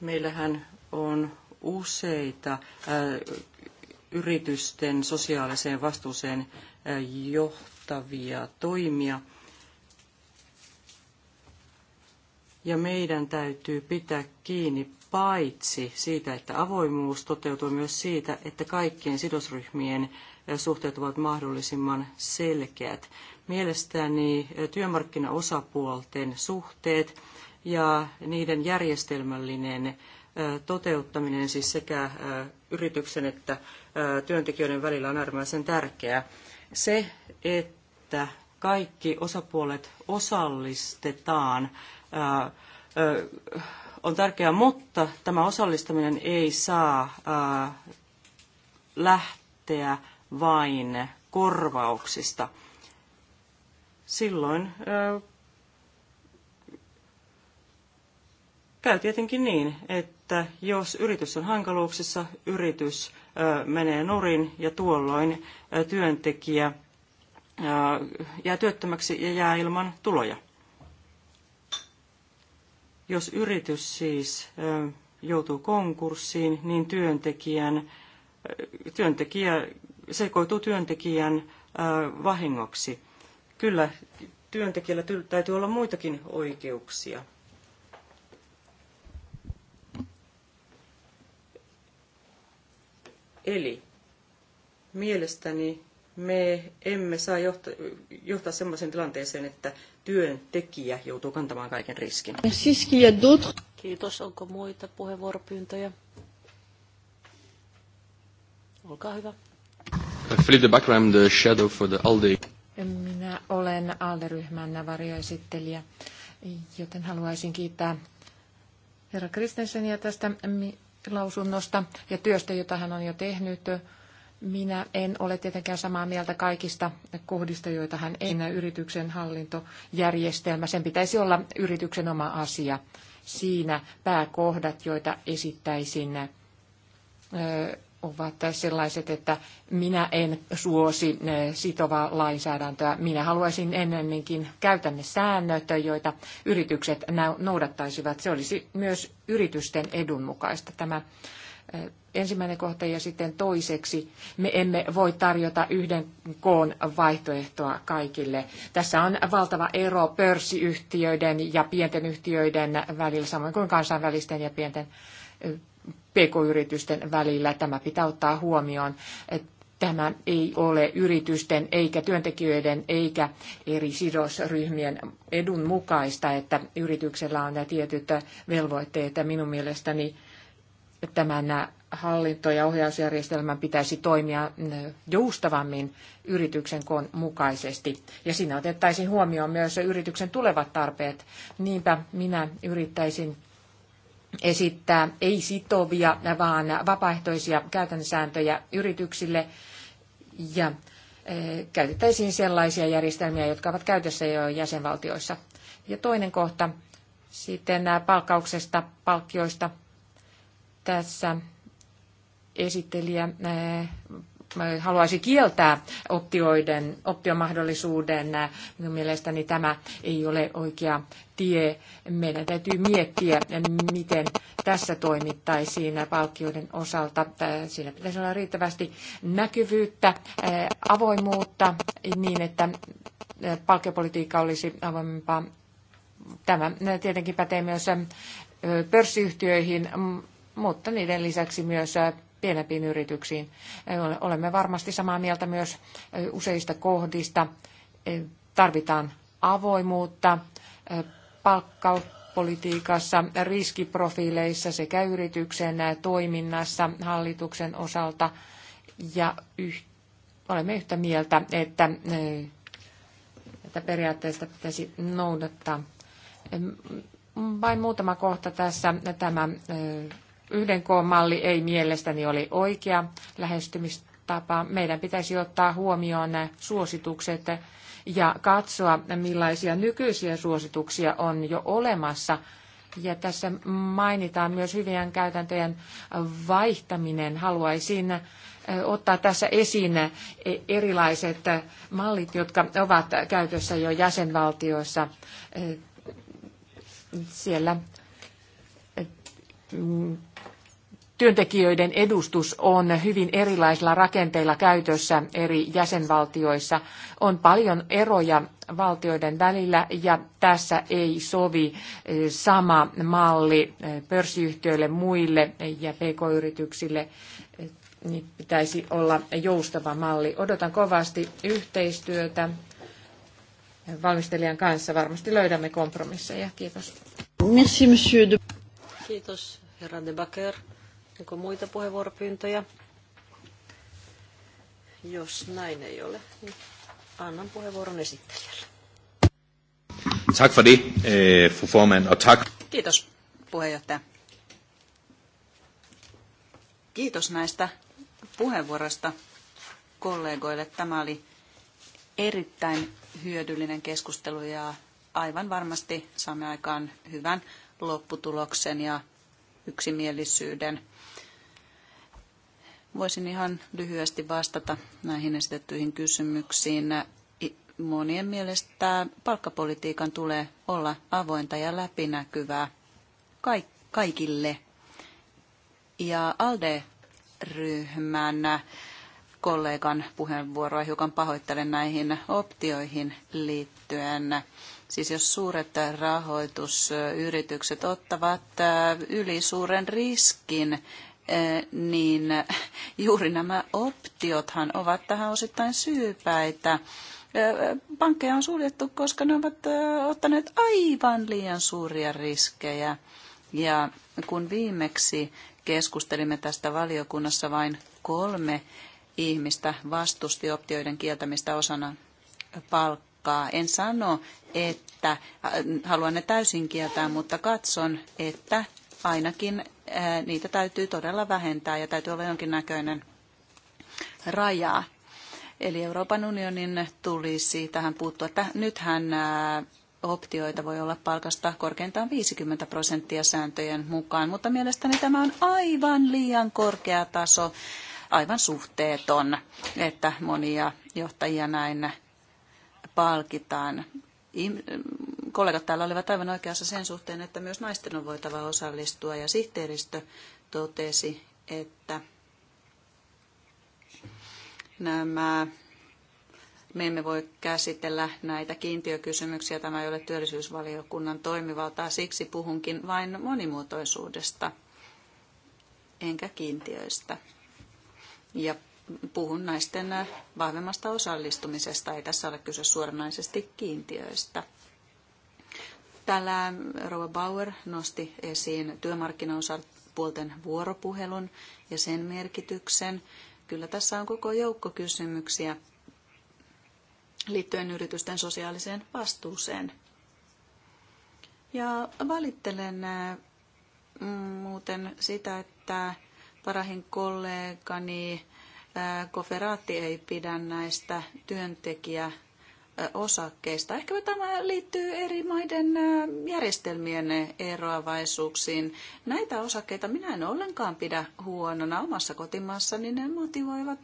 Meillähän on useita äh, yritysten sosiaaliseen vastuuseen äh, johtavia toimia. Ja meidän täytyy pitää kiinni paitsi siitä, että avoimuus toteutuu myös siitä, että kaikkien sidosryhmien suhteet ovat mahdollisimman selkeät. Mielestäni työmarkkinaosapuolten suhteet ja niiden järjestelmällinen toteuttaminen siis sekä yrityksen että työntekijöiden välillä on äärimmäisen tärkeää. Se, että kaikki osapuolet osallistetaan, on tärkeää, mutta tämä osallistaminen ei saa lähteä vain korvauksista. Silloin ö, käy tietenkin niin, että jos yritys on hankaluuksissa, yritys ö, menee nurin ja tuolloin ö, työntekijä ö, jää työttömäksi ja jää ilman tuloja. Jos yritys siis ö, joutuu konkurssiin, niin työntekijän, työntekijä se työntekijän vahingoksi. Kyllä työntekijällä täytyy olla muitakin oikeuksia. Eli mielestäni me emme saa johtaa, johtaa sellaiseen tilanteeseen, että työntekijä joutuu kantamaan kaiken riskin. Kiitos. Onko muita puheenvuoropyyntöjä? Olkaa hyvä. Philip the shadow for the Minä olen ALDE-ryhmän varjoesittelijä, joten haluaisin kiittää herra Kristensenia tästä lausunnosta ja työstä, jota hän on jo tehnyt. Minä en ole tietenkään samaa mieltä kaikista kohdista, joita hän ei näe yrityksen hallintojärjestelmä. Sen pitäisi olla yrityksen oma asia. Siinä pääkohdat, joita esittäisin ovat sellaiset, että minä en suosi eh, sitovaa lainsäädäntöä. Minä haluaisin ennemminkin käytännön säännöt, joita yritykset noudattaisivat. Se olisi myös yritysten edun mukaista tämä eh, ensimmäinen kohta ja sitten toiseksi me emme voi tarjota yhden koon vaihtoehtoa kaikille. Tässä on valtava ero pörssiyhtiöiden ja pienten yhtiöiden välillä, samoin kuin kansainvälisten ja pienten eh, pk-yritysten välillä. Tämä pitää ottaa huomioon. Tämä ei ole yritysten eikä työntekijöiden eikä eri sidosryhmien edun mukaista, että yrityksellä on nämä tietyt velvoitteet. Minun mielestäni tämän hallinto- ja ohjausjärjestelmän pitäisi toimia joustavammin yrityksen koon mukaisesti. Ja siinä otettaisiin huomioon myös yrityksen tulevat tarpeet. Niinpä minä yrittäisin esittää ei sitovia, vaan vapaaehtoisia käytännössääntöjä yrityksille ja eh, käytettäisiin sellaisia järjestelmiä, jotka ovat käytössä jo jäsenvaltioissa. Ja toinen kohta sitten eh, palkkauksesta, palkkioista. Tässä esittelijä eh, haluaisi kieltää optioiden, optiomahdollisuuden. Minun mielestäni tämä ei ole oikea tie. Meidän täytyy miettiä, miten tässä toimittaisiin palkkioiden osalta. Siinä pitäisi olla riittävästi näkyvyyttä, avoimuutta niin, että palkkiopolitiikka olisi avoimempaa. Tämä tietenkin pätee myös pörssiyhtiöihin, mutta niiden lisäksi myös pienempiin yrityksiin. Olemme varmasti samaa mieltä myös useista kohdista. Tarvitaan avoimuutta palkkauspolitiikassa, riskiprofiileissa sekä yrityksen toiminnassa hallituksen osalta. Ja yh, olemme yhtä mieltä, että, että periaatteesta pitäisi noudattaa. Vain muutama kohta tässä tämä yhden K-malli ei mielestäni ole oikea lähestymistapa. Meidän pitäisi ottaa huomioon suositukset ja katsoa, millaisia nykyisiä suosituksia on jo olemassa. Ja tässä mainitaan myös hyvien käytäntöjen vaihtaminen. Haluaisin ottaa tässä esiin e, erilaiset mallit, jotka ovat käytössä jo jäsenvaltioissa. Siellä työntekijöiden edustus on hyvin erilaisilla rakenteilla käytössä eri jäsenvaltioissa. On paljon eroja valtioiden välillä ja tässä ei sovi eh, sama malli eh, pörssiyhtiöille, muille eh, ja pk-yrityksille. Niin pitäisi olla joustava malli. Odotan kovasti yhteistyötä valmistelijan kanssa. Varmasti löydämme kompromisseja. Kiitos. Merci, monsieur de... Kiitos, herra de Onko muita puheenvuoropyyntöjä? Jos näin ei ole, niin annan puheenvuoron esittelijälle. Tack för det, øh, fru formand, och tack. Kiitos, puheenjohtaja. Kiitos näistä puheenvuoroista kollegoille. Tämä oli erittäin hyödyllinen keskustelu ja aivan varmasti saamme aikaan hyvän lopputuloksen ja yksimielisyyden. Voisin ihan lyhyesti vastata näihin esitettyihin kysymyksiin. Monien mielestä palkkapolitiikan tulee olla avointa ja läpinäkyvää kaikille. Ja ALDE-ryhmän kollegan puheenvuoroa hiukan pahoittelen näihin optioihin liittyen. Siis jos suuret rahoitusyritykset ottavat ylisuuren riskin, Eh, niin juuri nämä optiothan ovat tähän osittain syypäitä. Eh, pankkeja on suljettu, koska ne ovat eh, ottaneet aivan liian suuria riskejä. Ja kun viimeksi keskustelimme tästä valiokunnassa, vain kolme ihmistä vastusti optioiden kieltämistä osana palkkaa. En sano, että haluan ne täysin kieltää, mutta katson, että ainakin niitä täytyy todella vähentää ja täytyy olla jonkinnäköinen raja. Eli Euroopan unionin tulisi tähän puuttua. Nythän optioita voi olla palkasta korkeintaan 50 prosenttia sääntöjen mukaan, mutta mielestäni tämä on aivan liian korkea taso, aivan suhteeton, että monia johtajia näin palkitaan kollegat täällä olivat aivan oikeassa sen suhteen, että myös naisten on voitava osallistua ja sihteeristö totesi, että nämä, me emme voi käsitellä näitä kiintiökysymyksiä. Tämä ei ole työllisyysvaliokunnan toimivaltaa, siksi puhunkin vain monimuotoisuudesta enkä kiintiöistä. Ja puhun naisten äh, vahvemmasta osallistumisesta. Ei tässä ole kyse suoranaisesti kiintiöistä. Täällä Rova Bauer nosti esiin työmarkkinaosapuolten vuoropuhelun ja sen merkityksen. Kyllä tässä on koko joukko kysymyksiä liittyen yritysten sosiaaliseen vastuuseen. Ja valittelen äh, muuten sitä, että parahin kollegani Koferaatti ei pidä näistä työntekijä osakkeista. Ehkä tämä liittyy eri maiden järjestelmien eroavaisuuksiin. Näitä osakkeita minä en ollenkaan pidä huonona omassa kotimaassa, niin ne motivoivat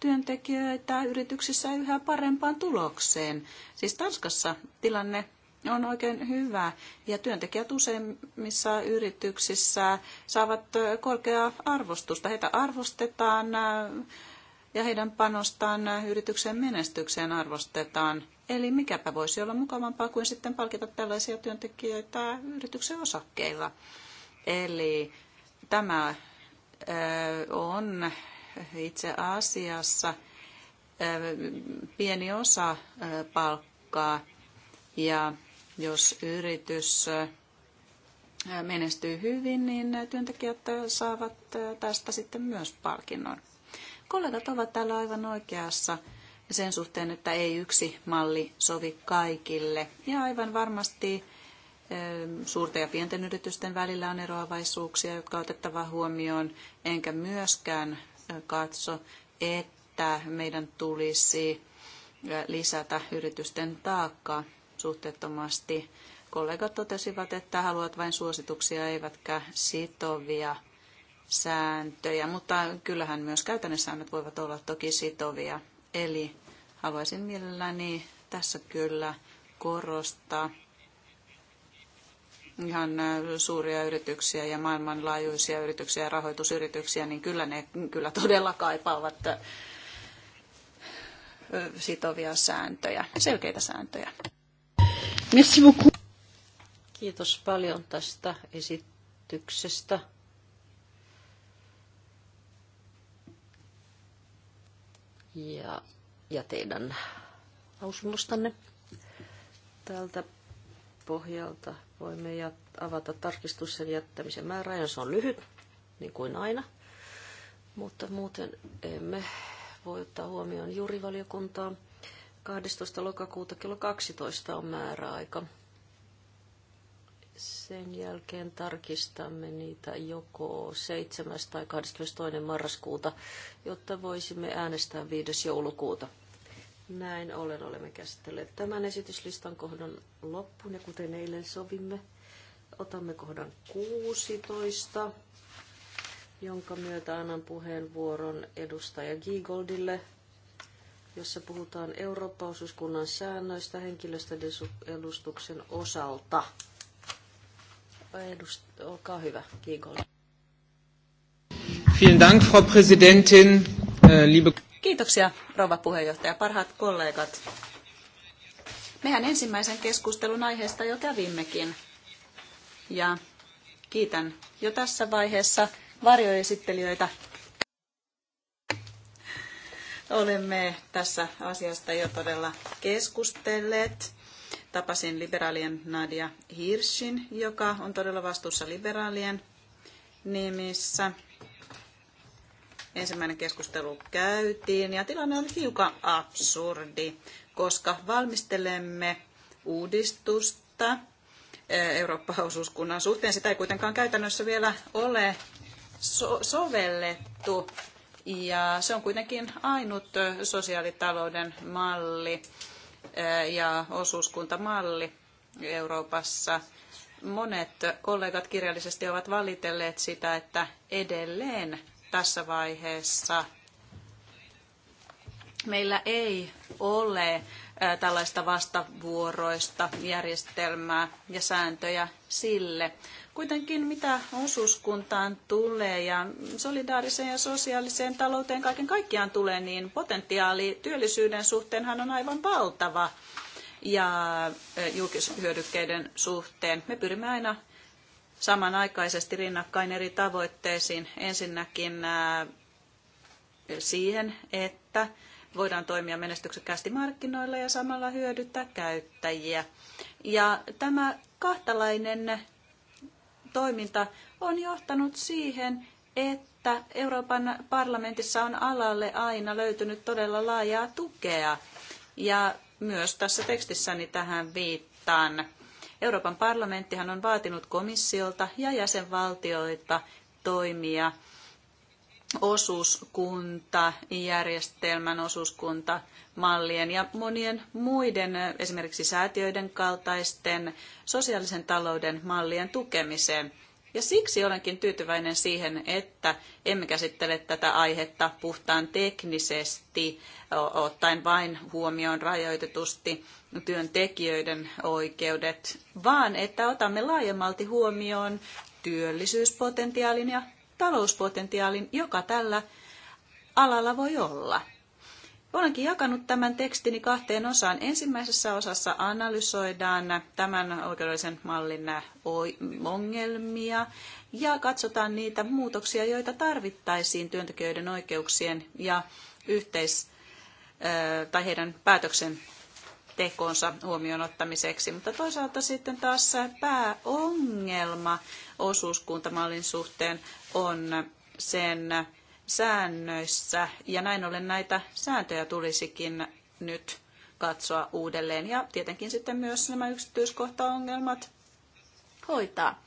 työntekijöitä yrityksissä yhä parempaan tulokseen. Siis Tanskassa tilanne on oikein hyvä. Ja työntekijät useimmissa yrityksissä saavat korkeaa arvostusta. Heitä arvostetaan ja heidän panostaan yrityksen menestykseen arvostetaan. Eli mikäpä voisi olla mukavampaa kuin sitten palkita tällaisia työntekijöitä yrityksen osakkeilla. Eli tämä on itse asiassa pieni osa palkkaa ja jos yritys menestyy hyvin, niin työntekijät saavat tästä sitten myös palkinnon. Kollegat ovat täällä aivan oikeassa sen suhteen, että ei yksi malli sovi kaikille. Ja aivan varmasti suurten ja pienten yritysten välillä on eroavaisuuksia, jotka on otettava huomioon, enkä myöskään katso, että meidän tulisi lisätä yritysten taakkaa suhteettomasti. Kollegat totesivat, että haluat vain suosituksia eivätkä sitovia sääntöjä, mutta kyllähän myös käytännön säännöt voivat olla toki sitovia. Eli haluaisin mielelläni tässä kyllä korostaa ihan suuria yrityksiä ja maailmanlaajuisia yrityksiä ja rahoitusyrityksiä, niin kyllä ne kyllä todella kaipaavat sitovia sääntöjä, selkeitä sääntöjä. Merci beaucoup. Kiitos paljon tästä esityksestä. Ja, ja teidän lausunnostanne. täältä pohjalta voimme jat- avata tarkistuksen jättämisen määräajan. Se on lyhyt, niin kuin aina. Mutta muuten emme voi ottaa huomioon juurivaliokuntaa. 12. lokakuuta kello 12 on määräaika. Sen jälkeen tarkistamme niitä joko 7. tai 22. marraskuuta, jotta voisimme äänestää 5. joulukuuta. Näin ollen olemme käsitelleet tämän esityslistan kohdan loppuun ja kuten eilen sovimme, otamme kohdan 16, jonka myötä annan puheenvuoron edustaja Giegoldille – jossa puhutaan Eurooppa-osuuskunnan säännöistä henkilöstöedustuksen osalta. Edust- olkaa hyvä, Kiikolle. Vielen Dank, Frau Präsidentin, äh, liebe... Kiitoksia, rouva puheenjohtaja, parhaat kollegat. Mehän ensimmäisen keskustelun aiheesta jo kävimmekin. Ja kiitän jo tässä vaiheessa varjoesittelijöitä Olemme tässä asiasta jo todella keskustelleet. Tapasin liberaalien Nadia Hirschin, joka on todella vastuussa liberaalien nimissä. Ensimmäinen keskustelu käytiin ja tilanne on hiukan absurdi, koska valmistelemme uudistusta eh, Eurooppa-osuuskunnan suhteen. Sitä ei kuitenkaan käytännössä vielä ole so- sovellettu. Ja se on kuitenkin ainut sosiaalitalouden malli eh, ja osuuskuntamalli Euroopassa. Monet kollegat kirjallisesti ovat valitelleet sitä, että edelleen tässä vaiheessa – meillä ei ole tällaista vastavuoroista järjestelmää ja sääntöjä sille. Kuitenkin mitä osuuskuntaan tulee ja solidaariseen ja sosiaaliseen talouteen kaiken kaikkiaan tulee, niin potentiaali työllisyyden suhteenhan on aivan valtava ja julkishyödykkeiden suhteen. Me pyrimme aina samanaikaisesti rinnakkain eri tavoitteisiin. Ensinnäkin siihen, että voidaan toimia menestyksekkäästi markkinoilla ja samalla hyödyttää käyttäjiä. Ja tämä kahtalainen toiminta on johtanut siihen, että Euroopan parlamentissa on alalle aina löytynyt todella laajaa tukea. Ja myös tässä tekstissäni tähän viittaan. Euroopan parlamenttihan on vaatinut komissiolta ja jäsenvaltioita toimia – osuuskunta, osuuskuntamallien ja monien muiden esimerkiksi säätiöiden kaltaisten sosiaalisen talouden mallien tukemiseen. Ja siksi olenkin tyytyväinen siihen, että emme käsittele tätä aihetta puhtaan teknisesti, ottaen vain huomioon rajoitetusti työntekijöiden oikeudet, vaan että otamme laajemmalti huomioon työllisyyspotentiaalin ja talouspotentiaalin, joka tällä alalla voi olla. Olenkin jakanut tämän tekstini kahteen osaan. Ensimmäisessä osassa analysoidaan tämän oikeudellisen mallin ongelmia ja katsotaan niitä muutoksia, joita tarvittaisiin työntekijöiden oikeuksien ja yhteis- tai heidän päätöksen tekonsa huomioon ottamiseksi. Mutta toisaalta sitten taas pääongelma osuuskuntamallin suhteen on sen säännöissä. Ja näin ollen näitä sääntöjä tulisikin nyt katsoa uudelleen ja tietenkin sitten myös nämä yksityiskohtaongelmat hoitaa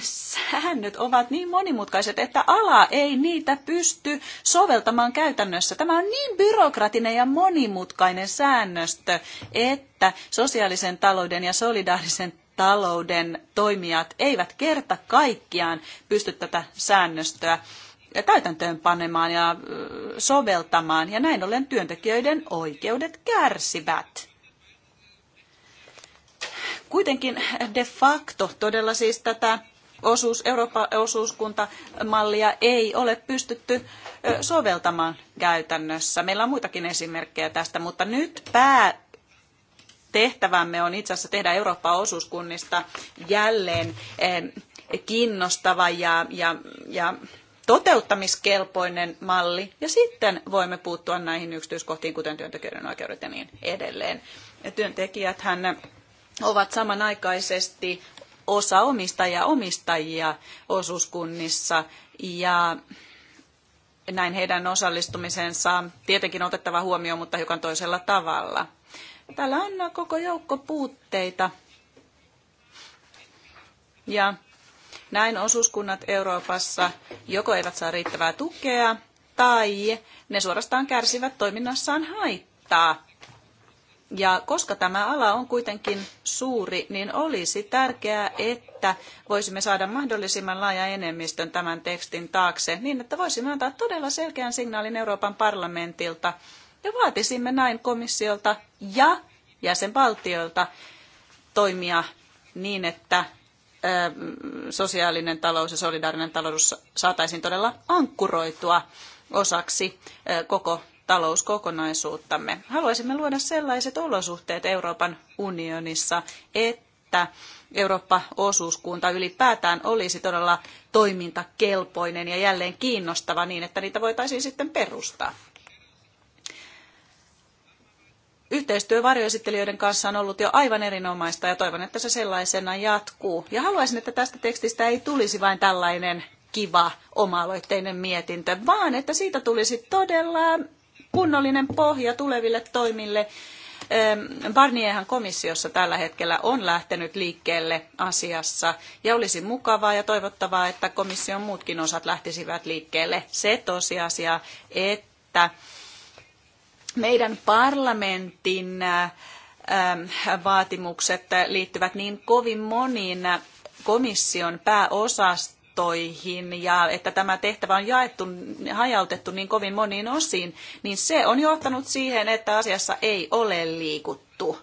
säännöt ovat niin monimutkaiset, että ala ei niitä pysty soveltamaan käytännössä. Tämä on niin byrokratinen ja monimutkainen säännöstö, että sosiaalisen talouden ja solidaarisen talouden toimijat eivät kerta kaikkiaan pysty tätä säännöstöä täytäntöön panemaan ja soveltamaan, ja näin ollen työntekijöiden oikeudet kärsivät. Kuitenkin de facto todella siis tätä osuus, Euroopan osuuskuntamallia ei ole pystytty soveltamaan käytännössä. Meillä on muitakin esimerkkejä tästä, mutta nyt pää tehtävämme on itse asiassa tehdä Euroopan osuuskunnista jälleen kiinnostava ja, ja, ja toteuttamiskelpoinen malli, ja sitten voimme puuttua näihin yksityiskohtiin, kuten työntekijöiden oikeudet ja niin edelleen. Ja työntekijäthän ovat samanaikaisesti osa omistajia omistajia osuuskunnissa ja näin heidän osallistumisensa tietenkin otettava huomioon, mutta hiukan toisella tavalla. Täällä on koko joukko puutteita. Ja näin osuuskunnat Euroopassa joko eivät saa riittävää tukea tai ne suorastaan kärsivät toiminnassaan haittaa ja koska tämä ala on kuitenkin suuri, niin olisi tärkeää, että voisimme saada mahdollisimman laaja enemmistön tämän tekstin taakse, niin että voisimme antaa todella selkeän signaalin Euroopan parlamentilta ja vaatisimme näin komissiolta ja jäsenvaltioilta toimia niin, että sosiaalinen talous ja solidaarinen talous saataisiin todella ankkuroitua osaksi koko talouskokonaisuuttamme. Haluaisimme luoda sellaiset olosuhteet Euroopan unionissa, että Eurooppa-osuuskunta ylipäätään olisi todella toimintakelpoinen ja jälleen kiinnostava niin, että niitä voitaisiin sitten perustaa. Yhteistyö varjoesittelijöiden kanssa on ollut jo aivan erinomaista ja toivon, että se sellaisena jatkuu. Ja haluaisin, että tästä tekstistä ei tulisi vain tällainen kiva oma-aloitteinen mietintö, vaan että siitä tulisi todella kunnollinen pohja tuleville toimille. Barnierhan komissiossa tällä hetkellä on lähtenyt liikkeelle asiassa ja olisi mukavaa ja toivottavaa, että komission muutkin osat lähtisivät liikkeelle. Se tosiasia, että meidän parlamentin vaatimukset liittyvät niin kovin moniin komission pääosasta, kantoihin ja että tämä tehtävä on jaettu, hajautettu niin kovin moniin osiin, niin se on johtanut siihen, että asiassa ei ole liikuttu.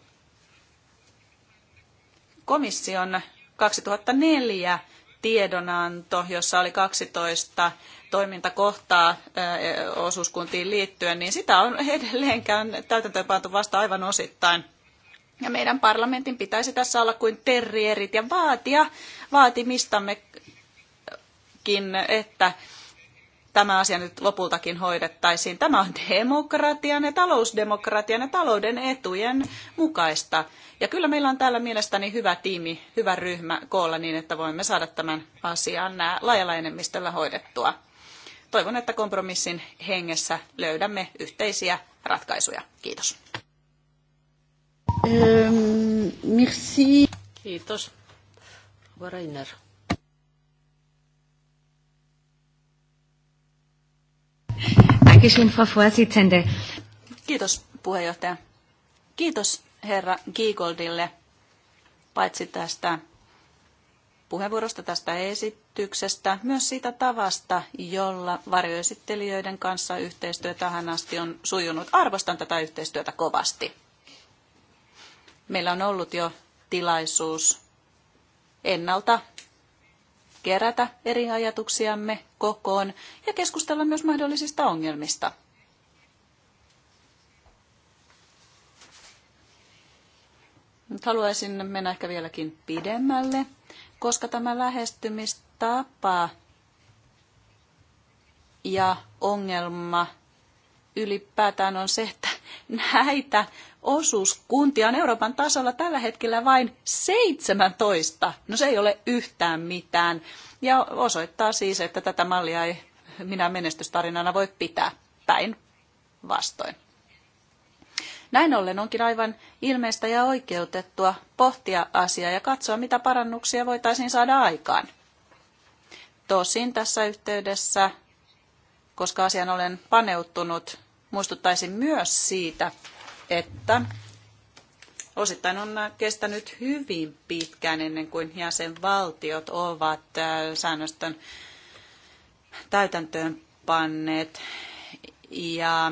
Komission 2004 tiedonanto, jossa oli 12 toimintakohtaa osuuskuntiin liittyen, niin sitä on edelleenkään täytäntöönpantu vasta aivan osittain. Ja meidän parlamentin pitäisi tässä olla kuin terrierit ja vaatia vaatimistamme kuitenkin, että tämä asia nyt lopultakin hoidettaisiin. Tämä on demokratian ja talousdemokratian ja talouden etujen mukaista. Ja kyllä meillä on täällä mielestäni hyvä tiimi, hyvä ryhmä koolla niin, että voimme saada tämän asian laajalla enemmistöllä hoidettua. Toivon, että kompromissin hengessä löydämme yhteisiä ratkaisuja. Kiitos. merci. Kiitos. Reiner. Dankeschön, Frau Vorsitzende. Kiitos puheenjohtaja. Kiitos herra Giegoldille paitsi tästä puheenvuorosta tästä esityksestä, myös siitä tavasta, jolla varjoesittelijöiden kanssa yhteistyö tähän asti on sujunut. Arvostan tätä yhteistyötä kovasti. Meillä on ollut jo tilaisuus ennalta kerätä eri ajatuksiamme kokoon ja keskustella myös mahdollisista ongelmista. Nyt haluaisin mennä ehkä vieläkin pidemmälle, koska tämä lähestymistapa ja ongelma ylipäätään on se, että näitä osuuskuntia on Euroopan tasolla tällä hetkellä vain 17. No se ei ole yhtään mitään. Ja osoittaa siis, että tätä mallia ei minä menestystarinana voi pitää päin vastoin. Näin ollen onkin aivan ilmeistä ja oikeutettua pohtia asiaa ja katsoa, mitä parannuksia voitaisiin saada aikaan. Tosin tässä yhteydessä, koska asian olen paneuttunut. Muistuttaisin myös siitä, että osittain on kestänyt hyvin pitkään ennen kuin jäsenvaltiot ovat äh, säännöstön täytäntöön panneet. Ja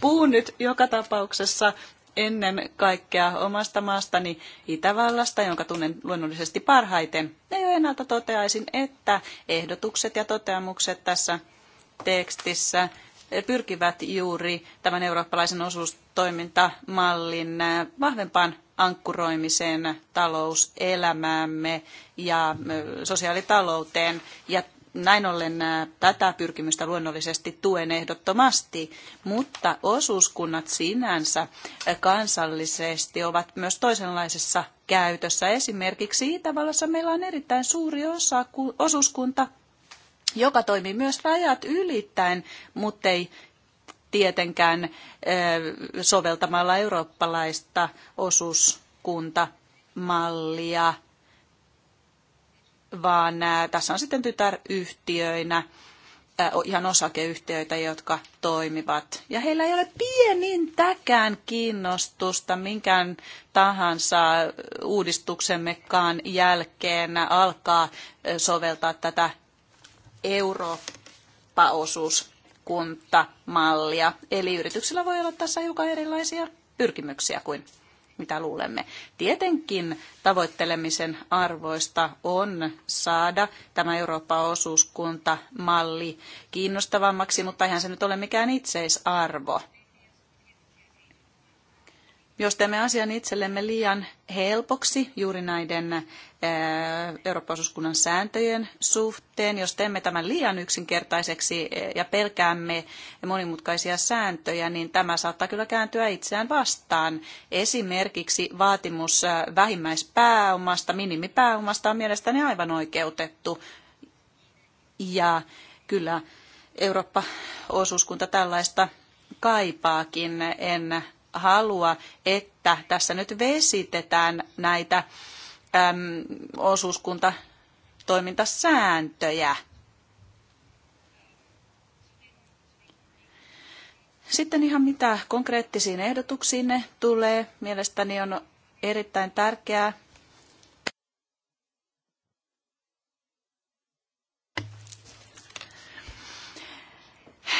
puhun nyt joka tapauksessa ennen kaikkea omasta maastani Itävallasta, jonka tunnen luonnollisesti parhaiten. Ja jo ennalta toteaisin, että ehdotukset ja toteamukset tässä tekstissä pyrkivät juuri tämän eurooppalaisen osuustoimintamallin vahvempaan ankkuroimiseen talouselämäämme ja sosiaalitalouteen. Ja näin ollen tätä pyrkimystä luonnollisesti tuen ehdottomasti, mutta osuuskunnat sinänsä kansallisesti ovat myös toisenlaisessa käytössä. Esimerkiksi Itävallassa meillä on erittäin suuri osa, osuuskunta, joka toimii myös rajat ylittäen, mutta ei tietenkään soveltamalla eurooppalaista osuuskuntamallia vaan tässä on sitten tytäryhtiöinä ihan osakeyhtiöitä, jotka toimivat. Ja heillä ei ole pienintäkään kiinnostusta minkään tahansa uudistuksemmekaan jälkeen alkaa soveltaa tätä Eurooppa-osuuskuntamallia. Eli yrityksillä voi olla tässä hiukan erilaisia pyrkimyksiä kuin mitä luulemme. Tietenkin tavoittelemisen arvoista on saada tämä Euroopan osuuskuntamalli kiinnostavammaksi, mutta eihän se nyt ole mikään itseisarvo. Jos teemme asian itsellemme liian helpoksi juuri näiden eh, Euroopan osuuskunnan sääntöjen suhteen, jos teemme tämän liian yksinkertaiseksi eh, ja pelkäämme monimutkaisia sääntöjä, niin tämä saattaa kyllä kääntyä itseään vastaan. Esimerkiksi vaatimus eh, vähimmäispääomasta, minimipääomasta on mielestäni aivan oikeutettu. Ja kyllä Eurooppa-osuuskunta tällaista kaipaakin. En halua, että tässä nyt vesitetään näitä äm, osuuskuntatoimintasääntöjä. Sitten ihan mitä konkreettisiin ehdotuksiin ne tulee. Mielestäni on erittäin tärkeää,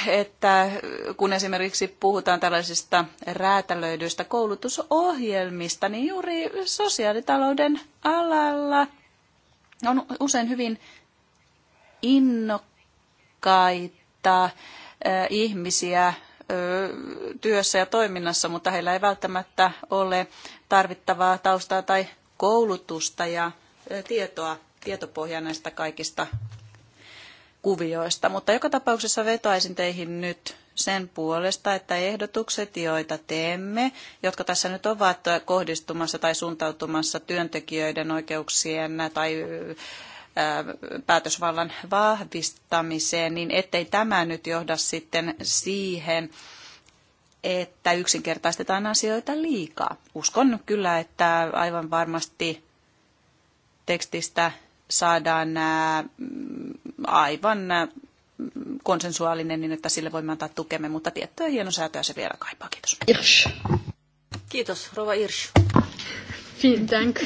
että kun esimerkiksi puhutaan tällaisista räätälöidyistä koulutusohjelmista, niin juuri sosiaalitalouden alalla on usein hyvin innokkaita eh, ihmisiä eh, työssä ja toiminnassa, mutta heillä ei välttämättä ole tarvittavaa taustaa tai koulutusta ja eh, tietoa, tietopohjaa näistä kaikista kuvioista. Mutta joka tapauksessa vetoaisin teihin nyt sen puolesta, että ehdotukset, joita teemme, jotka tässä nyt ovat kohdistumassa tai suuntautumassa työntekijöiden oikeuksien tai päätösvallan vahvistamiseen, niin ettei tämä nyt johda sitten siihen, että yksinkertaistetaan asioita liikaa. Uskon kyllä, että aivan varmasti tekstistä saadaan mm, aivan mm, konsensuaalinen, niin että sille voimme antaa tukemme, mutta tiettyä hienosäätöä se vielä kaipaa. Kiitos. Irsch. Kiitos, Rova Irsch. Vielen Dank,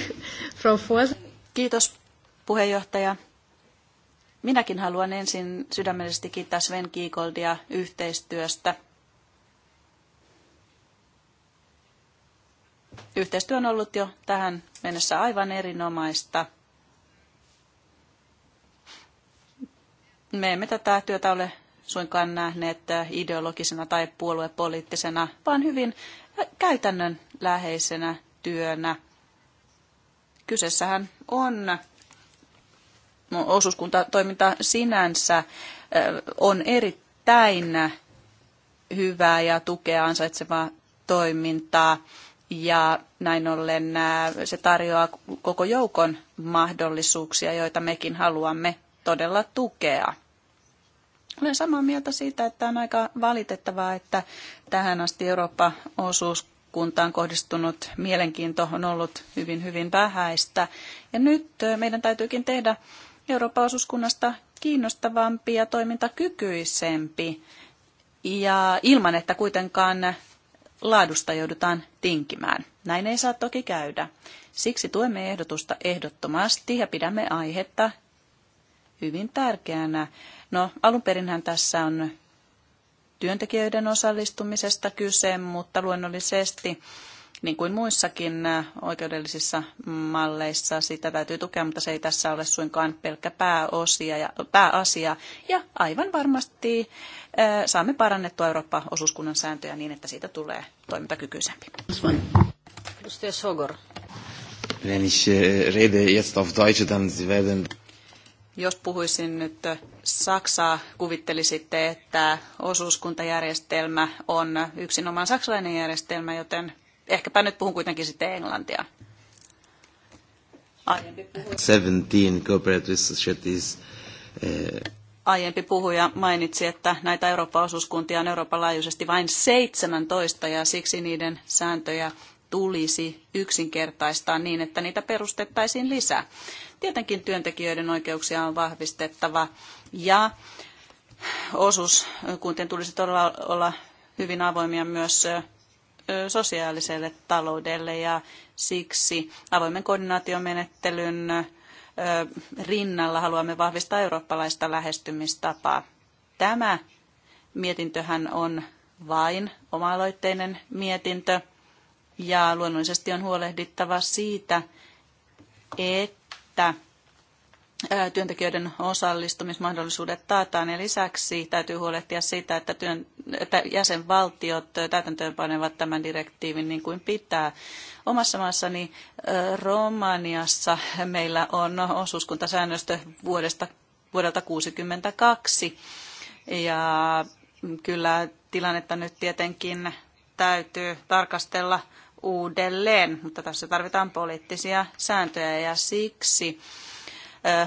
Frau Kiitos, puheenjohtaja. Minäkin haluan ensin sydämellisesti kiittää Sven Kiikoldia yhteistyöstä. Yhteistyö on ollut jo tähän mennessä aivan erinomaista. me emme tätä työtä ole suinkaan nähneet ideologisena tai puoluepoliittisena, vaan hyvin käytännön läheisenä työnä. Kyseessähän on osuuskuntatoiminta sinänsä on erittäin hyvää ja tukea ansaitsevaa toimintaa ja näin ollen se tarjoaa koko joukon mahdollisuuksia, joita mekin haluamme todella tukea. Olen samaa mieltä siitä, että on aika valitettavaa, että tähän asti Eurooppa-osuuskuntaan kohdistunut mielenkiinto on ollut hyvin, hyvin vähäistä. Ja nyt meidän täytyykin tehdä Eurooppa-osuuskunnasta kiinnostavampi ja toimintakykyisempi, ja ilman, että kuitenkaan laadusta joudutaan tinkimään. Näin ei saa toki käydä. Siksi tuemme ehdotusta ehdottomasti ja pidämme aihetta hyvin tärkeänä. No, alun perinhän tässä on työntekijöiden osallistumisesta kyse, mutta luonnollisesti niin kuin muissakin äh, oikeudellisissa malleissa, sitä täytyy tukea, mutta se ei tässä ole suinkaan pelkkä pääosia ja, pääasia. Ja aivan varmasti äh, saamme parannettua Eurooppa-osuuskunnan sääntöjä niin, että siitä tulee toimintakykyisempi. Edustaja Sogor. Wenn ich äh, rede jetzt auf Deutsch, dann werden jos puhuisin nyt Saksaa, kuvittelisitte, että osuuskuntajärjestelmä on yksinomaan saksalainen järjestelmä, joten ehkäpä nyt puhun kuitenkin sitten englantia. 17 cooperative societies. Eh, Aiempi puhuja mainitsi, että näitä Euroopan osuuskuntia on Euroopan laajuisesti vain 17 ja siksi niiden sääntöjä tulisi yksinkertaistaa niin, että niitä perustettaisiin lisää. Tietenkin työntekijöiden oikeuksia on vahvistettava ja osuuskuntien tulisi todella olla hyvin avoimia myös sosiaaliselle taloudelle ja siksi avoimen koordinaatiomenettelyn rinnalla haluamme vahvistaa eurooppalaista lähestymistapaa. Tämä mietintöhän on vain oma-aloitteinen mietintö ja luonnollisesti on huolehdittava siitä, että työntekijöiden osallistumismahdollisuudet taataan ja lisäksi täytyy huolehtia siitä, että, työn, että jäsenvaltiot täytäntöönpanevat tämän direktiivin niin kuin pitää. Omassa maassani Romaniassa meillä on osuuskuntasäännöstö vuodesta, vuodelta 1962 ja kyllä tilannetta nyt tietenkin täytyy tarkastella – uudelleen, mutta tässä tarvitaan poliittisia sääntöjä ja siksi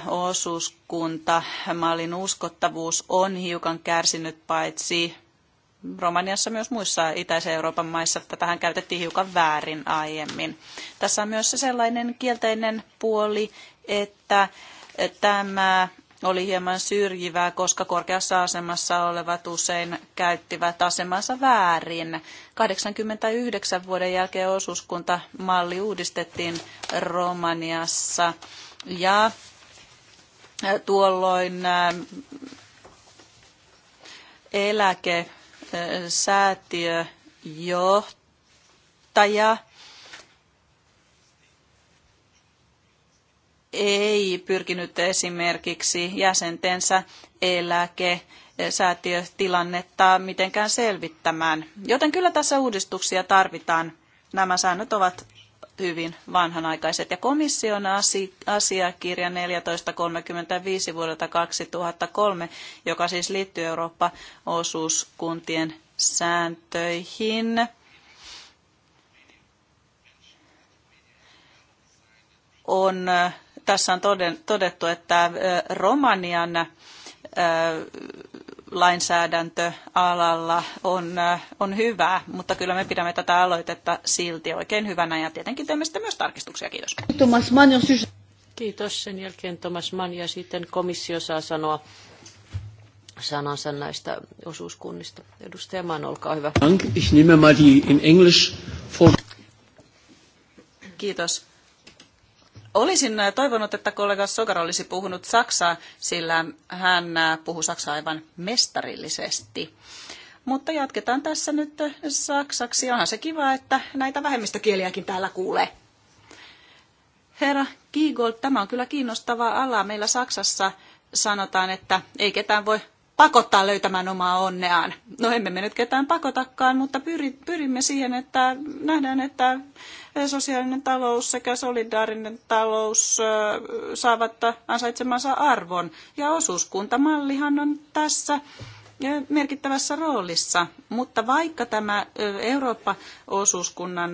osuuskunta mallin uskottavuus on hiukan kärsinyt paitsi Romaniassa myös muissa itäisen Euroopan maissa tähän käytettiin hiukan väärin aiemmin. Tässä on myös sellainen kielteinen puoli, että tämä oli hieman syrjivää, koska korkeassa asemassa olevat usein käyttivät asemansa väärin. 89 vuoden jälkeen osuuskuntamalli uudistettiin Romaniassa ja tuolloin eläkesäätiöjohtaja johtaja ei pyrkinyt esimerkiksi jäsentensä eläke säätiötilannetta mitenkään selvittämään. Joten kyllä tässä uudistuksia tarvitaan. Nämä säännöt ovat hyvin vanhanaikaiset. Ja komission asiakirja 1435 vuodelta 2003, joka siis liittyy Eurooppa-osuuskuntien sääntöihin, on tässä on todettu, että Romanian lainsäädäntöalalla on, on hyvä, mutta kyllä me pidämme tätä aloitetta silti oikein hyvänä ja tietenkin teemme sitten myös tarkistuksia. Kiitos. Thomas Kiitos. Sen jälkeen Thomas Mann ja sitten komissio saa sanoa sanansa näistä osuuskunnista. Edustaja Mann, olkaa hyvä. Kiitos. Olisin äh, toivonut, että kollega Sogar olisi puhunut saksaa, sillä hän äh, puhuu saksaa aivan mestarillisesti. Mutta jatketaan tässä nyt äh, saksaksi. Onhan se kiva, että näitä vähemmistökieliäkin täällä kuulee. Herra Kiigold, tämä on kyllä kiinnostava ala. Meillä Saksassa sanotaan, että ei ketään voi pakottaa löytämään omaa onneaan. No emme me nyt ketään pakotakaan, mutta pyrimme siihen, että nähdään, että sosiaalinen talous sekä solidaarinen talous saavat ansaitsemansa arvon. Ja osuuskuntamallihan on tässä merkittävässä roolissa, mutta vaikka tämä Eurooppa-osuuskunnan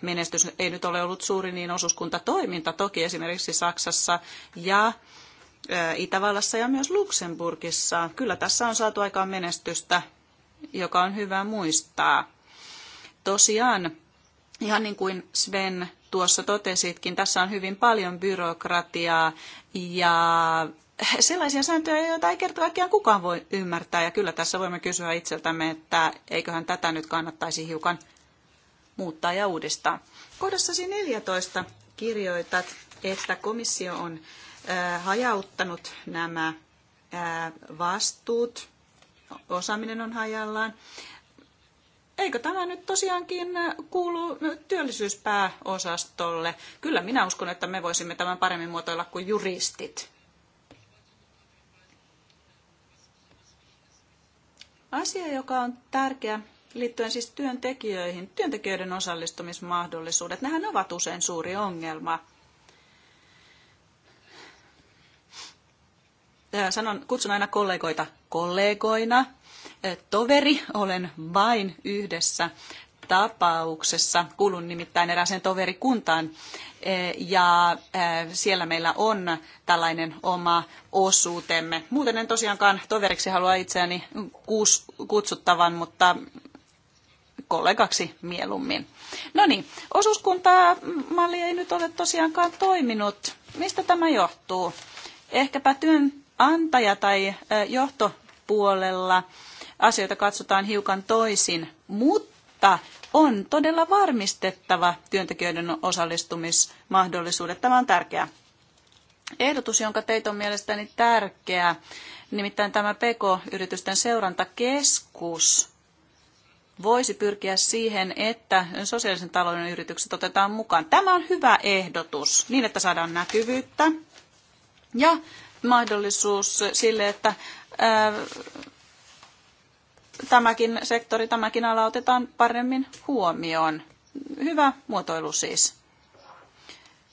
menestys ei nyt ole ollut suuri, niin osuuskuntatoiminta toki esimerkiksi Saksassa ja Itävallassa ja myös Luxemburgissa. Kyllä tässä on saatu aikaan menestystä, joka on hyvä muistaa. Tosiaan Ihan niin kuin Sven tuossa totesitkin, tässä on hyvin paljon byrokratiaa ja sellaisia sääntöjä, joita ei kerta kaikkiaan kukaan voi ymmärtää. Ja kyllä tässä voimme kysyä itseltämme, että eiköhän tätä nyt kannattaisi hiukan muuttaa ja uudistaa. Kohdassasi 14 kirjoitat, että komissio on hajauttanut nämä vastuut. Osaaminen on hajallaan eikö tämä nyt tosiaankin äh, kuulu äh, työllisyyspääosastolle? Kyllä minä uskon, että me voisimme tämän paremmin muotoilla kuin juristit. Asia, joka on tärkeä liittyen siis työntekijöihin, työntekijöiden osallistumismahdollisuudet, nehän ovat usein suuri ongelma. Äh, sanon, kutsun aina kollegoita kollegoina, toveri, olen vain yhdessä tapauksessa. Kuulun nimittäin erääseen toverikuntaan ja siellä meillä on tällainen oma osuutemme. Muuten en tosiaankaan toveriksi halua itseäni kutsuttavan, mutta kollegaksi mieluummin. No niin, osuuskuntamalli ei nyt ole tosiaankaan toiminut. Mistä tämä johtuu? Ehkäpä työnantaja tai johtopuolella asioita katsotaan hiukan toisin, mutta on todella varmistettava työntekijöiden osallistumismahdollisuudet. Tämä on tärkeä ehdotus, jonka teit on mielestäni tärkeä, nimittäin tämä PK-yritysten seurantakeskus voisi pyrkiä siihen, että sosiaalisen talouden yritykset otetaan mukaan. Tämä on hyvä ehdotus niin, että saadaan näkyvyyttä ja mahdollisuus sille, että tämäkin sektori, tämäkin ala otetaan paremmin huomioon. Hyvä muotoilu siis.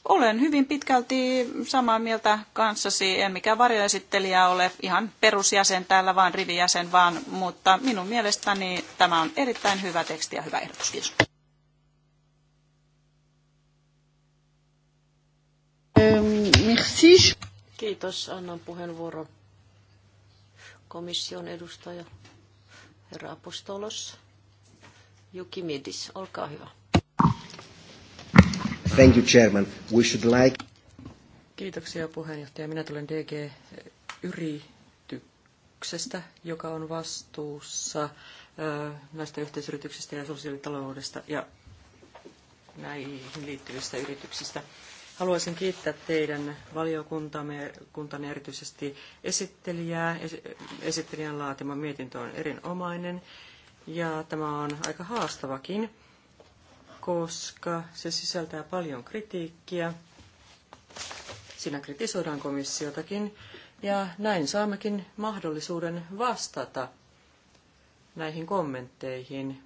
Olen hyvin pitkälti samaa mieltä kanssasi. En mikään varjoesittelijä ole ihan perusjäsen täällä, vaan rivijäsen vaan, mutta minun mielestäni tämä on erittäin hyvä teksti ja hyvä ehdotus. Kiitos. Ähm, Kiitos. Annan puheenvuoro komission edustaja Herra Apostolos, Jukimidis, olkaa hyvä. Thank you, Chairman. We should like... Kiitoksia puheenjohtaja. Minä tulen DG Yrityksestä, joka on vastuussa näistä yhteisyrityksistä ja sosiaalitaloudesta ja näihin liittyvistä yrityksistä. Haluaisin kiittää teidän valiokuntanne erityisesti esittelijää. Esittelijän laatima mietintö on erinomainen ja tämä on aika haastavakin, koska se sisältää paljon kritiikkiä. Siinä kritisoidaan komissiotakin ja näin saammekin mahdollisuuden vastata näihin kommentteihin.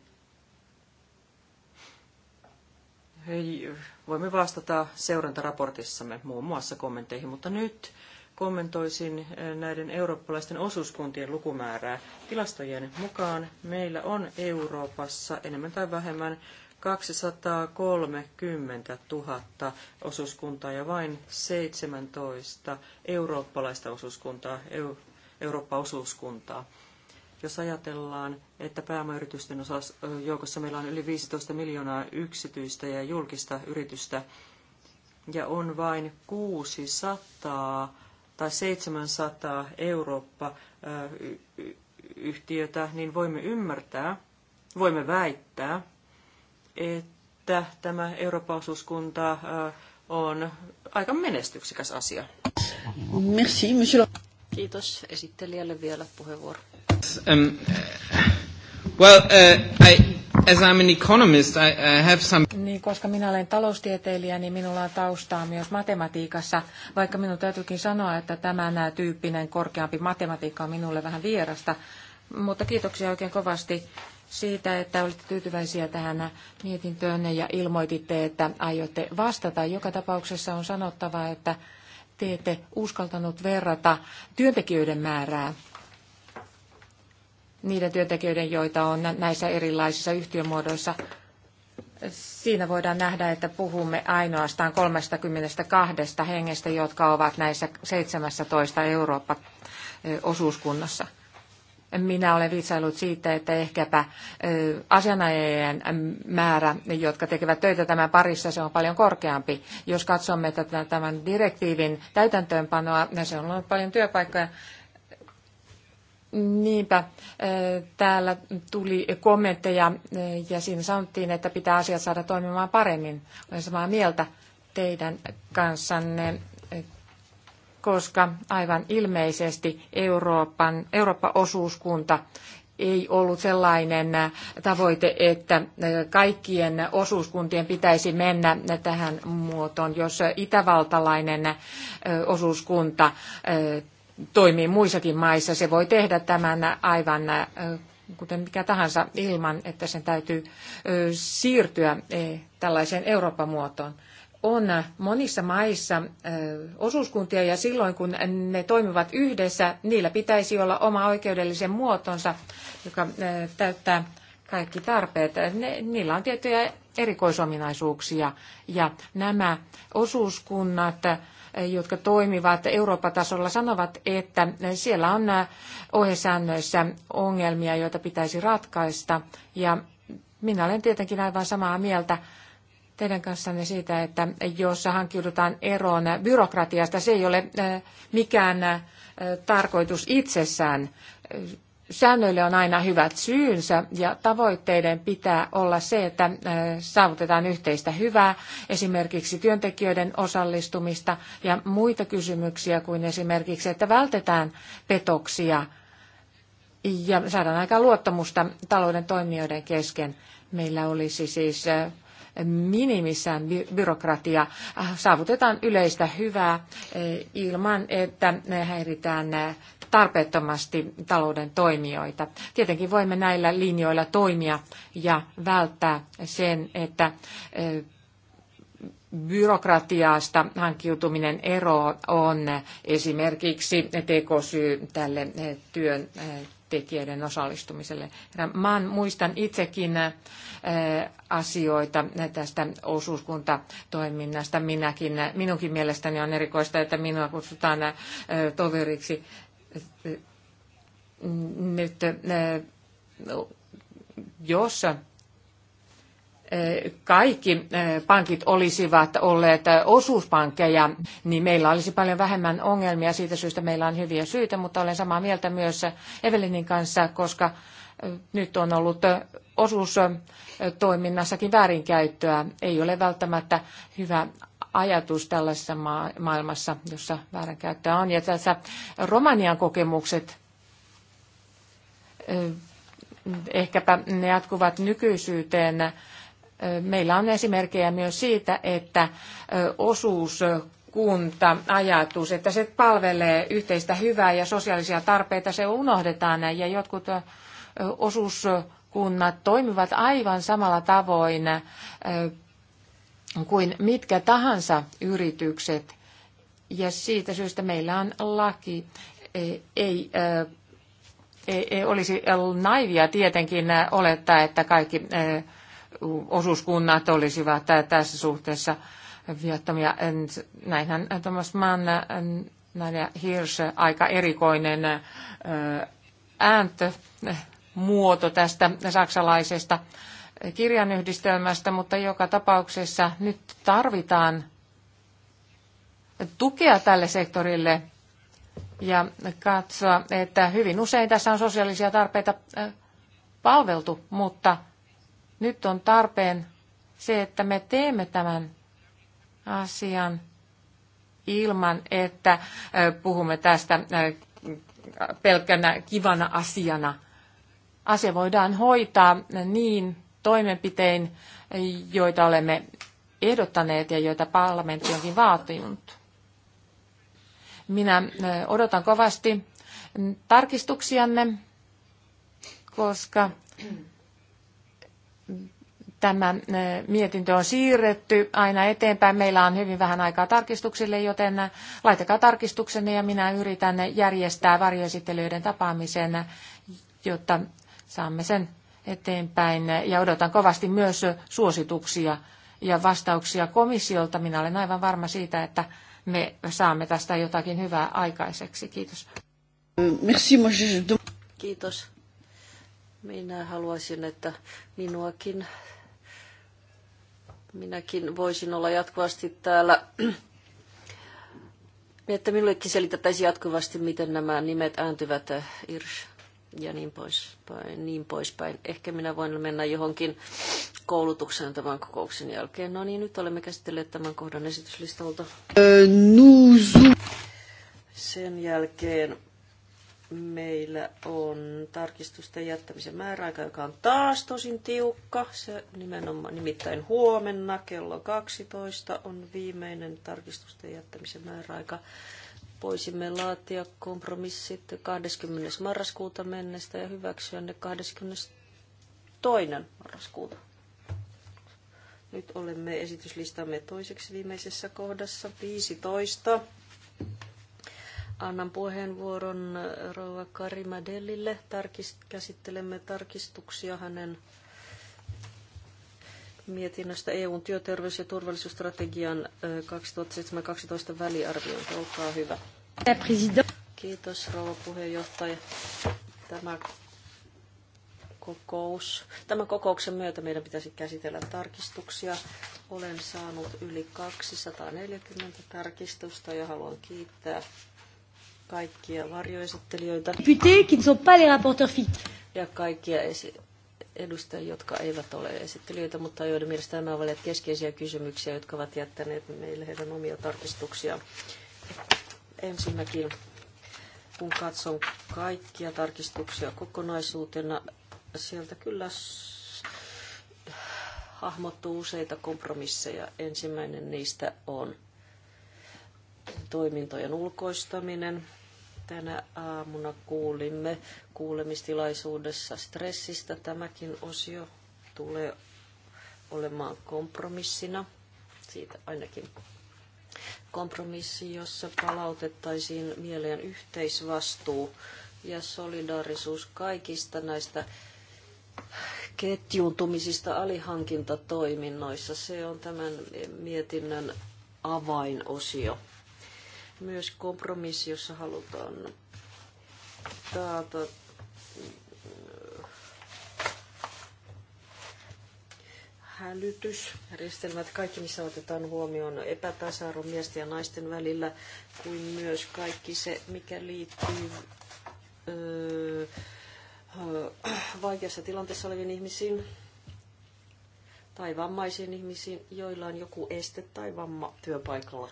Hei, voimme vastata seurantaraportissamme muun muassa kommentteihin, mutta nyt kommentoisin eh, näiden eurooppalaisten osuuskuntien lukumäärää. Tilastojen mukaan meillä on Euroopassa enemmän tai vähemmän 230 000 osuuskuntaa ja vain 17 eurooppalaista osuuskuntaa, Eurooppa-osuuskuntaa. Jos ajatellaan, että pääomayritysten osas, joukossa meillä on yli 15 miljoonaa yksityistä ja julkista yritystä, ja on vain 600 tai 700 Eurooppa-yhtiötä, niin voimme ymmärtää, voimme väittää, että tämä Euroopan osuuskunta on aika menestyksekäs asia. Merci, monsieur. Kiitos esittelijälle vielä puheenvuoro. Um, well, uh, I, as I'm an economist, I, I have some... Niin, koska minä olen taloustieteilijä, niin minulla on taustaa myös matematiikassa, vaikka minun täytyykin sanoa, että tämä tämän tyyppinen korkeampi matematiikka on minulle vähän vierasta. Mutta kiitoksia oikein kovasti siitä, että olitte tyytyväisiä tähän mietintöön ja ilmoititte, että aiotte vastata. Joka tapauksessa on sanottava, että te ette uskaltanut verrata työntekijöiden määrää niiden työntekijöiden, joita on näissä erilaisissa yhtiömuodoissa. Siinä voidaan nähdä, että puhumme ainoastaan 32 hengestä, jotka ovat näissä 17 Eurooppa-osuuskunnassa. Minä olen viisailut siitä, että ehkäpä asianajajien määrä, jotka tekevät töitä tämän parissa, se on paljon korkeampi. Jos katsomme tätä, tämän direktiivin täytäntöönpanoa, no se on ollut paljon työpaikkoja. Niinpä, täällä tuli kommentteja ja siinä sanottiin, että pitää asiat saada toimimaan paremmin. Olen samaa mieltä teidän kanssanne koska aivan ilmeisesti Euroopan, Eurooppa-osuuskunta ei ollut sellainen tavoite, että kaikkien osuuskuntien pitäisi mennä tähän muotoon, jos itävaltalainen osuuskunta toimii muissakin maissa. Se voi tehdä tämän aivan kuten mikä tahansa ilman, että sen täytyy siirtyä tällaiseen Euroopan muotoon on monissa maissa osuuskuntia ja silloin kun ne toimivat yhdessä, niillä pitäisi olla oma oikeudellisen muotonsa, joka täyttää kaikki tarpeet. Ne, niillä on tiettyjä erikoisominaisuuksia ja nämä osuuskunnat, jotka toimivat Euroopan tasolla sanovat, että siellä on ohjesäännöissä ongelmia, joita pitäisi ratkaista ja minä olen tietenkin aivan samaa mieltä teidän kanssanne siitä, että jos hankiudutaan eroon byrokratiasta, se ei ole äh, mikään äh, tarkoitus itsessään. Säännöille on aina hyvät syynsä ja tavoitteiden pitää olla se, että äh, saavutetaan yhteistä hyvää, esimerkiksi työntekijöiden osallistumista ja muita kysymyksiä kuin esimerkiksi, että vältetään petoksia ja saadaan aika luottamusta talouden toimijoiden kesken. Meillä olisi siis minimissään byrokratia, saavutetaan yleistä hyvää eh, ilman, että häiritään eh, tarpeettomasti talouden toimijoita. Tietenkin voimme näillä linjoilla toimia ja välttää sen, että eh, byrokratiasta hankkiutuminen ero on esimerkiksi tekosyy tälle työn tekijöiden osallistumiselle. Mä muistan itsekin äh, asioita tästä osuuskuntatoiminnasta. Minäkin, äh, minunkin mielestäni on erikoista, että minua kutsutaan äh, toveriksi nyt jos kaikki eh, pankit olisivat olleet eh, osuuspankkeja, niin meillä olisi paljon vähemmän ongelmia. Siitä syystä meillä on hyviä syitä, mutta olen samaa mieltä myös Evelinin kanssa, koska eh, nyt on ollut osuustoiminnassakin väärinkäyttöä. Ei ole välttämättä hyvä ajatus tällaisessa maailmassa, jossa väärinkäyttöä on. Ja tässä Romanian kokemukset ehkäpä ne jatkuvat nykyisyyteen Meillä on esimerkkejä myös siitä, että osuus kunta ajatus, että se palvelee yhteistä hyvää ja sosiaalisia tarpeita, se unohdetaan ja jotkut osuuskunnat toimivat aivan samalla tavoin kuin mitkä tahansa yritykset. Ja siitä syystä meillä on laki, e, ei ei, ei e, olisi naivia tietenkin olettaa, että kaikki osuuskunnat olisivat tässä suhteessa viattomia. Näinhän Thomas Mann, ja Hirsch, aika erikoinen ääntömuoto tästä saksalaisesta kirjanyhdistelmästä, mutta joka tapauksessa nyt tarvitaan tukea tälle sektorille ja katsoa, että hyvin usein tässä on sosiaalisia tarpeita palveltu, mutta nyt on tarpeen se, että me teemme tämän asian ilman, että puhumme tästä pelkkänä kivana asiana. Asia voidaan hoitaa niin toimenpitein, joita olemme ehdottaneet ja joita parlamentti onkin vaatinut. Minä odotan kovasti tarkistuksianne, koska tämä eh, mietintö on siirretty aina eteenpäin. Meillä on hyvin vähän aikaa tarkistuksille, joten eh, laitakaa tarkistuksenne ja minä yritän järjestää varjoesittelyiden tapaamisen, jotta saamme sen eteenpäin. Ja odotan kovasti myös suosituksia ja vastauksia komissiolta. Minä olen aivan varma siitä, että me saamme tästä jotakin hyvää aikaiseksi. Kiitos. Kiitos. Minä haluaisin, että minuakin, minäkin voisin olla jatkuvasti täällä, että minullekin selitettäisiin jatkuvasti, miten nämä nimet ääntyvät äh, Irsh ja niin poispäin, niin poispäin. Ehkä minä voin mennä johonkin koulutukseen tämän kokouksen jälkeen. No niin, nyt olemme käsitelleet tämän kohdan esityslistalta. Äh, Sen jälkeen meillä on tarkistusten jättämisen määräaika, joka on taas tosin tiukka. Se nimenomaan, nimittäin huomenna kello 12 on viimeinen tarkistusten jättämisen määräaika. Voisimme laatia kompromissit 20. marraskuuta mennessä ja hyväksyä ne 22. marraskuuta. Nyt olemme esityslistamme toiseksi viimeisessä kohdassa, 15 Annan puheenvuoron rouva Karima Dellille. Tarkist- käsittelemme tarkistuksia hänen mietinnöstä EUn työterveys- ja turvallisuusstrategian 2007-2012 väliarviointi. Olkaa hyvä. Kiitos rouva puheenjohtaja. Tämä kokous. Tämän kokouksen myötä meidän pitäisi käsitellä tarkistuksia. Olen saanut yli 240 tarkistusta ja haluan kiittää kaikkia varjoesittelijöitä. Ja kaikkia edustajia, jotka eivät ole esittelijöitä, mutta joiden mielestä nämä ovat keskeisiä kysymyksiä, jotka ovat jättäneet meille heidän omia tarkistuksiaan. Ensinnäkin, kun katson kaikkia tarkistuksia kokonaisuutena, sieltä kyllä hahmottuu useita kompromisseja. Ensimmäinen niistä on toimintojen ulkoistaminen. Tänä aamuna kuulimme kuulemistilaisuudessa stressistä. Tämäkin osio tulee olemaan kompromissina. Siitä ainakin kompromissi, jossa palautettaisiin mieleen yhteisvastuu ja solidaarisuus kaikista näistä ketjuuntumisista alihankintatoiminnoissa. Se on tämän mietinnön avainosio myös kompromissi, jossa halutaan taata hälytysjärjestelmät, kaikki missä otetaan huomioon epätasa-arvo miesten ja naisten välillä, kuin myös kaikki se, mikä liittyy öö, vaikeassa tilanteessa oleviin ihmisiin tai vammaisiin ihmisiin, joilla on joku este tai vamma työpaikalla.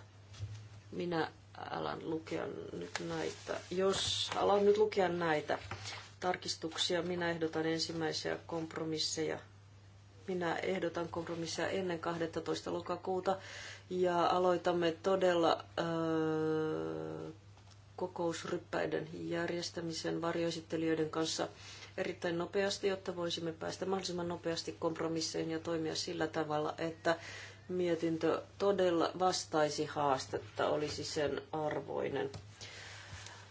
Minä alan lukea nyt näitä. Jos alan nyt lukea näitä tarkistuksia, minä ehdotan ensimmäisiä kompromisseja. Minä ehdotan kompromisseja ennen 12. lokakuuta ja aloitamme todella öö, kokousryppäiden järjestämisen varjoesittelijöiden kanssa erittäin nopeasti, jotta voisimme päästä mahdollisimman nopeasti kompromisseihin ja toimia sillä tavalla, että mietintö todella vastaisi haastetta, olisi sen arvoinen.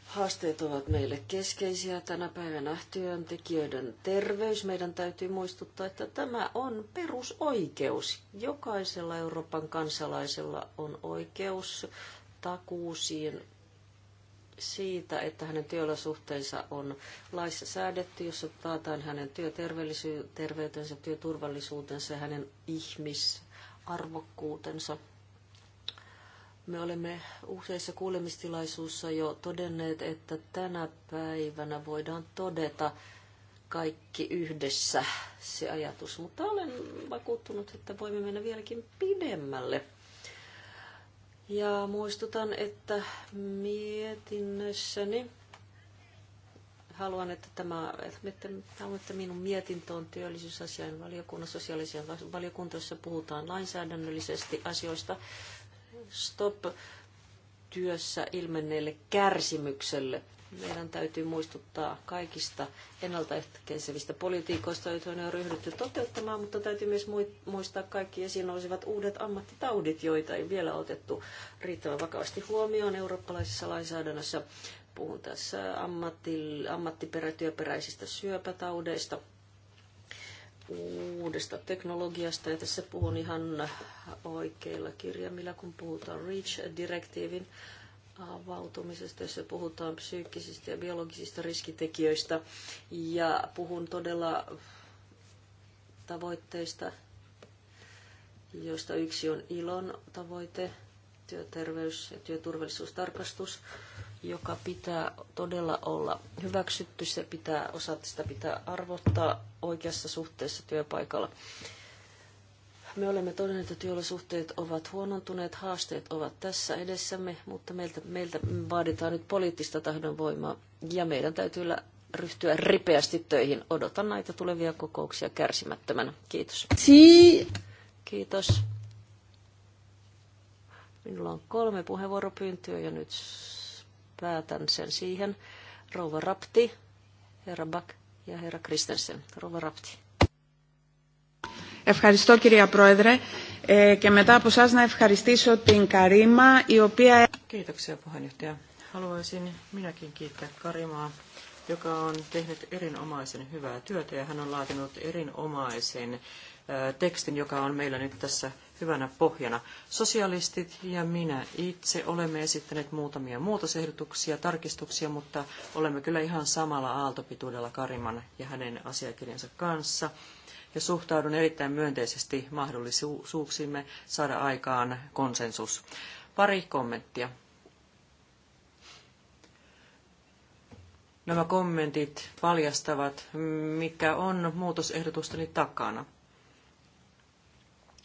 Haasteet ovat meille keskeisiä tänä päivänä työntekijöiden terveys. Meidän täytyy muistuttaa, että tämä on perusoikeus. Jokaisella Euroopan kansalaisella on oikeus takuusiin siitä, että hänen työolosuhteensa on laissa säädetty, jossa taataan hänen työterveytensä, työturvallisuutensa ja hänen ihmis, arvokkuutensa. Me olemme useissa kuulemistilaisuussa jo todenneet, että tänä päivänä voidaan todeta kaikki yhdessä se ajatus, mutta olen vakuuttunut, että voimme mennä vieläkin pidemmälle. Ja muistutan, että mietinnössäni haluan, että tämä, että, että minun mietintö on työllisyysasiain valiokunnan, sosiaalisen valiokunta, jossa puhutaan lainsäädännöllisesti asioista. Stop työssä ilmenneelle kärsimykselle. Meidän täytyy muistuttaa kaikista ennaltaehkäisevistä politiikoista, joita on jo ryhdytty toteuttamaan, mutta täytyy myös muistaa kaikki esiin nousevat uudet ammattitaudit, joita ei vielä otettu riittävän vakavasti huomioon eurooppalaisessa lainsäädännössä. Puhun tässä ammatti, ammattiperätyöperäisistä syöpätaudeista, uudesta teknologiasta ja tässä puhun ihan oikeilla kirjaimilla, kun puhutaan REACH-direktiivin avautumisesta, jossa puhutaan psyykkisistä ja biologisista riskitekijöistä. Ja puhun todella tavoitteista, joista yksi on ilon tavoite, työterveys ja työturvallisuustarkastus joka pitää todella olla hyväksytty. Se pitää osata, sitä pitää arvottaa oikeassa suhteessa työpaikalla. Me olemme todenneet, että työolosuhteet ovat huonontuneet, haasteet ovat tässä edessämme, mutta meiltä, meiltä vaaditaan nyt poliittista tahdonvoimaa ja meidän täytyy ryhtyä ripeästi töihin. Odotan näitä tulevia kokouksia kärsimättömänä. Kiitos. Kiitos. Minulla on kolme puheenvuoropyyntöä ja nyt päätän sen siihen. Rouva Rapti, herra Bak ja herra Kristensen. Rouva Rapti. Ευχαριστώ κυρία Πρόεδρε ε, και μετά από σας να ευχαριστήσω την Καρίμα η οποία... Kiitoksia puheenjohtaja. Haluaisin minäkin kiittää Karimaa, joka on tehnyt erinomaisen hyvää työtä ja hän on laatinut erinomaisen tekstin, joka on meillä nyt tässä hyvänä pohjana. Sosialistit ja minä itse olemme esittäneet muutamia muutosehdotuksia, tarkistuksia, mutta olemme kyllä ihan samalla aaltopituudella Kariman ja hänen asiakirjansa kanssa. Ja suhtaudun erittäin myönteisesti mahdollisuuksimme saada aikaan konsensus. Pari kommenttia. Nämä kommentit paljastavat, mikä on muutosehdotusteni takana.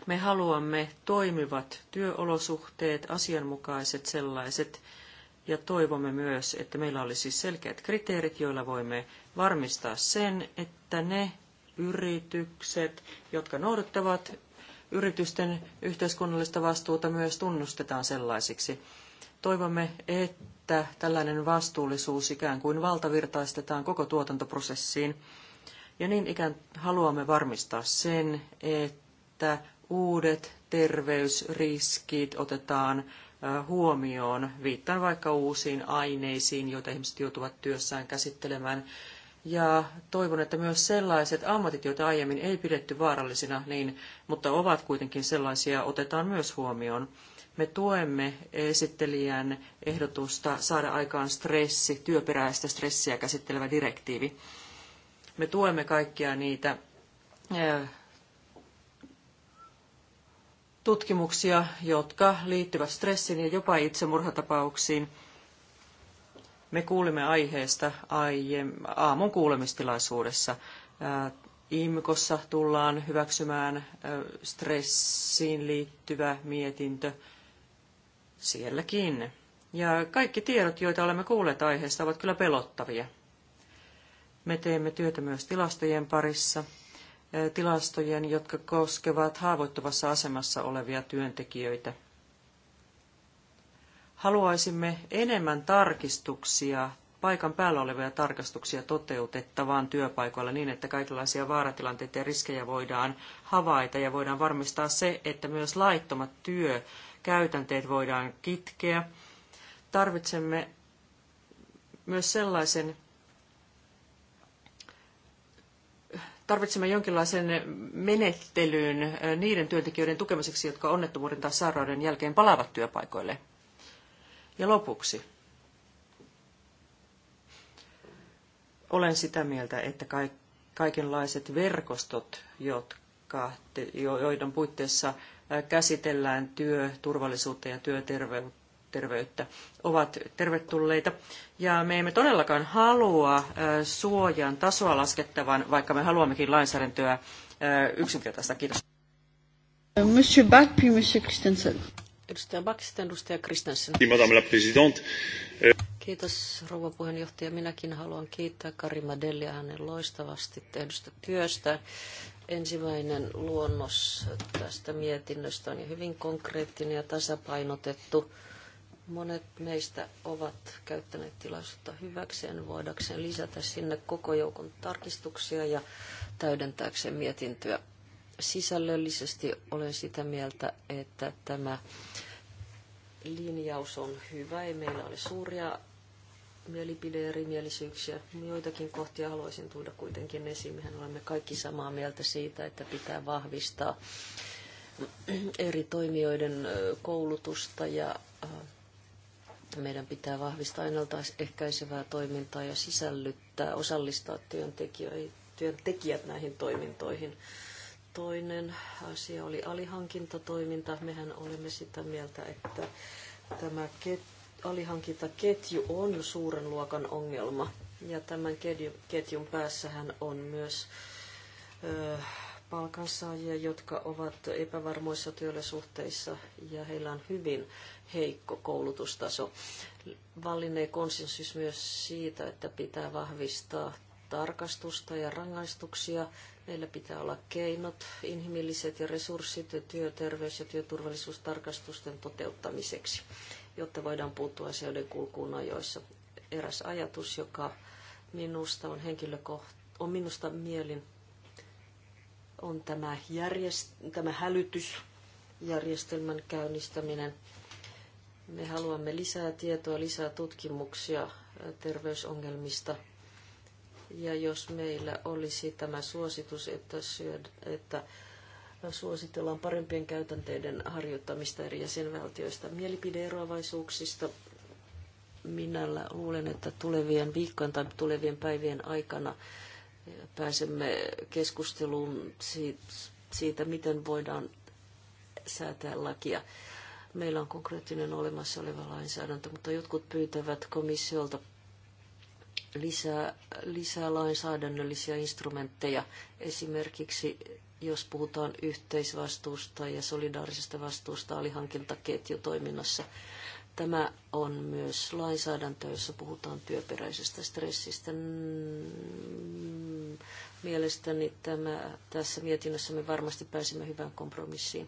Me haluamme toimivat työolosuhteet, asianmukaiset sellaiset, ja toivomme myös, että meillä olisi siis selkeät kriteerit, joilla voimme varmistaa sen, että ne yritykset, jotka noudattavat yritysten yhteiskunnallista vastuuta, myös tunnustetaan sellaisiksi. Toivomme, että tällainen vastuullisuus ikään kuin valtavirtaistetaan koko tuotantoprosessiin. Ja niin ikään haluamme varmistaa sen, että uudet terveysriskit otetaan huomioon. Viittaan vaikka uusiin aineisiin, joita ihmiset joutuvat työssään käsittelemään. Ja toivon, että myös sellaiset ammatit, joita aiemmin ei pidetty vaarallisina, niin, mutta ovat kuitenkin sellaisia, otetaan myös huomioon. Me tuemme esittelijän ehdotusta saada aikaan stressi, työperäistä stressiä käsittelevä direktiivi. Me tuemme kaikkia niitä tutkimuksia, jotka liittyvät stressiin ja jopa itsemurhatapauksiin. Me kuulimme aiheesta aamun kuulemistilaisuudessa. IMKossa tullaan hyväksymään stressiin liittyvä mietintö sielläkin. Ja kaikki tiedot, joita olemme kuulleet aiheesta, ovat kyllä pelottavia. Me teemme työtä myös tilastojen parissa – tilastojen, jotka koskevat haavoittuvassa asemassa olevia työntekijöitä. Haluaisimme enemmän tarkistuksia, paikan päällä olevia tarkastuksia toteutettavaan työpaikoilla niin, että kaikenlaisia vaaratilanteita ja riskejä voidaan havaita ja voidaan varmistaa se, että myös laittomat työkäytänteet voidaan kitkeä. Tarvitsemme myös sellaisen tarvitsemme jonkinlaisen menettelyn niiden työntekijöiden tukemiseksi, jotka onnettomuuden tai sairauden jälkeen palaavat työpaikoille. Ja lopuksi. Olen sitä mieltä, että kaikenlaiset verkostot, jotka, joiden puitteissa käsitellään työturvallisuutta ja työterveyttä, terveyttä ovat tervetulleita. Ja me emme todellakaan halua suojan tasoa laskettavan, vaikka me haluammekin lainsäädäntöä yksinkertaista. Kiitos. Monsieur Bach, puis Monsieur Christensen. Edustaja Bach, sitten edustaja Christensen. Madame la présidente. Kiitos rouva puheenjohtaja. Minäkin haluan kiittää Kari Madellia hänen loistavasti tehdystä työstä. Ensimmäinen luonnos tästä mietinnöstä on hyvin konkreettinen ja tasapainotettu Monet meistä ovat käyttäneet tilaisuutta hyväkseen voidakseen lisätä sinne koko joukon tarkistuksia ja täydentääkseen mietintöä. Sisällöllisesti olen sitä mieltä, että tämä linjaus on hyvä. Ei meillä ole suuria erimielisyyksiä. Joitakin kohtia haluaisin tuoda kuitenkin esiin. Mehän olemme kaikki samaa mieltä siitä, että pitää vahvistaa eri toimijoiden koulutusta ja äh, meidän pitää vahvistaa ennaltaehkäisevää toimintaa ja sisällyttää, osallistaa työntekijät näihin toimintoihin. Toinen asia oli alihankintatoiminta. Mehän olemme sitä mieltä, että tämä ket- alihankintaketju on suuren luokan ongelma. Ja tämän ketjun päässähän on myös palkansaajia, jotka ovat epävarmoissa työolosuhteissa ja heillä on hyvin heikko koulutustaso. Vallinnee konsensus myös siitä, että pitää vahvistaa tarkastusta ja rangaistuksia. Meillä pitää olla keinot, inhimilliset ja resurssit työterveys- ja työturvallisuustarkastusten toteuttamiseksi, jotta voidaan puuttua asioiden kulkuun ajoissa. Eräs ajatus, joka minusta on henkilökohtaisesti on minusta mielin on tämä, järjest- tämä hälytysjärjestelmän käynnistäminen. Me haluamme lisää tietoa, lisää tutkimuksia terveysongelmista. Ja jos meillä olisi tämä suositus, että, syöd- että suositellaan parempien käytänteiden harjoittamista eri jäsenvaltioista mielipideeroavaisuuksista. Minä luulen, että tulevien viikkojen tai tulevien päivien aikana pääsemme keskusteluun siitä, miten voidaan säätää lakia. Meillä on konkreettinen olemassa oleva lainsäädäntö, mutta jotkut pyytävät komissiolta lisää, lisää lainsäädännöllisiä instrumentteja. Esimerkiksi jos puhutaan yhteisvastuusta ja solidaarisesta vastuusta alihankintaketjutoiminnassa. toiminnassa Tämä on myös lainsäädäntö, jossa puhutaan työperäisestä stressistä. Mm, mielestäni tämä, tässä mietinnössä me varmasti pääsimme hyvään kompromissiin.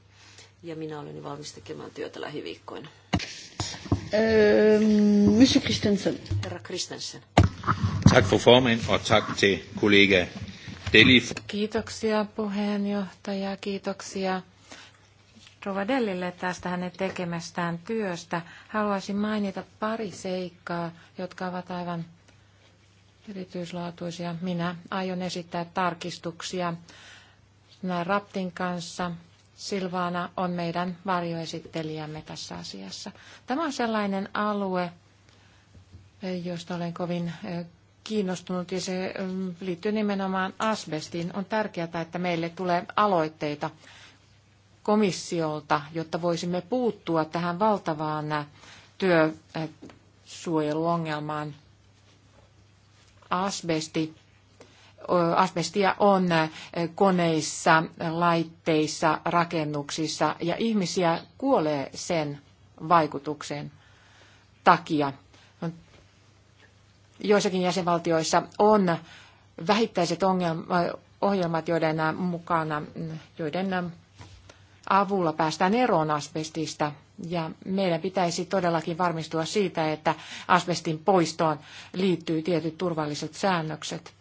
Ja minä olen valmis tekemään työtä lähiviikkoina. Öö, Monsieur Christensen. Herra Christensen. Tak kollega Deli. Kiitoksia puheenjohtaja, kiitoksia Rovadellille tästä hänen tekemästään työstä. Haluaisin mainita pari seikkaa, jotka ovat aivan erityislaatuisia. Minä aion esittää tarkistuksia Nämä Raptin kanssa. Silvaana on meidän varjoesittelijämme tässä asiassa. Tämä on sellainen alue, josta olen kovin kiinnostunut ja se liittyy nimenomaan asbestiin. On tärkeää, että meille tulee aloitteita komissiolta, jotta voisimme puuttua tähän valtavaan työsuojeluongelmaan. Asbesti, asbestia on koneissa, laitteissa, rakennuksissa ja ihmisiä kuolee sen vaikutuksen takia. Joissakin jäsenvaltioissa on vähittäiset ongelmat, ohjelmat, joiden mukana, joiden avulla päästään eroon asbestista. Ja meidän pitäisi todellakin varmistua siitä, että asbestin poistoon liittyy tietyt turvalliset säännökset.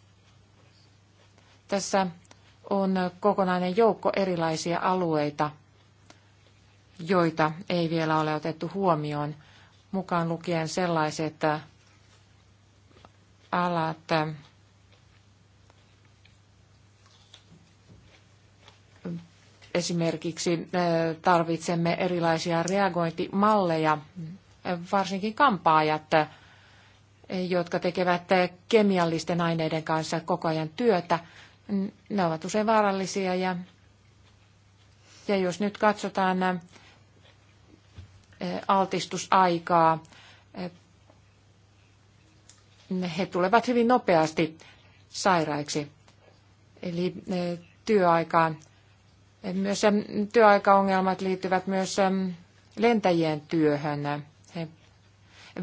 Tässä on kokonainen joukko erilaisia alueita, joita ei vielä ole otettu huomioon, mukaan lukien sellaiset äh, alat, äh, Esimerkiksi tarvitsemme erilaisia reagointimalleja, varsinkin kampaajat, jotka tekevät kemiallisten aineiden kanssa koko ajan työtä. Ne ovat usein vaarallisia ja, ja jos nyt katsotaan altistusaikaa, he tulevat hyvin nopeasti sairaiksi. Eli työaikaan myös ähm, työaikaongelmat liittyvät myös ähm, lentäjien työhön. He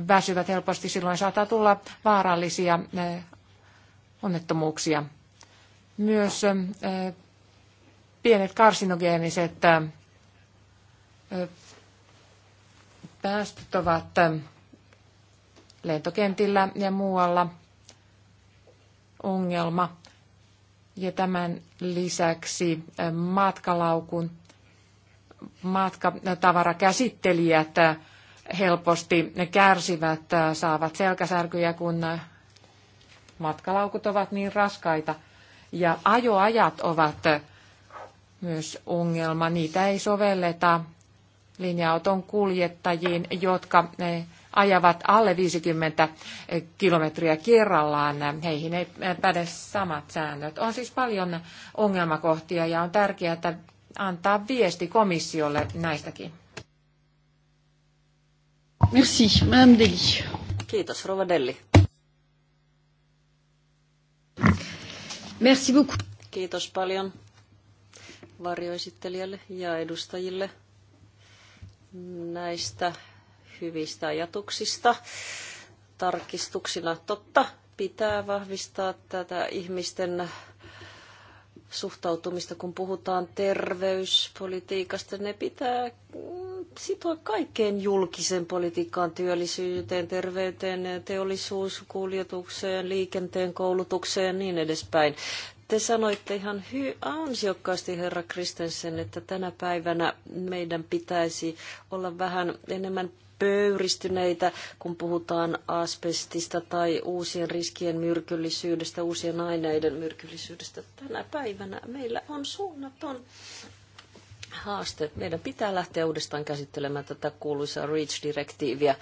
väsyvät helposti, silloin saattaa tulla vaarallisia äh, onnettomuuksia. Myös ähm, äh, pienet karsinogeeniset äh, päästöt ovat lentokentillä ja muualla ongelma. Ja tämän lisäksi matkalaukun matkatavarakäsittelijät helposti kärsivät, saavat selkäsärkyjä, kun matkalaukut ovat niin raskaita. Ja ajoajat ovat myös ongelma. Niitä ei sovelleta linja-auton kuljettajiin, jotka ne ajavat alle 50 kilometriä kerrallaan. Heihin ei päde samat säännöt. On siis paljon ongelmakohtia ja on tärkeää antaa viesti komissiolle näistäkin. Merci, Madame Deli. Kiitos, Rova Delli. Merci beaucoup. Kiitos paljon varjoesittelijälle ja edustajille näistä hyvistä ajatuksista tarkistuksina. Totta, pitää vahvistaa tätä ihmisten suhtautumista, kun puhutaan terveyspolitiikasta. Ne pitää sitoa kaikkeen julkisen politiikkaan, työllisyyteen, terveyteen, teollisuuskuljetukseen, liikenteen, koulutukseen ja niin edespäin. Te sanoitte ihan hy- ansiokkaasti, herra Kristensen, että tänä päivänä meidän pitäisi olla vähän enemmän pöyristyneitä, kun puhutaan asbestista tai uusien riskien myrkyllisyydestä, uusien aineiden myrkyllisyydestä. Tänä päivänä meillä on suunnaton haaste. Meidän pitää lähteä uudestaan käsittelemään tätä kuuluisaa REACH-direktiiviä.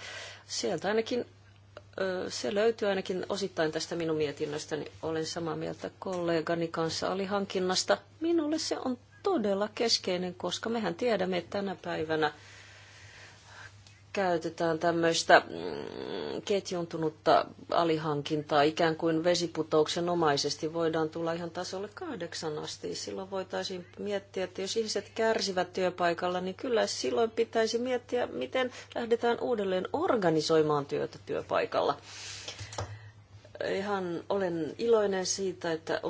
Sieltä ainakin se löytyy ainakin osittain tästä minun mietinnöstäni. Olen samaa mieltä kollegani kanssa alihankinnasta. Minulle se on todella keskeinen, koska mehän tiedämme, että tänä päivänä – käytetään tämmöistä mm, ketjuntunutta alihankintaa ikään kuin vesiputouksen omaisesti. Voidaan tulla ihan tasolle kahdeksan asti. Silloin voitaisiin miettiä, että jos ihmiset kärsivät työpaikalla, niin kyllä silloin pitäisi miettiä, miten lähdetään uudelleen organisoimaan työtä työpaikalla ihan olen iloinen siitä, että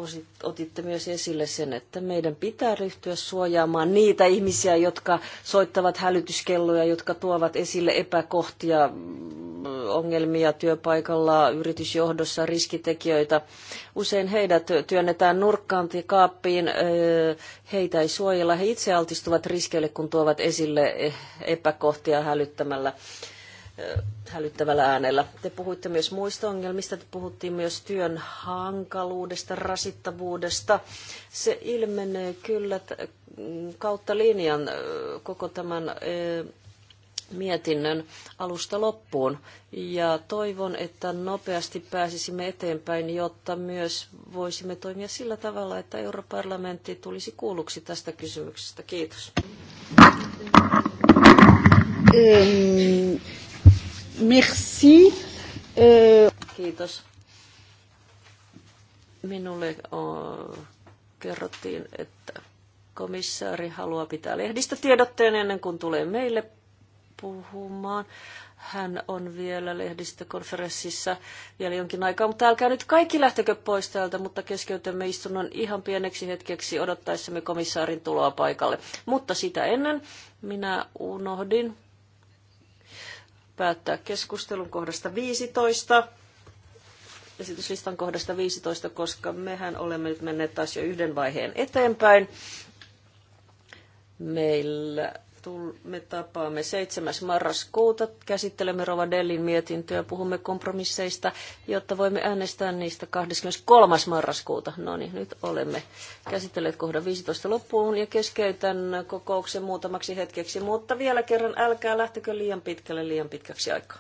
otitte myös esille sen, että meidän pitää ryhtyä suojaamaan niitä ihmisiä, jotka soittavat hälytyskelloja, jotka tuovat esille epäkohtia, mm, ongelmia työpaikalla, yritysjohdossa, riskitekijöitä. Usein heidät työnnetään nurkkaan tai kaappiin, heitä ei suojella, he itse altistuvat riskeille, kun tuovat esille eh, epäkohtia hälyttämällä hälyttävällä äänellä. Te puhuitte myös muista ongelmista, te puhuttiin myös työn hankaluudesta, rasittavuudesta. Se ilmenee kyllä kautta linjan koko tämän mietinnön alusta loppuun ja toivon, että nopeasti pääsisimme eteenpäin, jotta myös voisimme toimia sillä tavalla, että europarlamentti tulisi kuulluksi tästä kysymyksestä. Kiitos. Merci. Euh, Kiitos. Minulle on, kerrottiin, että komissaari haluaa pitää lehdistötiedotteen ennen kuin tulee meille puhumaan. Hän on vielä lehdistökonferenssissa vielä jonkin aikaa, mutta älkää nyt kaikki lähtekö pois täältä, mutta keskeytämme istunnon ihan pieneksi hetkeksi odottaessamme komissaarin tuloa paikalle. Mutta sitä ennen minä unohdin päättää keskustelun kohdasta 15, esityslistan kohdasta 15, koska mehän olemme nyt menneet taas jo yhden vaiheen eteenpäin. Meillä me tapaamme 7. marraskuuta. Käsittelemme Rovadellin mietintöä, puhumme kompromisseista, jotta voimme äänestää niistä 23. marraskuuta. No niin, nyt olemme käsitelleet kohdan 15 loppuun ja keskeytän kokouksen muutamaksi hetkeksi, mutta vielä kerran älkää lähtekö liian pitkälle liian pitkäksi aikaa.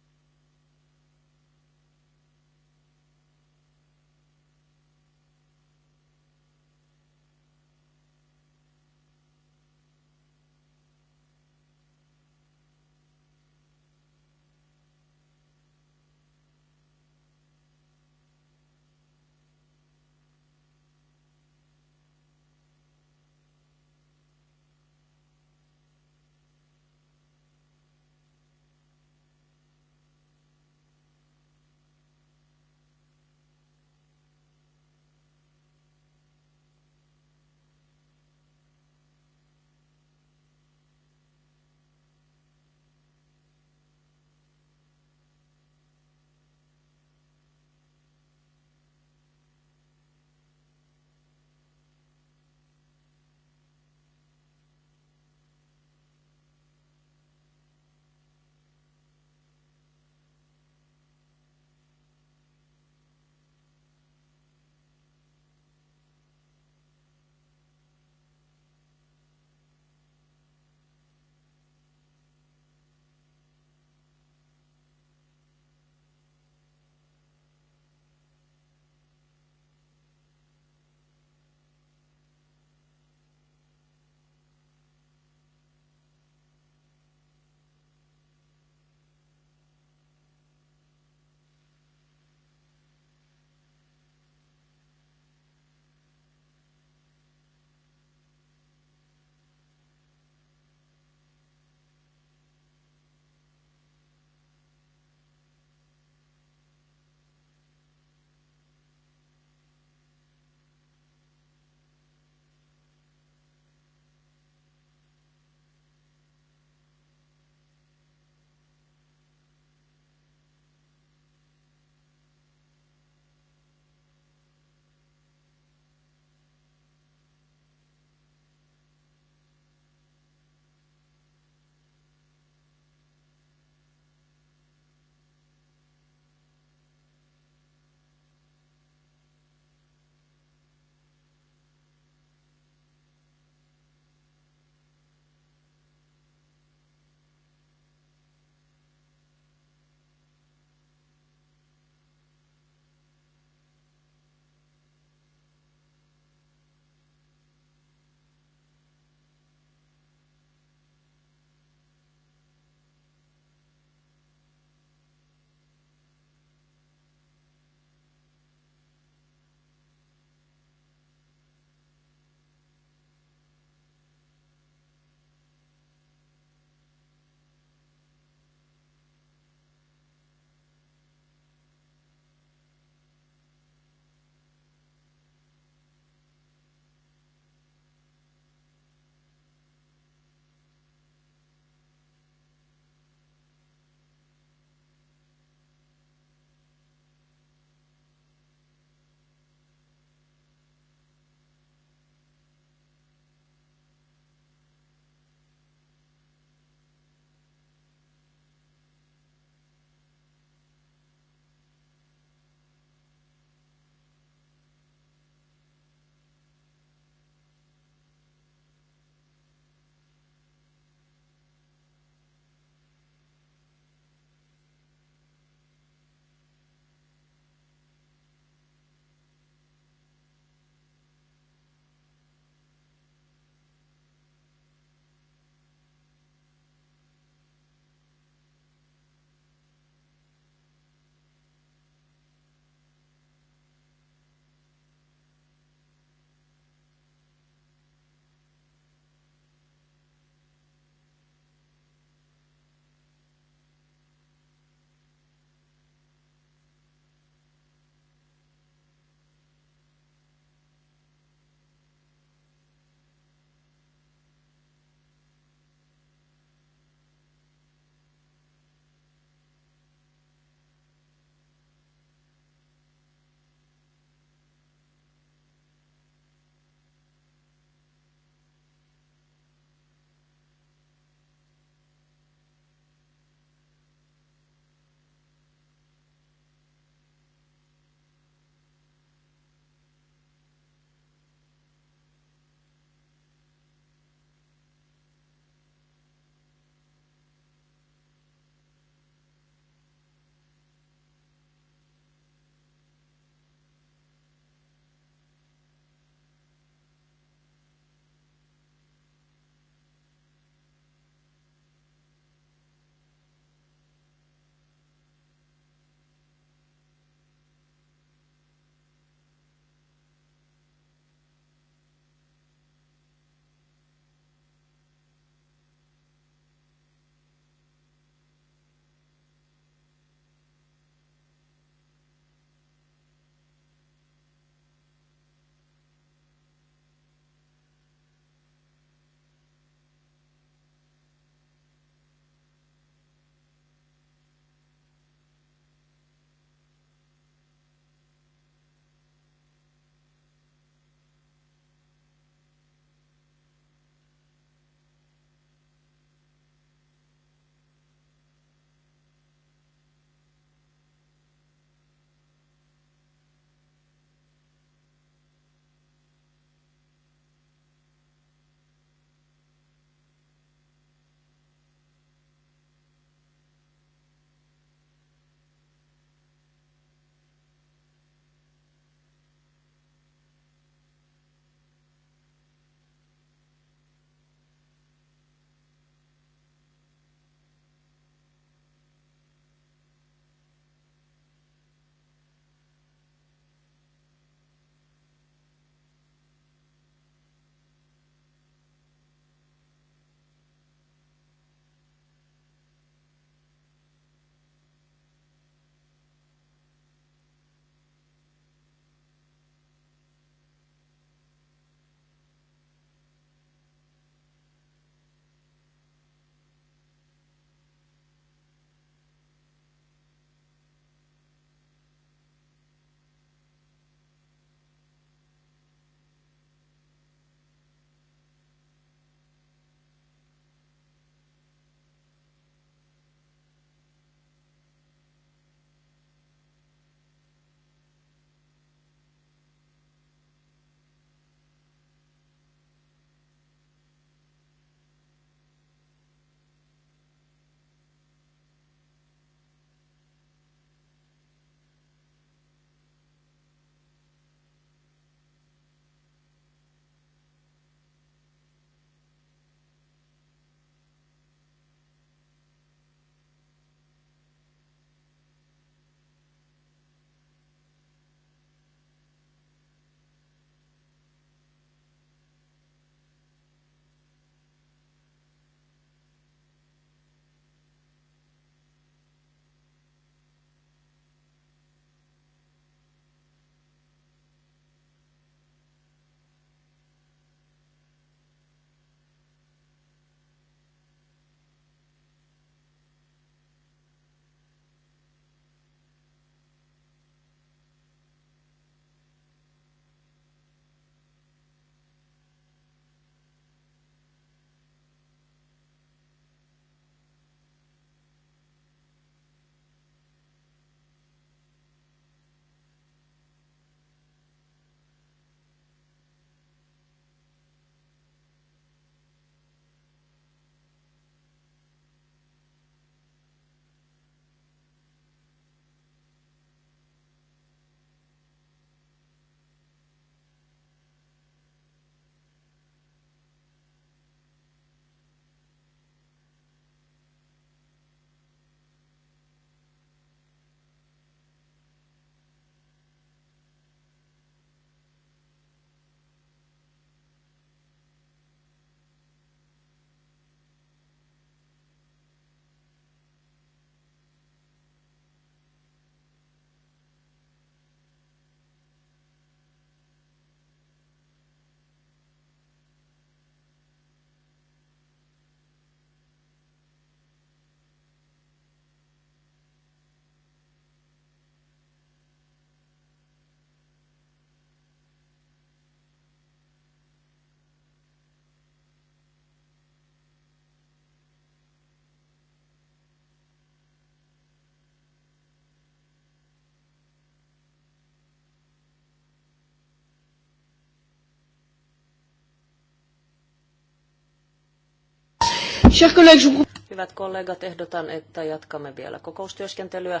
Hyvät kollegat, ehdotan, että jatkamme vielä kokoustyöskentelyä.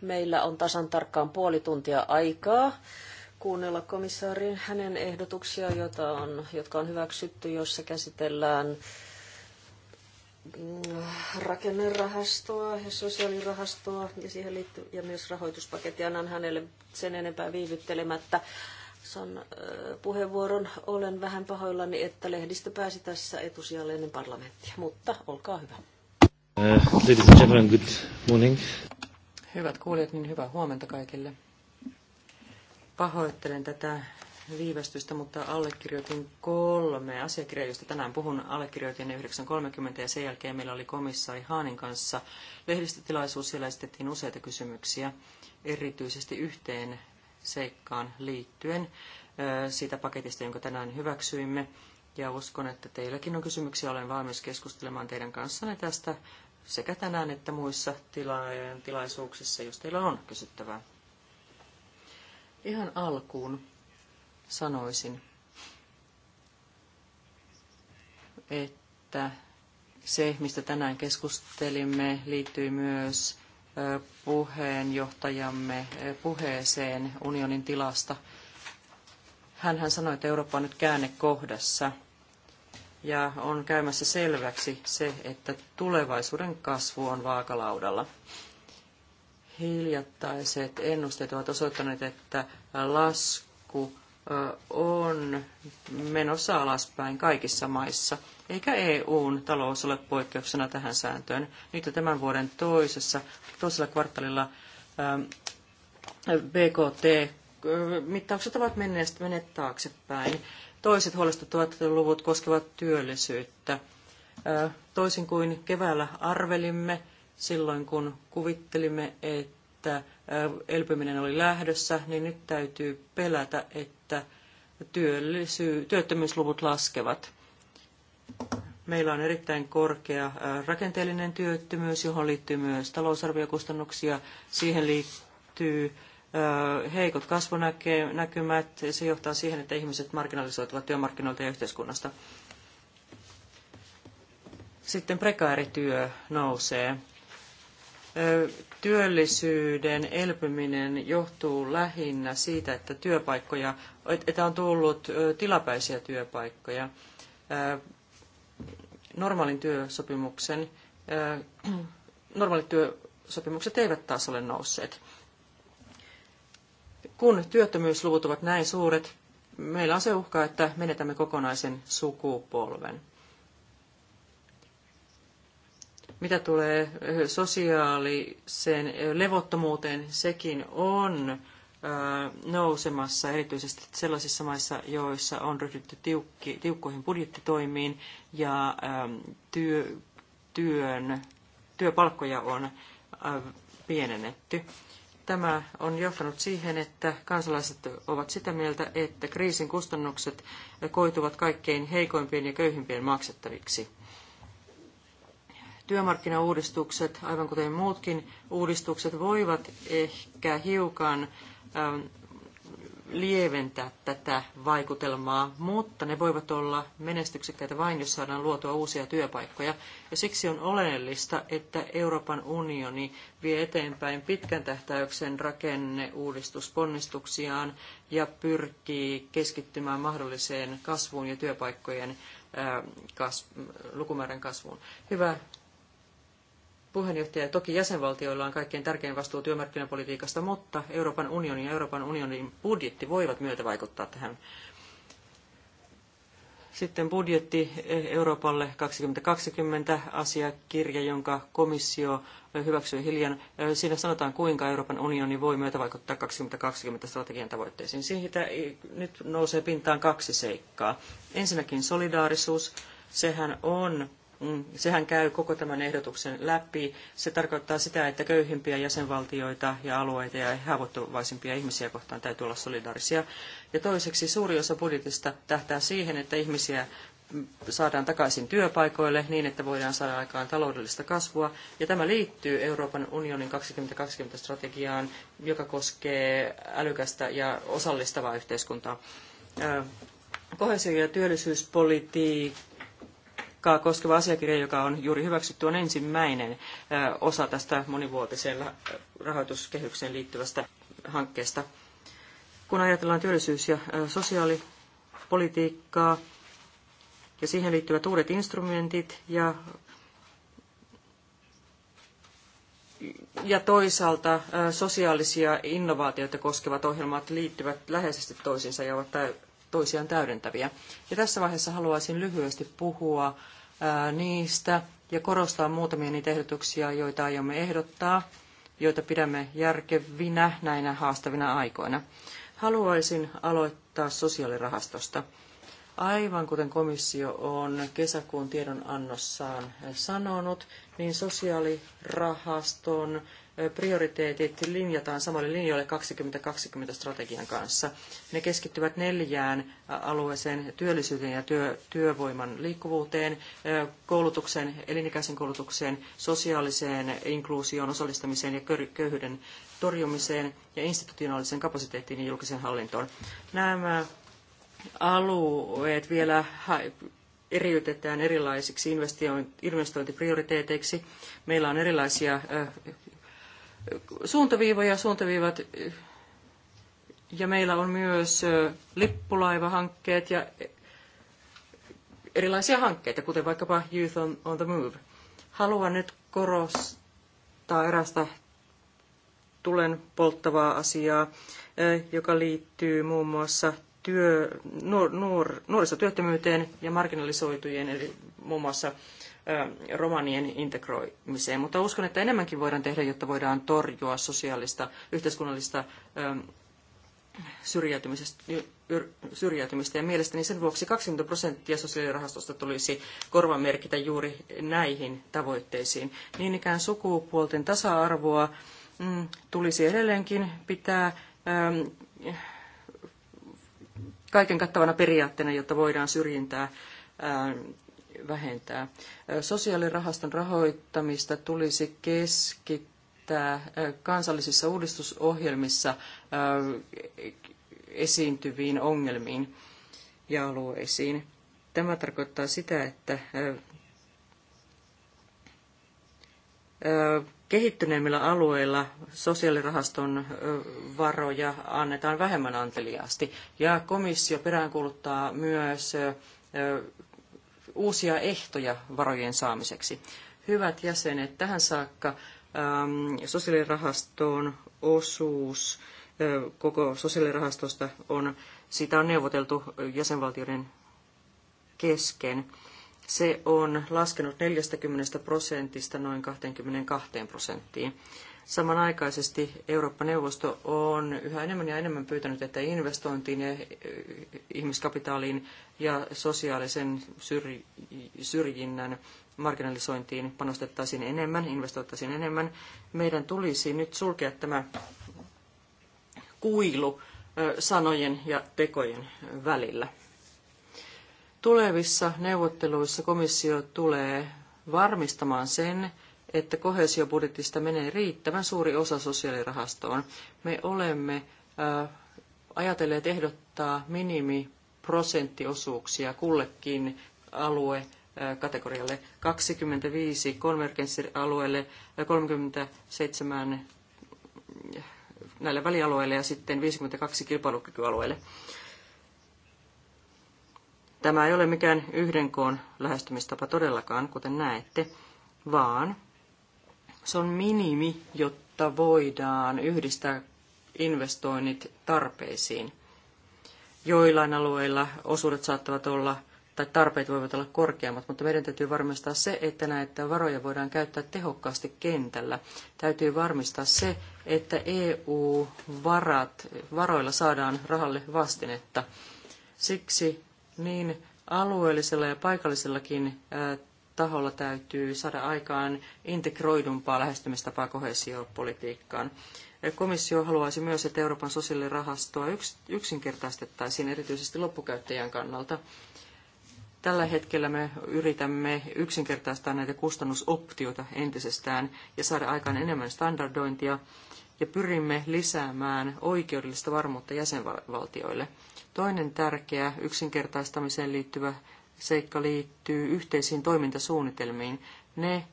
Meillä on tasan tarkkaan puoli tuntia aikaa kuunnella komissaarin hänen ehdotuksia, jota on, jotka on hyväksytty, jossa käsitellään mm, rakennerahastoa ja sosiaalirahastoa ja, siihen liittyy ja myös rahoituspakettia annan hänelle sen enempää viivyttelemättä. Son puheenvuoron. Olen vähän pahoillani, että lehdistö pääsi tässä etusijalle ennen parlamenttia, mutta olkaa hyvä. Uh, ladies and gentlemen, good morning. Hyvät kuulijat, niin hyvää huomenta kaikille. Pahoittelen tätä viivästystä, mutta allekirjoitin kolme asiakirjaa, joista tänään puhun. Allekirjoitin ne 9.30 ja sen jälkeen meillä oli komissaari Haanin kanssa lehdistötilaisuus. Siellä esitettiin useita kysymyksiä, erityisesti yhteen seikkaan liittyen siitä paketista, jonka tänään hyväksyimme. Ja uskon, että teilläkin on kysymyksiä. Olen valmis keskustelemaan teidän kanssanne tästä sekä tänään että muissa tilaisuuksissa, jos teillä on kysyttävää. Ihan alkuun sanoisin, että se, mistä tänään keskustelimme, liittyy myös puheenjohtajamme puheeseen unionin tilasta. Hänhän sanoi, että Eurooppa on nyt käännekohdassa ja on käymässä selväksi se, että tulevaisuuden kasvu on vaakalaudalla. Hiljattaiset ennusteet ovat osoittaneet, että lasku on menossa alaspäin kaikissa maissa – eikä EUn talous ole poikkeuksena tähän sääntöön. Nyt tämän vuoden toisessa, toisella kvartaalilla ähm, BKT-mittaukset äh, ovat menneet, menneet taaksepäin. Toiset huolestuttavat luvut koskevat työllisyyttä. Äh, toisin kuin keväällä arvelimme, silloin kun kuvittelimme, että äh, elpyminen oli lähdössä, niin nyt täytyy pelätä, että työttömyysluvut laskevat. Meillä on erittäin korkea rakenteellinen työttömyys, johon liittyy myös talousarviokustannuksia. Siihen liittyy heikot kasvunäkymät. Se johtaa siihen, että ihmiset marginalisoituvat työmarkkinoilta ja yhteiskunnasta. Sitten prekaarityö nousee. Työllisyyden elpyminen johtuu lähinnä siitä, että työpaikkoja, että on tullut tilapäisiä työpaikkoja normaalin työsopimuksen, normaalit työsopimukset eivät taas ole nousseet. Kun työttömyysluvut ovat näin suuret, meillä on se uhka, että menetämme kokonaisen sukupolven. Mitä tulee sosiaaliseen levottomuuteen, sekin on nousemassa, erityisesti sellaisissa maissa, joissa on ryhdytty tiukki, tiukkoihin budjettitoimiin ja työ, työn, työpalkkoja on pienennetty. Tämä on johtanut siihen, että kansalaiset ovat sitä mieltä, että kriisin kustannukset koituvat kaikkein heikoimpien ja köyhimpien maksettaviksi. Työmarkkinauudistukset, aivan kuten muutkin uudistukset, voivat ehkä hiukan Ähm, lieventää tätä vaikutelmaa, mutta ne voivat olla menestyksekkäitä vain, jos saadaan luotua uusia työpaikkoja. Ja siksi on oleellista, että Euroopan unioni vie eteenpäin pitkän tähtäyksen rakenneuudistusponnistuksiaan ja pyrkii keskittymään mahdolliseen kasvuun ja työpaikkojen äh, kasv- lukumäärän kasvuun. Hyvä puheenjohtaja. Toki jäsenvaltioilla on kaikkein tärkein vastuu työmarkkinapolitiikasta, mutta Euroopan unioni ja Euroopan unionin budjetti voivat myötävaikuttaa tähän. Sitten budjetti Euroopalle 2020 asiakirja, jonka komissio hyväksyi hiljan. Siinä sanotaan, kuinka Euroopan unioni voi myötävaikuttaa 2020 strategian tavoitteisiin. Siitä nyt nousee pintaan kaksi seikkaa. Ensinnäkin solidaarisuus. Sehän on Mm, sehän käy koko tämän ehdotuksen läpi. Se tarkoittaa sitä, että köyhimpiä jäsenvaltioita ja alueita ja haavoittuvaisimpia ihmisiä kohtaan täytyy olla solidaarisia. Ja toiseksi suuri osa budjetista tähtää siihen, että ihmisiä mm, saadaan takaisin työpaikoille niin, että voidaan saada aikaan taloudellista kasvua. Ja tämä liittyy Euroopan unionin 2020-strategiaan, joka koskee älykästä ja osallistavaa yhteiskuntaa. Kohesio- ja työllisyyspolitiikka koskeva asiakirja, joka on juuri hyväksytty, on ensimmäinen osa tästä monivuotiseen rahoituskehykseen liittyvästä hankkeesta. Kun ajatellaan työllisyys- ja sosiaalipolitiikkaa ja siihen liittyvät uudet instrumentit ja ja toisaalta sosiaalisia innovaatioita koskevat ohjelmat liittyvät läheisesti toisiinsa ja ovat toisiaan täydentäviä. Ja tässä vaiheessa haluaisin lyhyesti puhua niistä ja korostaa muutamia niitä ehdotuksia, joita aiomme ehdottaa, joita pidämme järkevinä näinä haastavina aikoina. Haluaisin aloittaa sosiaalirahastosta. Aivan kuten komissio on kesäkuun tiedonannossaan sanonut, niin sosiaalirahaston prioriteetit linjataan samalle linjoille 2020 strategian kanssa. Ne keskittyvät neljään alueeseen, työllisyyteen ja työ, työvoiman liikkuvuuteen, koulutukseen, elinikäisen koulutukseen, sosiaaliseen inkluusioon, osallistamiseen ja köyhyyden torjumiseen ja institutionaaliseen kapasiteettiin ja julkiseen hallintoon. Nämä alueet vielä eriytetään erilaisiksi investointiprioriteeteiksi. Meillä on erilaisia suuntaviivoja, suuntaviivat ja meillä on myös lippulaivahankkeet ja erilaisia hankkeita, kuten vaikkapa Youth on, on the Move. Haluan nyt korostaa erästä tulen polttavaa asiaa, joka liittyy muun muassa työ, nuor, nuor, nuorisotyöttömyyteen ja marginalisoitujen, eli muun muassa romanien integroimiseen, mutta uskon, että enemmänkin voidaan tehdä, jotta voidaan torjua sosiaalista, yhteiskunnallista syrjäytymistä. Ja mielestäni sen vuoksi 20 prosenttia sosiaalirahastosta tulisi korvamerkitä juuri näihin tavoitteisiin. Niin ikään sukupuolten tasa-arvoa mm, tulisi edelleenkin pitää kaiken kattavana periaatteena, jotta voidaan syrjintää vähentää. Sosiaalirahaston rahoittamista tulisi keskittää kansallisissa uudistusohjelmissa esiintyviin ongelmiin ja alueisiin. Tämä tarkoittaa sitä, että kehittyneemmillä alueilla sosiaalirahaston varoja annetaan vähemmän anteliaasti. Ja komissio peräänkuuluttaa myös uusia ehtoja varojen saamiseksi. Hyvät jäsenet, tähän saakka äm, sosiaalirahastoon osuus ä, koko sosiaalirahastosta on, siitä on neuvoteltu jäsenvaltioiden kesken. Se on laskenut 40 prosentista noin 22 prosenttiin. Samanaikaisesti Eurooppa-neuvosto on yhä enemmän ja enemmän pyytänyt, että investointiin ja eh, ihmiskapitaaliin ja sosiaalisen syrjinnän marginalisointiin panostettaisiin enemmän, investoittaisiin enemmän. Meidän tulisi nyt sulkea tämä kuilu eh, sanojen ja tekojen välillä. Tulevissa neuvotteluissa komissio tulee varmistamaan sen, että kohesiobudjetista menee riittävän suuri osa sosiaalirahastoon. Me olemme ajatelleet ehdottaa minimiprosenttiosuuksia kullekin alue kategorialle 25 konvergenssialueelle, 37 näille välialueille ja sitten 52 kilpailukykyalueelle. Tämä ei ole mikään yhden koon lähestymistapa todellakaan, kuten näette, vaan se on minimi, jotta voidaan yhdistää investoinnit tarpeisiin. Joillain alueilla osuudet saattavat olla tai tarpeet voivat olla korkeammat, mutta meidän täytyy varmistaa se, että näitä varoja voidaan käyttää tehokkaasti kentällä. Täytyy varmistaa se, että EU-varat, varoilla saadaan rahalle vastinetta. Siksi niin alueellisella ja paikallisellakin taholla täytyy saada aikaan integroidumpaa lähestymistapaa kohesiopolitiikkaan. Komissio haluaisi myös, että Euroopan sosiaalirahastoa yksinkertaistettaisiin erityisesti loppukäyttäjän kannalta. Tällä hetkellä me yritämme yksinkertaistaa näitä kustannusoptioita entisestään ja saada aikaan enemmän standardointia ja pyrimme lisäämään oikeudellista varmuutta jäsenvaltioille. Toinen tärkeä yksinkertaistamiseen liittyvä seikka liittyy yhteisiin toimintasuunnitelmiin. Ne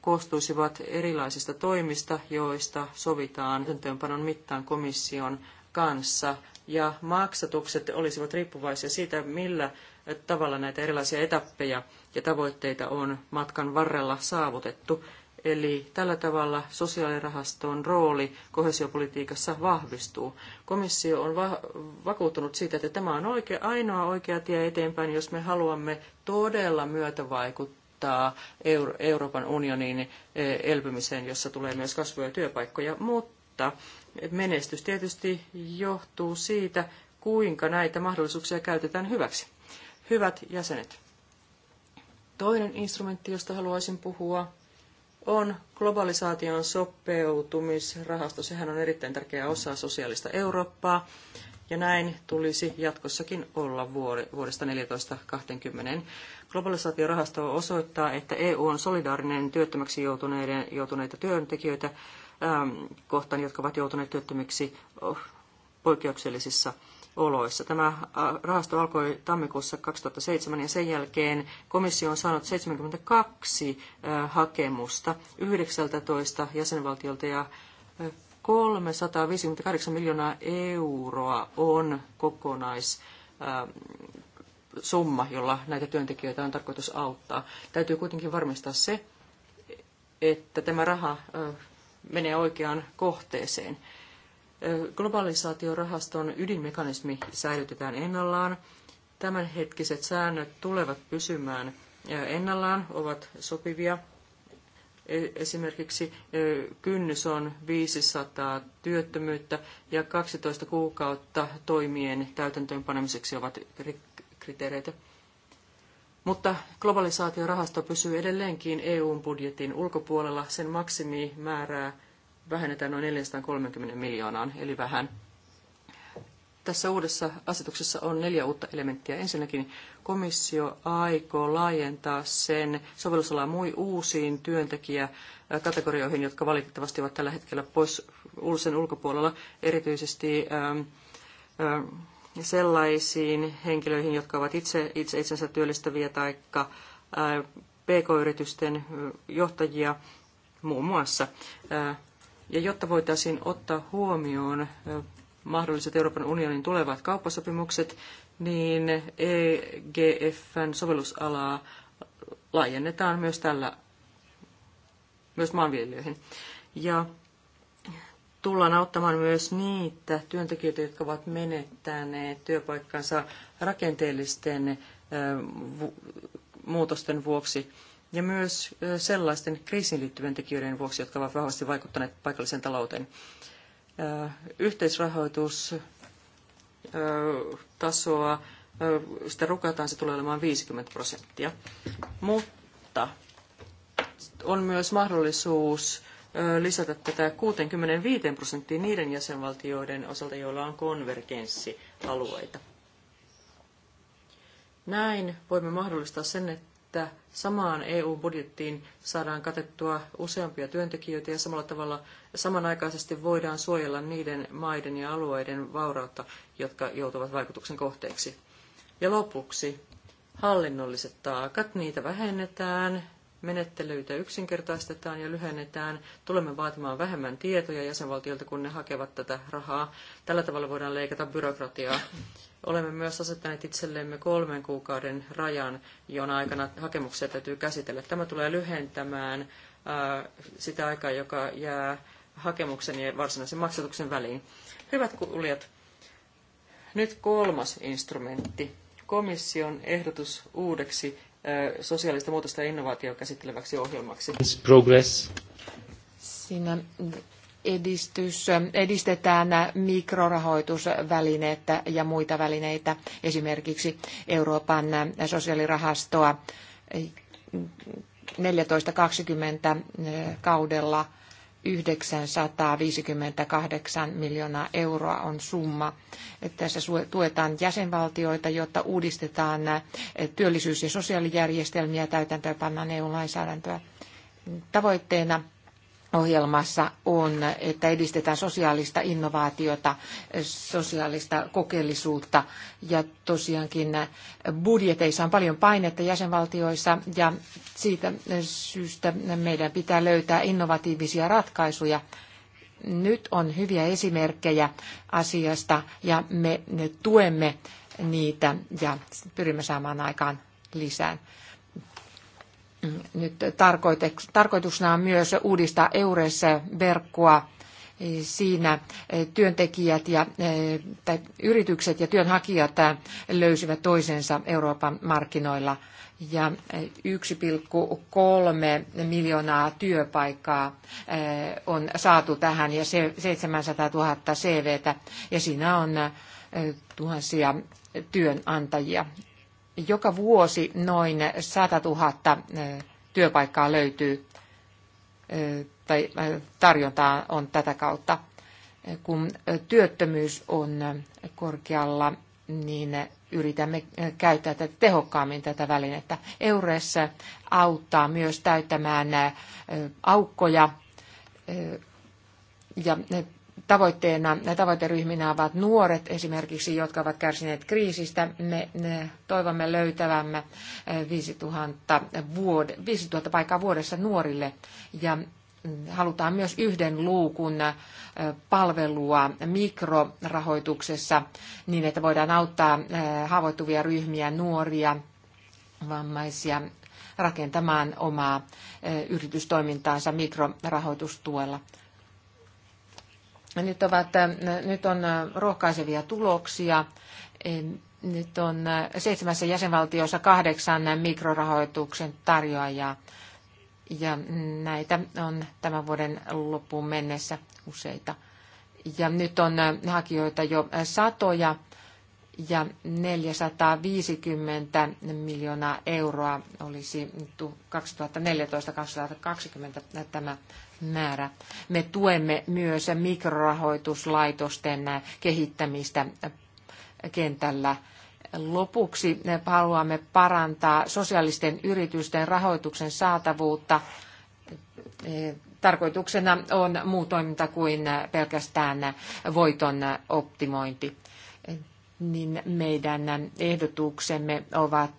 koostuisivat erilaisista toimista, joista sovitaan työntöönpanon mittaan komission kanssa, ja maksatukset olisivat riippuvaisia siitä, millä tavalla näitä erilaisia etappeja ja tavoitteita on matkan varrella saavutettu. Eli tällä tavalla sosiaalirahaston rooli kohesiopolitiikassa vahvistuu. Komissio on va- vakuuttunut siitä, että tämä on oikea, ainoa oikea tie eteenpäin, jos me haluamme todella myötävaikuttaa Euro- Euroopan unionin eh, elpymiseen, jossa tulee myös kasvuja ja työpaikkoja. Mutta menestys tietysti johtuu siitä, kuinka näitä mahdollisuuksia käytetään hyväksi. Hyvät jäsenet. Toinen instrumentti, josta haluaisin puhua, on globalisaation sopeutumisrahasto. Sehän on erittäin tärkeä osa sosiaalista Eurooppaa. Ja näin tulisi jatkossakin olla vuodesta 14-20. Globalisaatiorahasto osoittaa, että EU on solidaarinen työttömäksi joutuneiden, joutuneita työntekijöitä ähm, kohtaan, jotka ovat joutuneet työttömiksi oh, poikkeuksellisissa oloissa. Tämä rahasto alkoi tammikuussa 2007 ja sen jälkeen komissio on saanut 72 hakemusta 19 jäsenvaltiolta ja 358 miljoonaa euroa on kokonais summa, jolla näitä työntekijöitä on tarkoitus auttaa. Täytyy kuitenkin varmistaa se, että tämä raha menee oikeaan kohteeseen. Globalisaatiorahaston ydinmekanismi säilytetään ennallaan. Tämänhetkiset säännöt tulevat pysymään ennallaan, ovat sopivia. E, esimerkiksi kynnys on 500 työttömyyttä ja 12 kuukautta toimien täytäntöönpanemiseksi ovat kriteereitä. Mutta globalisaatiorahasto pysyy edelleenkin EUn budjetin ulkopuolella. Sen maksimimäärää vähennetään noin 430 miljoonaan, eli vähän. Tässä uudessa asetuksessa on neljä uutta elementtiä. Ensinnäkin komissio aikoo laajentaa sen sovellusalaa mui uusiin työntekijäkategorioihin, jotka valitettavasti ovat tällä hetkellä pois ulsen ulkopuolella, erityisesti ähm, ähm, sellaisiin henkilöihin, jotka ovat itse, itse itsensä työllistäviä tai äh, pk-yritysten äh, johtajia muun muassa. Äh, ja jotta voitaisiin ottaa huomioon mahdolliset Euroopan unionin tulevat kauppasopimukset, niin EGFn sovellusalaa laajennetaan myös tällä myös maanviljelijöihin. Ja tullaan auttamaan myös niitä työntekijöitä, jotka ovat menettäneet työpaikkansa rakenteellisten muutosten vuoksi ja myös sellaisten kriisiin liittyvien tekijöiden vuoksi, jotka ovat vahvasti vaikuttaneet paikalliseen talouteen. Yhteisrahoitus tasoa, sitä rukataan, se tulee olemaan 50 prosenttia. Mutta on myös mahdollisuus lisätä tätä 65 prosenttia niiden jäsenvaltioiden osalta, joilla on konvergenssialueita. Näin voimme mahdollistaa sen, että että samaan EU-budjettiin saadaan katettua useampia työntekijöitä ja samalla tavalla samanaikaisesti voidaan suojella niiden maiden ja alueiden vaurautta, jotka joutuvat vaikutuksen kohteeksi. Ja lopuksi hallinnolliset taakat, niitä vähennetään, menettelyitä yksinkertaistetaan ja lyhennetään. Tulemme vaatimaan vähemmän tietoja jäsenvaltioilta, kun ne hakevat tätä rahaa. Tällä tavalla voidaan leikata byrokratiaa. Olemme myös asettaneet itsellemme kolmen kuukauden rajan, jona aikana hakemuksia täytyy käsitellä. Tämä tulee lyhentämään äh, sitä aikaa, joka jää hakemuksen ja varsinaisen maksatuksen väliin. Hyvät kuulijat, nyt kolmas instrumentti, komission ehdotus uudeksi äh, sosiaalista muutosta ja innovaatiota käsitteleväksi ohjelmaksi. Progress. Siinä edistys, edistetään mikrorahoitusvälinettä ja muita välineitä, esimerkiksi Euroopan sosiaalirahastoa 1420 eh, kaudella 958 miljoonaa euroa on summa. Tässä tuetaan jäsenvaltioita, jotta uudistetaan eh, työllisyys- ja sosiaalijärjestelmiä ja täytäntöönpannaan EU-lainsäädäntöä. Tavoitteena ohjelmassa on, että edistetään sosiaalista innovaatiota, sosiaalista kokeellisuutta ja tosiaankin budjeteissa on paljon painetta jäsenvaltioissa ja siitä syystä meidän pitää löytää innovatiivisia ratkaisuja. Nyt on hyviä esimerkkejä asiasta ja me tuemme niitä ja pyrimme saamaan aikaan lisää. Nyt tarkoituksena on myös uudistaa EURES-verkkoa siinä eh, työntekijät ja, eh, tai yritykset ja työnhakijat eh, löysivät toisensa Euroopan markkinoilla ja 1,3 miljoonaa työpaikkaa on saatu tähän ja 700 000 CVtä ja siinä on tuhansia työnantajia joka vuosi noin 100 000 työpaikkaa löytyy tai tarjontaa on tätä kautta. Kun työttömyys on korkealla, niin yritämme käyttää tätä tehokkaammin tätä välinettä. EURES auttaa myös täyttämään aukkoja ja tavoitteena, tavoiteryhminä ovat nuoret esimerkiksi, jotka ovat kärsineet kriisistä. Me toivomme löytävämme 5000, eh, vuode, 5000 paikkaa vuodessa nuorille ja mm, halutaan myös yhden luukun eh, palvelua mikrorahoituksessa niin, että voidaan auttaa eh, haavoittuvia ryhmiä, nuoria, vammaisia rakentamaan omaa yritystoimintaansa mikrorahoitustuella. Nyt, ovat, äh, nyt on äh, rohkaisevia tuloksia. Nyt on äh, seitsemässä jäsenvaltiossa kahdeksan mikrorahoituksen tarjoajaa. Ja näitä on tämän vuoden loppuun mennessä useita. Ja nyt on hakijoita jo satoja ja 450 miljoonaa euroa olisi 2014-2020 tämä määrä. Me tuemme myös mikrorahoituslaitosten kehittämistä kentällä. Lopuksi haluamme parantaa sosiaalisten yritysten rahoituksen saatavuutta. Tarkoituksena on muu toiminta kuin pelkästään voiton optimointi niin meidän ehdotuksemme ovat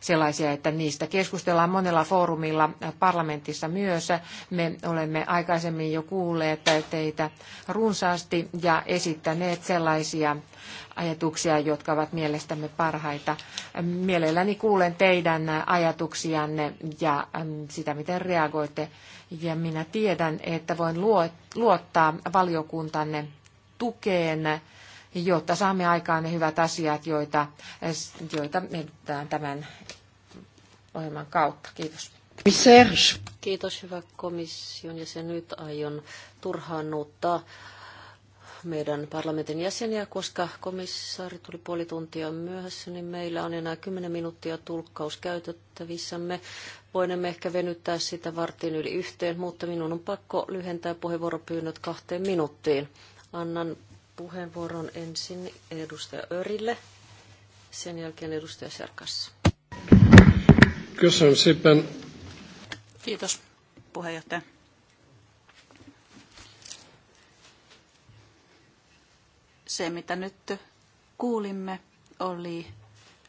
sellaisia, että niistä keskustellaan monella foorumilla parlamentissa myös. Me olemme aikaisemmin jo kuulleet teitä runsaasti ja esittäneet sellaisia ajatuksia, jotka ovat mielestämme parhaita. Mielelläni kuulen teidän ajatuksianne ja sitä, miten reagoitte. Ja minä tiedän, että voin luottaa valiokuntanne tukeen jotta saamme aikaan ne hyvät asiat, joita, joita tämän ohjelman kautta. Kiitos. Kiitos hyvä komission jäsen. Nyt aion turhaannuttaa meidän parlamentin jäseniä, koska komissaari tuli puoli tuntia myöhässä, niin meillä on enää 10 minuuttia tulkkaus käytettävissämme. Voinemme ehkä venyttää sitä vartin yli yhteen, mutta minun on pakko lyhentää puheenvuoropyynnöt kahteen minuuttiin. Annan puheenvuoron ensin edustaja Örille, sen jälkeen edustaja Serkassa. Kiitos puheenjohtaja. Se, mitä nyt kuulimme, oli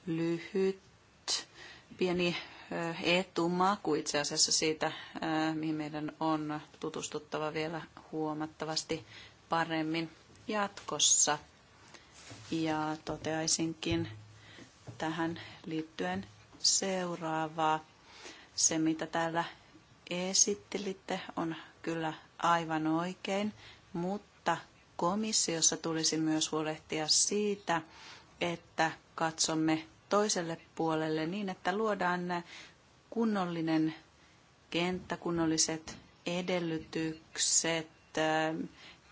lyhyt, pieni etumaku itse asiassa siitä, mihin meidän on tutustuttava vielä huomattavasti paremmin jatkossa. Ja toteaisinkin tähän liittyen seuraavaa. Se, mitä täällä esittelitte, on kyllä aivan oikein, mutta komissiossa tulisi myös huolehtia siitä, että katsomme toiselle puolelle niin, että luodaan kunnollinen kenttä, kunnolliset edellytykset äh,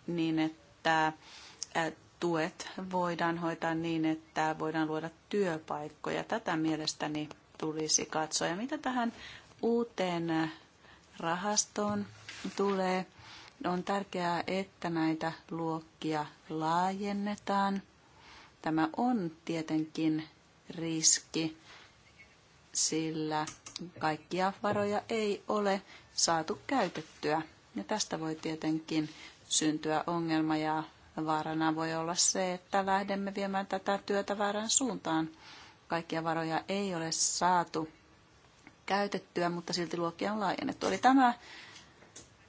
niin, että että tuet voidaan hoitaa niin, että voidaan luoda työpaikkoja. Tätä mielestäni tulisi katsoa. Ja mitä tähän uuteen rahastoon tulee, on tärkeää, että näitä luokkia laajennetaan. Tämä on tietenkin riski, sillä kaikkia varoja ei ole saatu käytettyä. Ja tästä voi tietenkin syntyä ongelma ja vaarana voi olla se, että lähdemme viemään tätä työtä väärään suuntaan. Kaikkia varoja ei ole saatu käytettyä, mutta silti luokkia on laajennettu. Eli tämä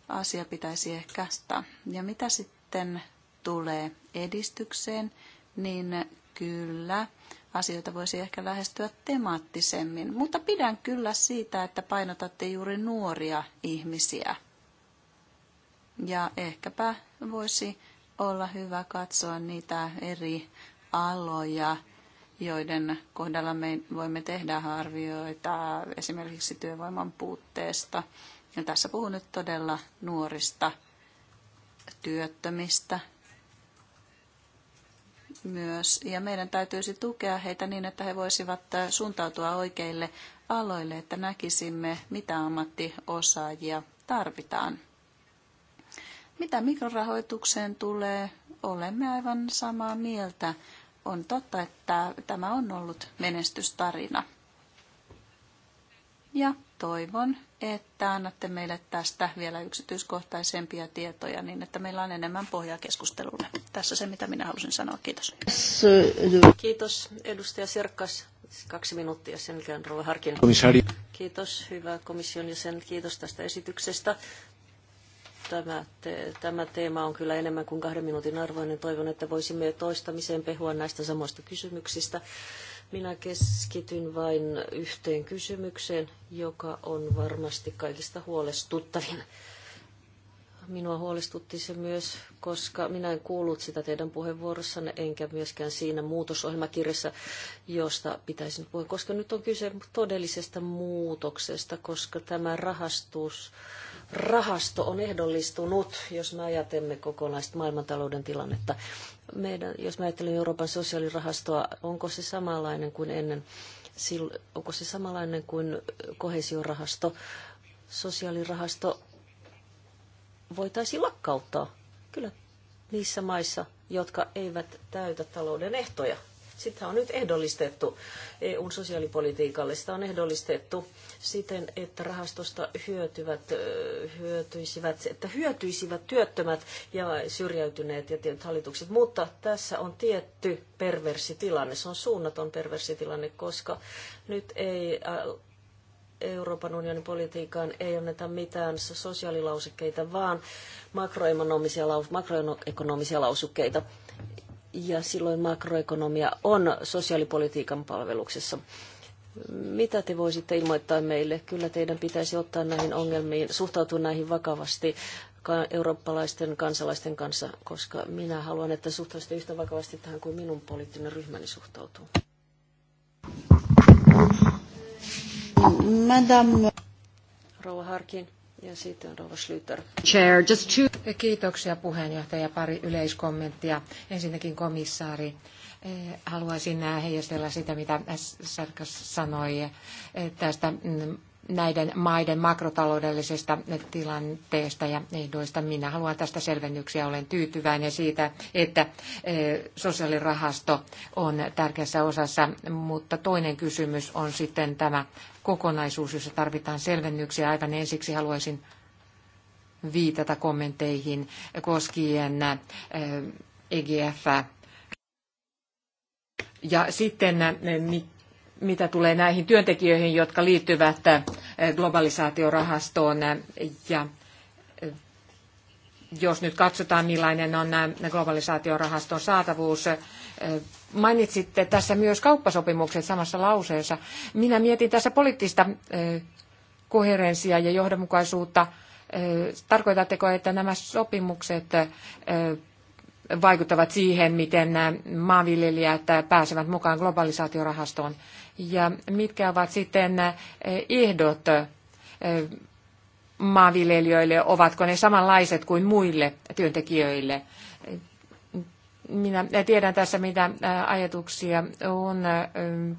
asia pitäisi ehkä kastaa. Ja mitä sitten tulee edistykseen, niin kyllä asioita voisi ehkä lähestyä temaattisemmin, mutta pidän kyllä siitä, että painotatte juuri nuoria ihmisiä – ja ehkäpä voisi olla hyvä katsoa niitä eri aloja, joiden kohdalla me voimme tehdä arvioita esimerkiksi työvoiman puutteesta. Ja tässä puhun nyt todella nuorista työttömistä myös. Ja meidän täytyisi tukea heitä niin, että he voisivat suuntautua oikeille aloille, että näkisimme, mitä ammattiosaajia tarvitaan. Mitä mikrorahoitukseen tulee, olemme aivan samaa mieltä. On totta, että tämä on ollut menestystarina. Ja toivon, että annatte meille tästä vielä yksityiskohtaisempia tietoja niin, että meillä on enemmän pohjaa keskustelulle. Tässä se, mitä minä halusin sanoa. Kiitos. Kiitos, edustaja Sirkkas, Kaksi minuuttia sen jälkeen Rova Harkin. Kiitos, hyvä komission jäsen. Kiitos tästä esityksestä. Tämä, te, tämä teema on kyllä enemmän kuin kahden minuutin arvoinen. Toivon, että voisimme toistamiseen pehua näistä samoista kysymyksistä. Minä keskityn vain yhteen kysymykseen, joka on varmasti kaikista huolestuttavin. Minua huolestutti se myös, koska minä en kuullut sitä teidän puheenvuorossanne, enkä myöskään siinä muutosohjelmakirjassa, josta pitäisi nyt puhua, koska nyt on kyse todellisesta muutoksesta, koska tämä rahastus, rahasto on ehdollistunut, jos me ajatemme kokonaista maailmantalouden tilannetta. Meidän, jos me ajattelemme Euroopan sosiaalirahastoa, onko se samanlainen kuin ennen, onko se samanlainen kuin kohesiorahasto? Sosiaalirahasto voitaisiin lakkauttaa, kyllä, niissä maissa, jotka eivät täytä talouden ehtoja. Sitä on nyt ehdollistettu EUn sosiaalipolitiikalle. Sitä on ehdollistettu siten, että rahastosta hyötyvät, hyötyisivät, että hyötyisivät työttömät ja syrjäytyneet ja tietyt hallitukset. Mutta tässä on tietty perversitilanne. Se on suunnaton perversitilanne, koska nyt ei Euroopan unionin politiikkaan ei anneta mitään sosiaalilausekkeita, vaan makroekonomisia, lausekkeita ja silloin makroekonomia on sosiaalipolitiikan palveluksessa. Mitä te voisitte ilmoittaa meille? Kyllä teidän pitäisi ottaa näihin ongelmiin, suhtautua näihin vakavasti eurooppalaisten kansalaisten kanssa, koska minä haluan, että suhtautuisitte yhtä vakavasti tähän kuin minun poliittinen ryhmäni suhtautuu. Madame. Rouva Harkin. Ja sitten Rova Schlüter. Chair, just two. Kiitoksia puheenjohtaja. Pari yleiskommenttia. Ensinnäkin komissaari. Eh, haluaisin eh, heijastella sitä, mitä Sarkas sanoi eh, tästä mm, näiden maiden makrotaloudellisesta tilanteesta ja ehdoista. Minä haluan tästä selvennyksiä. Olen tyytyväinen siitä, että e, sosiaalirahasto on tärkeässä osassa, mutta toinen kysymys on sitten tämä kokonaisuus, jossa tarvitaan selvennyksiä. Aivan ensiksi haluaisin viitata kommentteihin koskien EGF. E ja sitten e, mitä tulee näihin työntekijöihin, jotka liittyvät eh, globalisaatiorahastoon eh, ja eh, jos nyt katsotaan, millainen on globalisaatiorahaston saatavuus, mainitsitte tässä myös kauppasopimukset samassa lauseessa. Minä mietin tässä poliittista koherenssia ja johdonmukaisuutta. Tarkoitatteko, että nämä sopimukset vaikuttavat siihen, miten maanviljelijät pääsevät mukaan globalisaatiorahastoon. Ja mitkä ovat sitten eh, ehdot eh, maanviljelijöille, ovatko ne samanlaiset kuin muille työntekijöille? Minä tiedän tässä, mitä eh, ajatuksia on.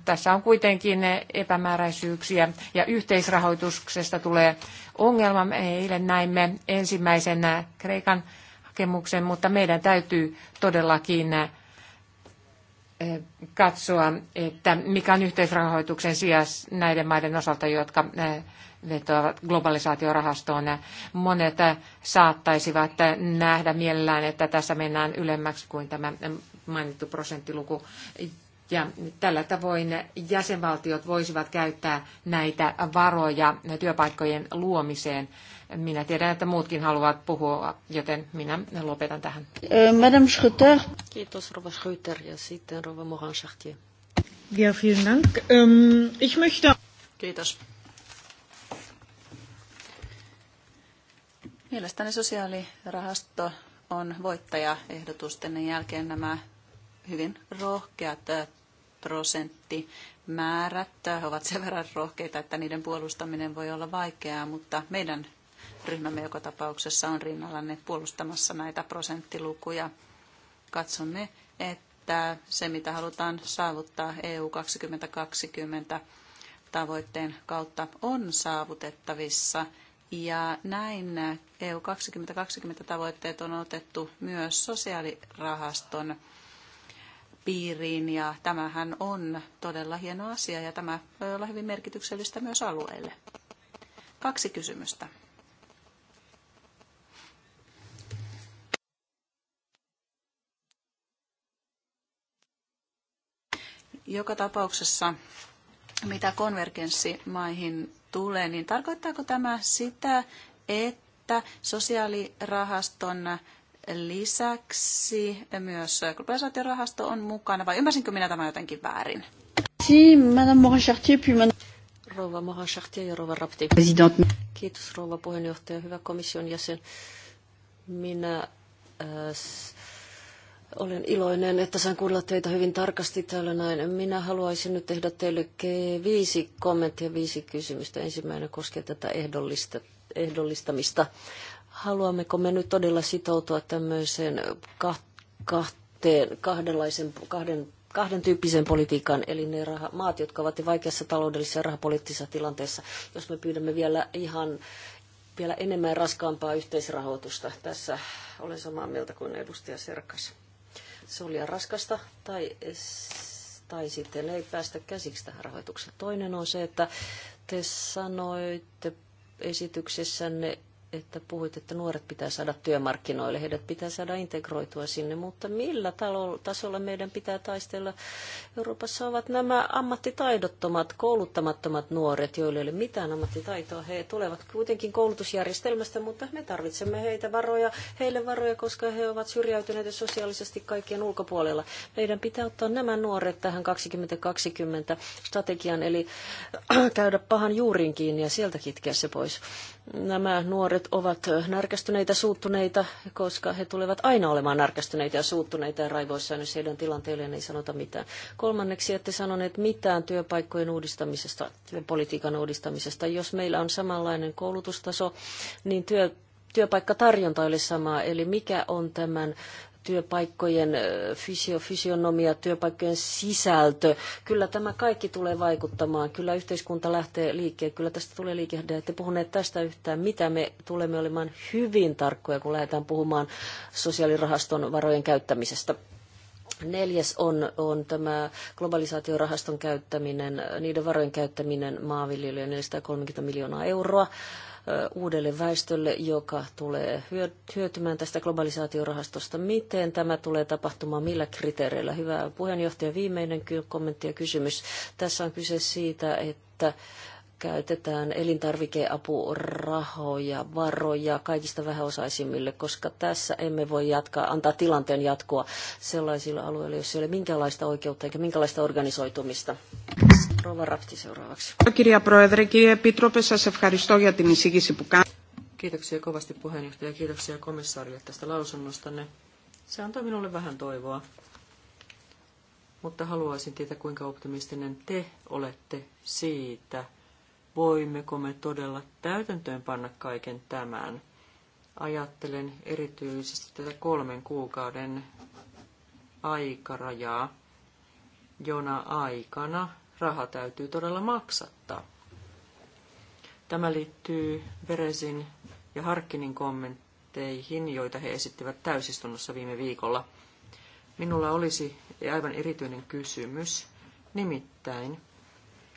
Tässä on kuitenkin epämääräisyyksiä ja yhteisrahoituksesta tulee ongelma. eilen näimme ensimmäisenä Kreikan hakemuksen, mutta meidän täytyy todellakin eh, katsoa, että mikä on yhteisrahoituksen sijas näiden maiden osalta, jotka eh, vetoavat globalisaatiorahastoon. Monet eh, saattaisivat nähdä mielellään, että tässä mennään ylemmäksi kuin tämä mainittu prosenttiluku. Ja tällä tavoin jäsenvaltiot voisivat käyttää näitä varoja työpaikkojen luomiseen minä tiedän, että muutkin haluavat puhua, joten minä lopetan tähän. Madame Schröter. Kiitos, Rova Schröter ja sitten Rova Mohan Schachtier. Ja, vielen Dank. Um, ich möchte... Kiitos. Mielestäni sosiaalirahasto on voittaja ehdotusten jälkeen nämä hyvin rohkeat äh, prosenttimäärät äh, ovat sen verran rohkeita, että niiden puolustaminen voi olla vaikeaa, mutta meidän ryhmämme joka tapauksessa on rinnallanne puolustamassa näitä prosenttilukuja. Katsomme, että se mitä halutaan saavuttaa EU 2020 tavoitteen kautta on saavutettavissa. Ja näin EU 2020 tavoitteet on otettu myös sosiaalirahaston piiriin ja tämähän on todella hieno asia ja tämä voi olla hyvin merkityksellistä myös alueelle. Kaksi kysymystä. Joka tapauksessa, mitä konvergenssimaihin tulee, niin tarkoittaako tämä sitä, että sosiaalirahaston lisäksi myös globalisaatiorahasto on mukana, vai ymmärsinkö minä tämän jotenkin väärin? Si, Madame Morin-Chartier, Rouva morin ja Rouva Rapti. President. Kiitos rouva puheenjohtaja, hyvä komission jäsen. Minä äh, olen iloinen, että saan kuulla teitä hyvin tarkasti täällä näin. Minä haluaisin nyt tehdä teille viisi kommenttia, viisi kysymystä. Ensimmäinen koskee tätä ehdollista, ehdollistamista. Haluammeko me nyt todella sitoutua tämmöiseen kahteen, kahdenlaisen, kahden kahden tyyppiseen politiikan, eli ne raha, maat, jotka ovat vaikeassa taloudellisessa ja rahapoliittisessa tilanteessa, jos me pyydämme vielä ihan vielä enemmän raskaampaa yhteisrahoitusta. Tässä olen samaa mieltä kuin edustaja Serkas se oli liian raskasta tai, tai sitten ei päästä käsiksi tähän rahoitukseen. Toinen on se, että te sanoitte esityksessänne että puhuit, että nuoret pitää saada työmarkkinoille, heidät pitää saada integroitua sinne, mutta millä tasolla meidän pitää taistella? Euroopassa ovat nämä ammattitaidottomat, kouluttamattomat nuoret, joille ei ole mitään ammattitaitoa. He tulevat kuitenkin koulutusjärjestelmästä, mutta me tarvitsemme heitä varoja, heille varoja, koska he ovat syrjäytyneet sosiaalisesti kaikkien ulkopuolella. Meidän pitää ottaa nämä nuoret tähän 2020 strategiaan, eli käydä pahan juuriin kiinni ja sieltä kitkeä se pois. Nämä nuoret ovat närkästyneitä, suuttuneita, koska he tulevat aina olemaan närkästyneitä ja suuttuneita ja raivoissaan, jos heidän tilanteelleen ei sanota mitään. Kolmanneksi, ette sanoneet mitään työpaikkojen uudistamisesta, työpolitiikan uudistamisesta. Jos meillä on samanlainen koulutustaso, niin työ, työpaikkatarjonta ole samaa, eli mikä on tämän työpaikkojen fysio, fysionomia, työpaikkojen sisältö. Kyllä tämä kaikki tulee vaikuttamaan. Kyllä yhteiskunta lähtee liikkeelle. Kyllä tästä tulee liikehdä. Ette puhuneet tästä yhtään, mitä me tulemme olemaan hyvin tarkkoja, kun lähdetään puhumaan sosiaalirahaston varojen käyttämisestä. Neljäs on, on tämä globalisaatiorahaston käyttäminen, niiden varojen käyttäminen maanviljelijöille 430 miljoonaa euroa uudelle väestölle, joka tulee hyötymään tästä globalisaatiorahastosta. Miten tämä tulee tapahtumaan, millä kriteereillä? Hyvä puheenjohtaja, viimeinen kommentti ja kysymys. Tässä on kyse siitä, että käytetään elintarvikeapurahoja, varoja kaikista vähäosaisimmille, koska tässä emme voi jatkaa, antaa tilanteen jatkua sellaisilla alueilla, joissa ei ole minkäänlaista oikeutta eikä minkäänlaista organisoitumista. Rova Rapti seuraavaksi. Kirja Kiitoksia kovasti puheenjohtaja ja kiitoksia komissaarille tästä lausunnostanne. Se antoi minulle vähän toivoa mutta haluaisin tietää, kuinka optimistinen te olette siitä, voimmeko me todella täytäntöön panna kaiken tämän. Ajattelen erityisesti tätä kolmen kuukauden aikarajaa, jona aikana raha täytyy todella maksattaa. Tämä liittyy Beresin ja Harkkinin kommentteihin, joita he esittivät täysistunnossa viime viikolla. Minulla olisi aivan erityinen kysymys, nimittäin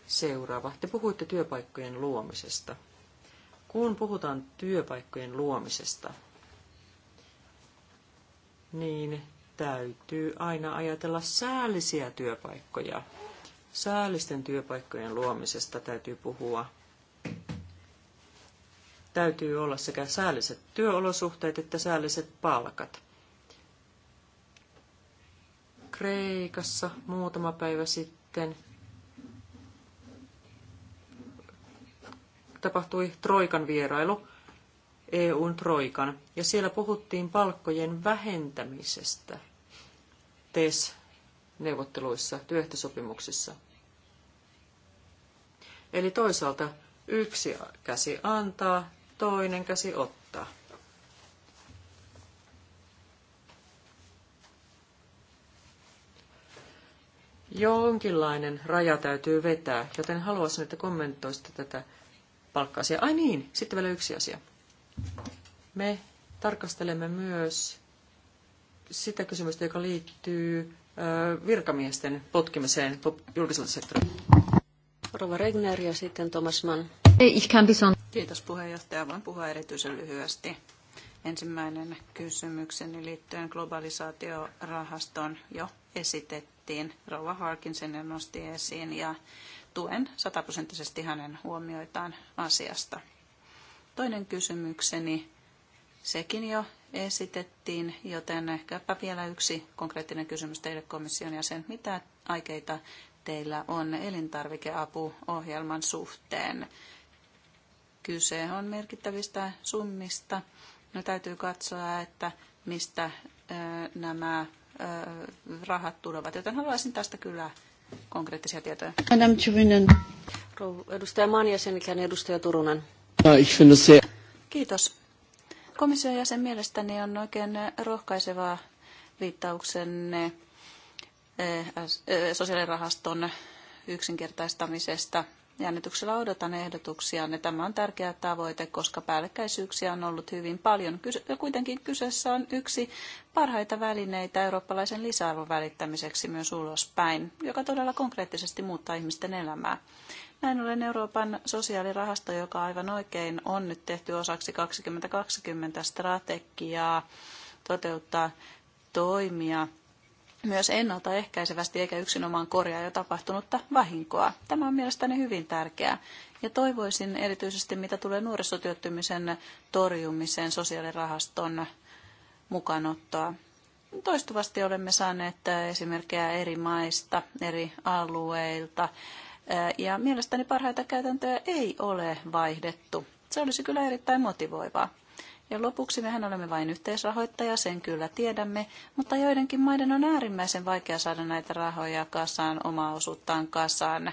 seuraava. Te puhuitte työpaikkojen luomisesta. Kun puhutaan työpaikkojen luomisesta, niin täytyy aina ajatella säällisiä työpaikkoja. Säällisten työpaikkojen luomisesta täytyy puhua. Täytyy olla sekä säälliset työolosuhteet että säälliset palkat. Kreikassa muutama päivä sitten tapahtui Troikan vierailu, EUn Troikan, ja siellä puhuttiin palkkojen vähentämisestä TES-neuvotteluissa, työehtosopimuksissa. Eli toisaalta yksi käsi antaa, toinen käsi ottaa. Jonkinlainen raja täytyy vetää, joten haluaisin, että kommentoisitte tätä palkka-asia. Ai niin, sitten vielä yksi asia. Me tarkastelemme myös sitä kysymystä, joka liittyy virkamiesten potkimiseen julkisella sektorilla. Rova Regner ja sitten Thomas Mann. Ich kann bis on. Kiitos puheenjohtaja. Voin puhua erityisen lyhyesti. Ensimmäinen kysymykseni liittyen globalisaatiorahaston jo esitettiin. Rova Harkinsen nosti esiin ja tuen sataprosenttisesti hänen huomioitaan asiasta. Toinen kysymykseni, sekin jo esitettiin, joten ehkäpä vielä yksi konkreettinen kysymys teille komission jäsen. Mitä aikeita teillä on elintarvikeapuohjelman suhteen? Kyse on merkittävistä summista. No, täytyy katsoa, että mistä nämä rahat tulevat, joten haluaisin tästä kyllä konkreettisia tietoja. Madame Turunen. Edustaja Manja, sen jälkeen edustaja Turunen. Kiitos. Komission jäsen mielestäni on oikein rohkaisevaa viittauksenne eh, eh, sosiaalirahaston yksinkertaistamisesta Jännityksellä odotan ehdotuksia. Tämä on tärkeä tavoite, koska päällekkäisyyksiä on ollut hyvin paljon. Ja kuitenkin kyseessä on yksi parhaita välineitä eurooppalaisen lisäarvon välittämiseksi myös ulospäin, joka todella konkreettisesti muuttaa ihmisten elämää. Näin ollen Euroopan sosiaalirahasto, joka aivan oikein on nyt tehty osaksi 2020 strategiaa, toteuttaa toimia myös ennaltaehkäisevästi eikä yksinomaan korjaa jo tapahtunutta vahinkoa. Tämä on mielestäni hyvin tärkeää. Ja toivoisin erityisesti, mitä tulee nuorisotyöttömyyden torjumiseen sosiaalirahaston mukanottoa. Toistuvasti olemme saaneet äh, esimerkkejä eri maista, eri alueilta. Äh, ja mielestäni parhaita käytäntöjä ei ole vaihdettu. Se olisi kyllä erittäin motivoivaa. Ja lopuksi mehän olemme vain yhteisrahoittaja, sen kyllä tiedämme, mutta joidenkin maiden on äärimmäisen vaikea saada näitä rahoja kasaan, omaa osuuttaan kasaan.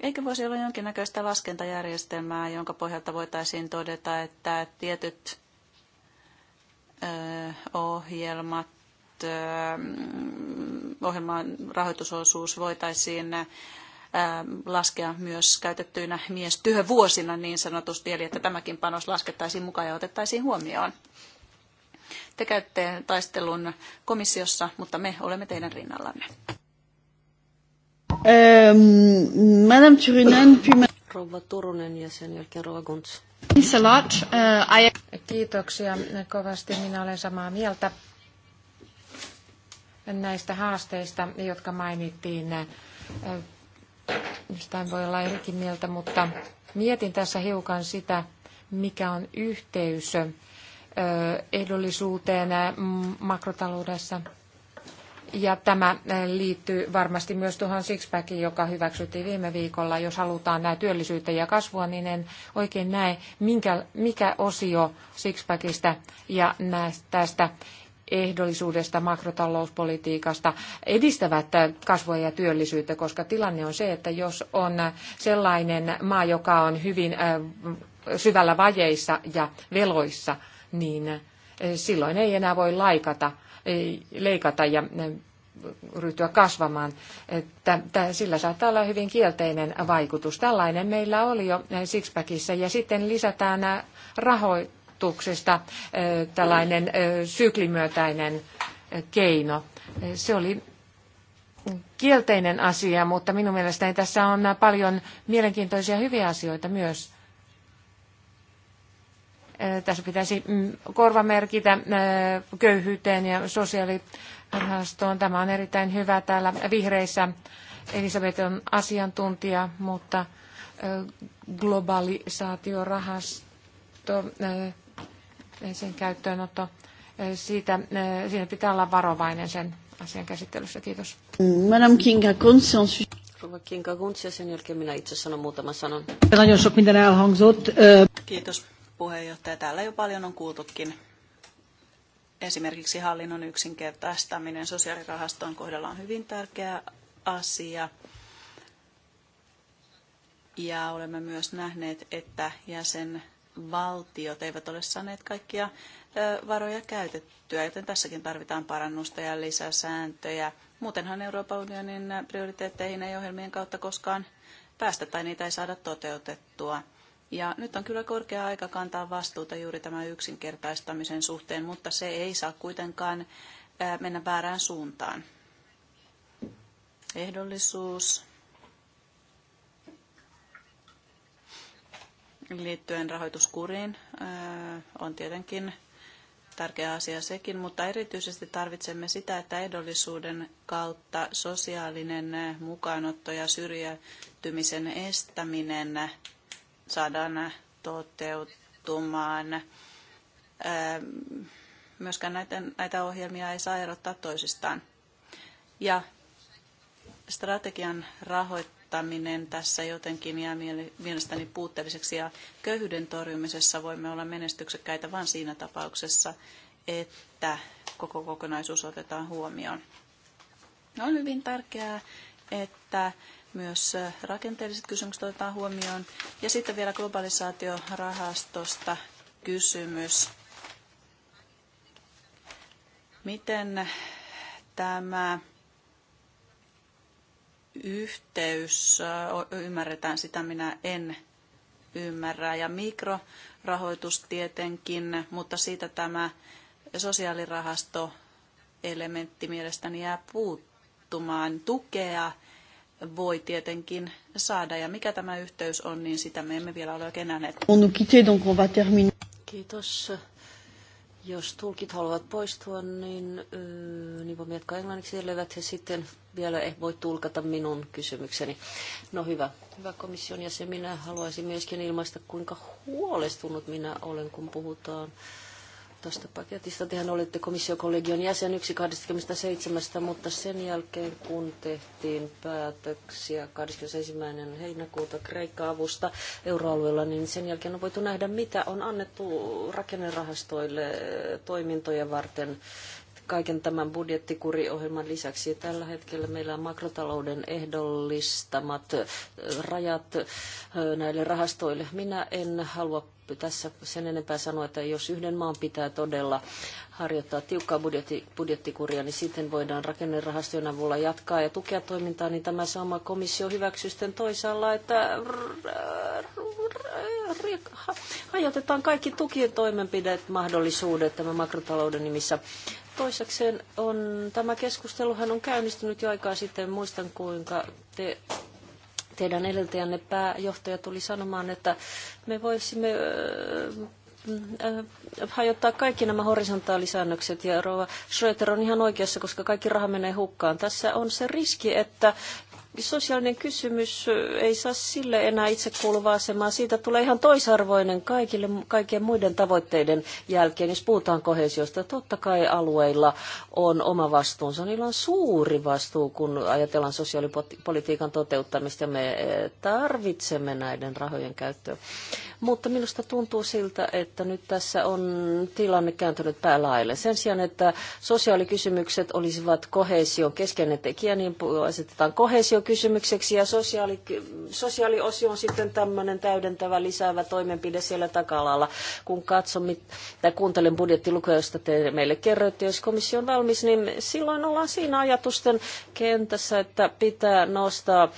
Eikö voisi olla jonkinnäköistä laskentajärjestelmää, jonka pohjalta voitaisiin todeta, että tietyt ohjelmat, ohjelman rahoitusosuus voitaisiin Ähm, laskea myös käytettyinä miestyövuosina niin sanotusti, eli että tämäkin panos laskettaisiin mukaan ja otettaisiin huomioon. Te käytte taistelun komissiossa, mutta me olemme teidän rinnallanne. Ähm, Madame Turunen, Rouva Turunen ja sen jälkeen Rouva Guntz. Uh, Kiitoksia kovasti. Minä olen samaa mieltä näistä haasteista, jotka mainittiin Jostain voi olla erikin mieltä, mutta mietin tässä hiukan sitä, mikä on yhteys ehdollisuuteen makrotaloudessa. Ja tämä liittyy varmasti myös tuohon Sixpackiin, joka hyväksyttiin viime viikolla. Jos halutaan nämä työllisyyttä ja kasvua, niin en oikein näe, minkä, mikä osio Sixpackista ja näistä, tästä ehdollisuudesta, makrotalouspolitiikasta edistävät kasvua ja työllisyyttä, koska tilanne on se, että jos on sellainen maa, joka on hyvin äh, syvällä vajeissa ja veloissa, niin äh, silloin ei enää voi laikata, äh, leikata ja ryhtyä kasvamaan. Että sillä saattaa olla hyvin kielteinen vaikutus. Tällainen meillä oli jo Sixpackissa ja sitten lisätään raho- tuksesta tällainen syklimyötäinen keino. Se oli kielteinen asia, mutta minun mielestäni tässä on paljon mielenkiintoisia hyviä asioita myös. Tässä pitäisi mm, korvamerkitä köyhyyteen ja sosiaalirahastoon. Tämä on erittäin hyvä täällä vihreissä. Elisabeth on asiantuntija, mutta globalisaatiorahasto sen käyttöönotto. Siitä, siinä pitää olla varovainen sen asian käsittelyssä. Kiitos. Madame Kinga konsensus. Rouva Kinga Kunts ja sen jälkeen minä itse sanon muutaman sanan. Kiitos puheenjohtaja. Täällä jo paljon on kuultukin. Esimerkiksi hallinnon yksinkertaistaminen sosiaalirahaston kohdalla on hyvin tärkeä asia. Ja olemme myös nähneet, että jäsen valtiot eivät ole saaneet kaikkia varoja käytettyä, joten tässäkin tarvitaan parannusta ja lisää sääntöjä. Muutenhan Euroopan unionin prioriteetteihin ei ohjelmien kautta koskaan päästä tai niitä ei saada toteutettua. Ja nyt on kyllä korkea aika kantaa vastuuta juuri tämän yksinkertaistamisen suhteen, mutta se ei saa kuitenkaan mennä väärään suuntaan. Ehdollisuus, liittyen rahoituskuriin on tietenkin tärkeä asia sekin, mutta erityisesti tarvitsemme sitä, että ehdollisuuden kautta sosiaalinen mukaanotto ja syrjäytymisen estäminen saadaan toteutumaan. Myöskään näitä, näitä ohjelmia ei saa erottaa toisistaan. Ja strategian rahoittaminen verottaminen tässä jotenkin jää mielestäni puutteelliseksi ja köyhyyden torjumisessa voimme olla menestyksekkäitä vain siinä tapauksessa, että koko kokonaisuus otetaan huomioon. On hyvin tärkeää, että myös rakenteelliset kysymykset otetaan huomioon. Ja sitten vielä globalisaatiorahastosta kysymys. Miten tämä yhteys ymmärretään, sitä minä en ymmärrä. Ja mikrorahoitus tietenkin, mutta siitä tämä sosiaalirahasto elementti mielestäni jää puuttumaan. Tukea voi tietenkin saada ja mikä tämä yhteys on, niin sitä me emme vielä ole oikein nähneet. Kiitos. Jos tulkit haluavat poistua, niin, niin voimme jatkaa englanniksi, edelleen. he sitten vielä ei eh, voi tulkata minun kysymykseni. No hyvä, hyvä komission jäsen, minä haluaisin myöskin ilmaista, kuinka huolestunut minä olen, kun puhutaan tästä paketista. Tehän olette komissiokollegion jäsen yksi 27. mutta sen jälkeen kun tehtiin päätöksiä 21. heinäkuuta Kreikka-avusta euroalueella, niin sen jälkeen on voitu nähdä, mitä on annettu rakennerahastoille toimintoja varten kaiken tämän budjettikuriohjelman lisäksi. Tällä hetkellä meillä on makrotalouden ehdollistamat rajat näille rahastoille. Minä en halua tässä sen enempää sanoa, että jos yhden maan pitää todella harjoittaa tiukkaa budjetti, budjettikuria, niin sitten voidaan rakennerahastojen avulla jatkaa ja tukea toimintaa, niin tämä sama komissio hyväksyy sitten toisaalla, että hajotetaan kaikki tukien toimenpidet, mahdollisuudet tämän makrotalouden nimissä Toisekseen on, tämä keskusteluhan on käynnistynyt jo aikaa sitten. Muistan, kuinka te teidän edeltäjänne pääjohtaja tuli sanomaan, että me voisimme äh, äh, hajottaa kaikki nämä horisontaalisäännökset ja Rova Schröter on ihan oikeassa, koska kaikki raha menee hukkaan. Tässä on se riski, että sosiaalinen kysymys ei saa sille enää itse kuuluvaa asemaa. Siitä tulee ihan toisarvoinen kaikille, kaikkien muiden tavoitteiden jälkeen. Jos puhutaan kohesiosta, totta kai alueilla on oma vastuunsa. Niillä on suuri vastuu, kun ajatellaan sosiaalipolitiikan toteuttamista. Me e, tarvitsemme näiden rahojen käyttöä. Mutta minusta tuntuu siltä, että nyt tässä on tilanne kääntynyt päälaille. Sen sijaan, että sosiaalikysymykset olisivat kohesion keskeinen tekijä, niin asetetaan kohesio kysymykseksi ja sosiaali, sosiaaliosio on sitten tämmöinen täydentävä lisäävä toimenpide siellä taka-alalla. Kun katson, tai kuuntelen budjettilukuja, josta te meille kerroitte, jos komissio on valmis, niin silloin ollaan siinä ajatusten kentässä, että pitää nostaa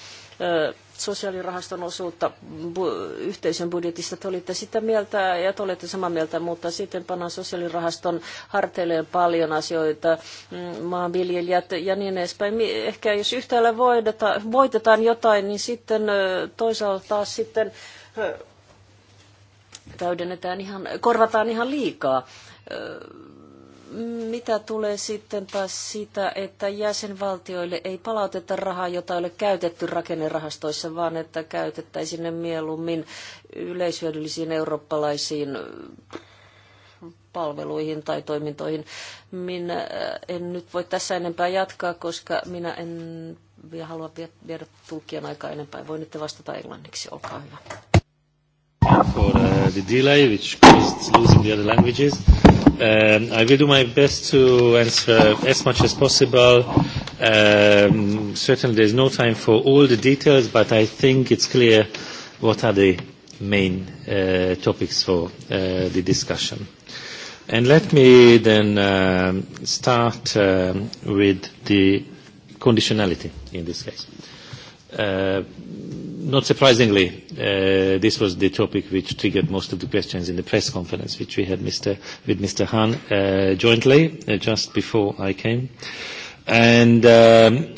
sosiaalirahaston osuutta bu- yhteisön budjetista. Te olitte sitä mieltä ja te olette samaa mieltä, mutta sitten pannaan sosiaalirahaston harteille paljon asioita, mm, maanviljelijät ja niin edespäin. Ehkä jos yhtäällä voideta, voitetaan jotain, niin sitten toisaalta taas sitten täydennetään ihan, korvataan ihan liikaa mitä tulee sitten taas sitä, että jäsenvaltioille ei palauteta rahaa, jota ei ole käytetty rakennerahastoissa, vaan että käytettäisiin ne mieluummin yleishyödyllisiin eurooppalaisiin palveluihin tai toimintoihin. Minä eh, en nyt voi tässä enempää jatkaa, koska minä en vielä halua viedä tulkijan aikaa enempää. Voin nyt vastata englanniksi, olkaa hyvä for uh, the delay which caused losing the other languages. Um, I will do my best to answer as much as possible. Um, certainly there's no time for all the details, but I think it's clear what are the main uh, topics for uh, the discussion. And let me then um, start um, with the conditionality in this case. Uh, not surprisingly, uh, this was the topic which triggered most of the questions in the press conference, which we had Mr. with Mr. Hahn uh, jointly uh, just before I came. And, um,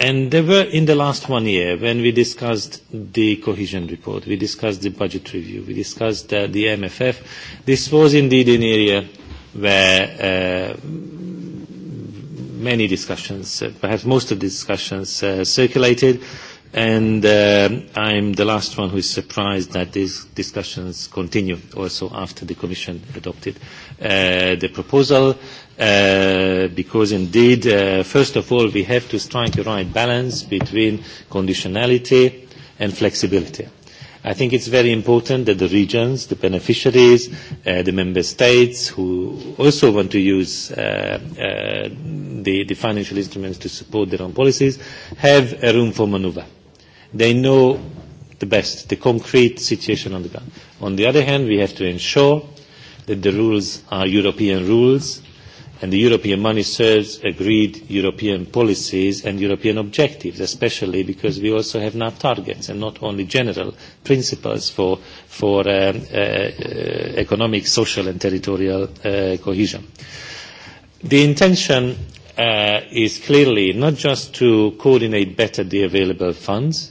and there were, in the last one year, when we discussed the cohesion report, we discussed the budget review, we discussed uh, the MFF, this was indeed an area where uh, many discussions, uh, perhaps most of the discussions, uh, circulated And uh, I'm the last one who is surprised that these discussions continue also after the Commission adopted uh, the proposal, uh, because indeed, uh, first of all, we have to strike the right balance between conditionality and flexibility. I think it's very important that the regions, the beneficiaries, uh, the member states who also want to use uh, uh, the, the financial instruments to support their own policies have a room for maneuver They know the best, the concrete situation on the ground. On the other hand, we have to ensure that the rules are European rules and the European money serves agreed European policies and European objectives, especially because we also have now targets and not only general principles for, for um, uh, economic, social and territorial uh, cohesion. The intention uh, is clearly not just to coordinate better the available funds,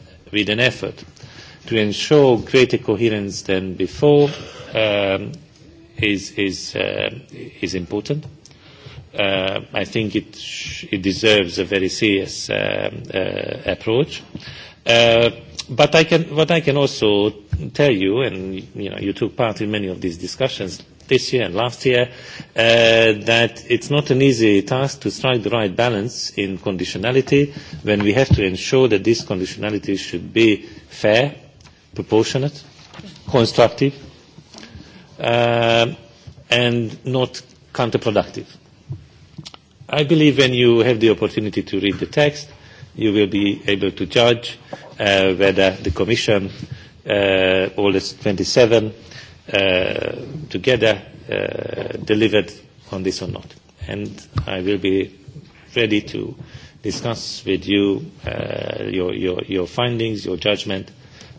with an effort to ensure greater coherence than before um, is, is, uh, is important. Uh, I think it, sh it deserves a very serious uh, uh, approach. Uh, but I can, what I can also tell you, and you, know, you took part in many of these discussions this year and last year, uh, that it's not an easy task to strike the right balance in conditionality when we have to ensure that this conditionality should be fair, proportionate, constructive, uh, and not counterproductive. I believe when you have the opportunity to read the text, you will be able to judge uh, whether the Commission, uh, all the 27, Uh, together uh, delivered on this or not. And I will be ready to discuss with you uh, your, your, your findings, your judgment,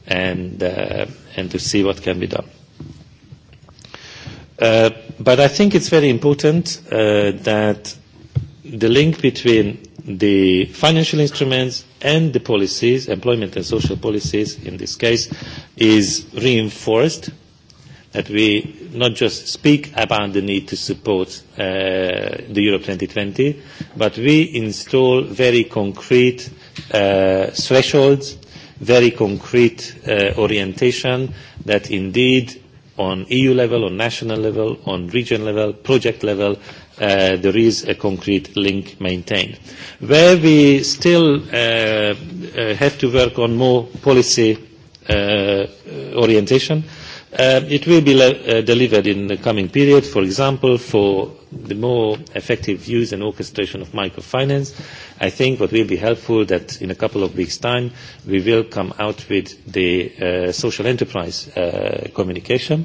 and, uh, and to see what can be done. Uh, but I think it's very important uh, that the link between the financial instruments and the policies, employment and social policies in this case, is reinforced that we not just speak about the need to support uh, the Europe 2020, but we install very concrete uh, thresholds, very concrete uh, orientation that indeed on EU level, on national level, on region level, project level, uh, there is a concrete link maintained. Where we still uh, uh, have to work on more policy uh, orientation, uh, Uh, it will be uh, delivered in the coming period, for example, for the more effective use and orchestration of microfinance. I think what will be helpful that in a couple of weeks' time we will come out with the uh, social enterprise uh, communication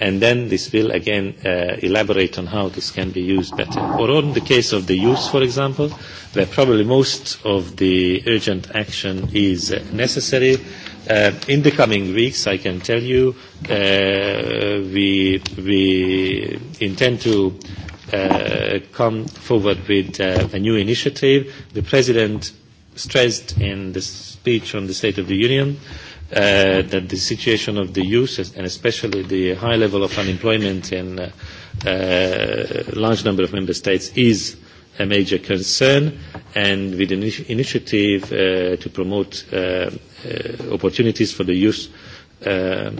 and then this will again uh, elaborate on how this can be used better. Or on the case of the youth, for example, where probably most of the urgent action is uh, necessary, Uh, in the coming weeks, I can tell you, uh, we, we intend to uh, come forward with uh, a new initiative. The President stressed in the speech on the State of the Union uh, that the situation of the youth and especially the high level of unemployment in a uh, uh, large number of member states is a major concern and with an initiative uh, to promote uh, Uh, opportunities for the youth, uh, uh,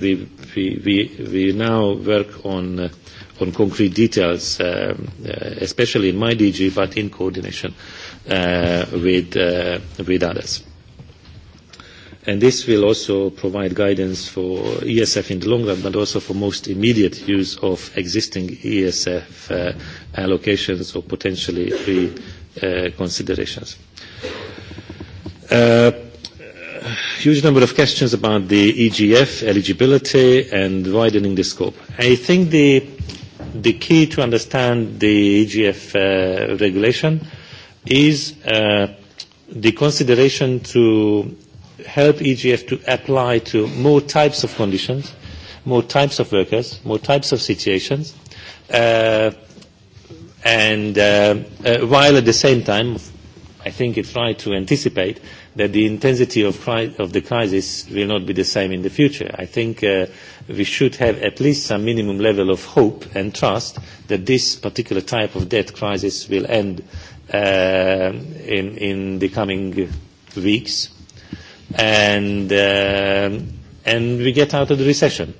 we, we, we now work on on concrete details, um, uh, especially in my DG, but in coordination uh, with, uh, with others. And this will also provide guidance for ESF in the long run, but also for most immediate use of existing ESF uh, allocations or potentially reconsiderations. Uh, huge number of questions about the EGF eligibility and widening the scope. I think the, the key to understand the EGF uh, regulation is uh, the consideration to help EGF to apply to more types of conditions, more types of workers, more types of situations, uh, and uh, uh, while at the same time, I think it's right to anticipate that the intensity of, cri- of the crisis will not be the same in the future. I think uh, we should have at least some minimum level of hope and trust that this particular type of debt crisis will end uh, in, in the coming weeks and, uh, and we get out of the recession.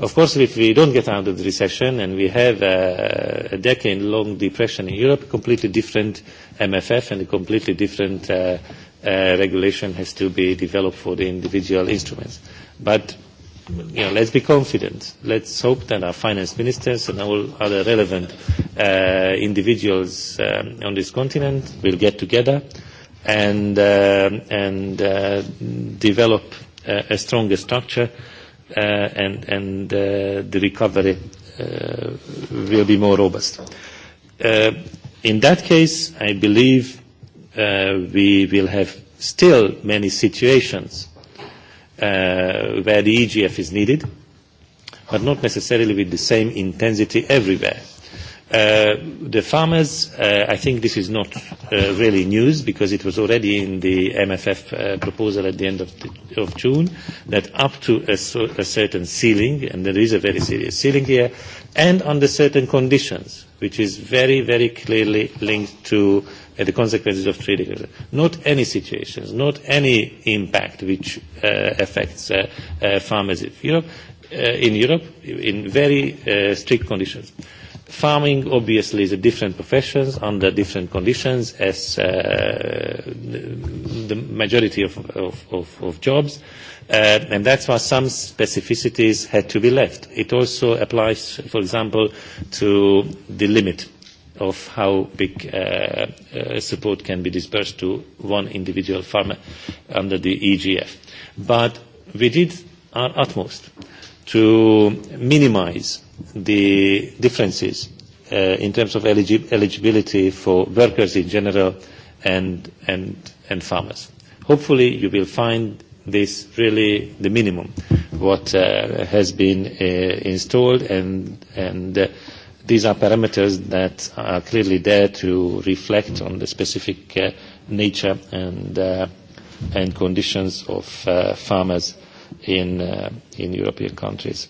Of course, if we don't get out of the recession and we have a, uh, a decade-long depression in Europe, a completely different MFF and a completely different uh, Uh, regulation has to be developed for the individual instruments. But you know, let's be confident. Let's hope that our finance ministers and all other relevant uh, individuals um, on this continent will get together and, uh, and uh, develop uh, a stronger structure uh, and, and uh, the recovery uh, will be more robust. Uh, in that case, I believe uh, we will have still many situations uh, where the EGF is needed, but not necessarily with the same intensity everywhere. Uh, the farmers, uh, I think this is not uh, really news because it was already in the MFF uh, proposal at the end of, the, of June that up to a, a certain ceiling, and there is a very serious ceiling here, and under certain conditions, which is very, very clearly linked to uh, at the consequences of trade agreements. Not any situations, not any impact which uh, affects uh, uh, farmers in Europe, uh, in Europe in very uh, strict conditions. Farming obviously is a different profession under different conditions as uh, the majority of, of, of, of jobs. Uh, and that's why some specificities had to be left. It also applies, for example, to the limit of how big uh, uh, support can be dispersed to one individual farmer under the EGF. But we did our utmost to minimize the differences uh, in terms of eligi eligibility for workers in general and, and, and farmers. Hopefully you will find this really the minimum what uh, has been uh, installed and, and uh, these are parameters that are clearly there to reflect on the specific uh, nature and, uh, and conditions of uh, farmers in, uh, in European countries.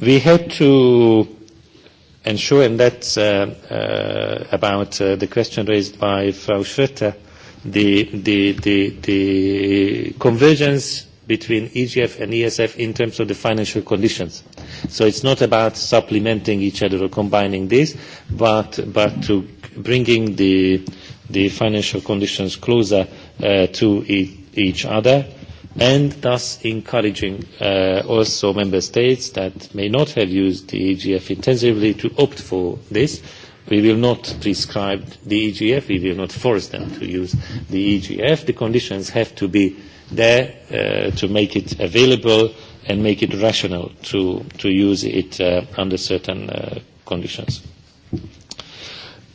We had to ensure, and that's uh, uh, about uh, the question raised by Frau Schroeter, the, the, the, the convergence between EGF and ESF in terms of the financial conditions. So it's not about supplementing each other or combining these, but, but to bringing the, the financial conditions closer uh, to e each other and thus encouraging uh, also member states that may not have used the EGF intensively to opt for this. We will not prescribe the EGF. We will not force them to use the EGF. The conditions have to be uh, there uh, to make it available and make it rational to, to use it uh, under certain uh, conditions.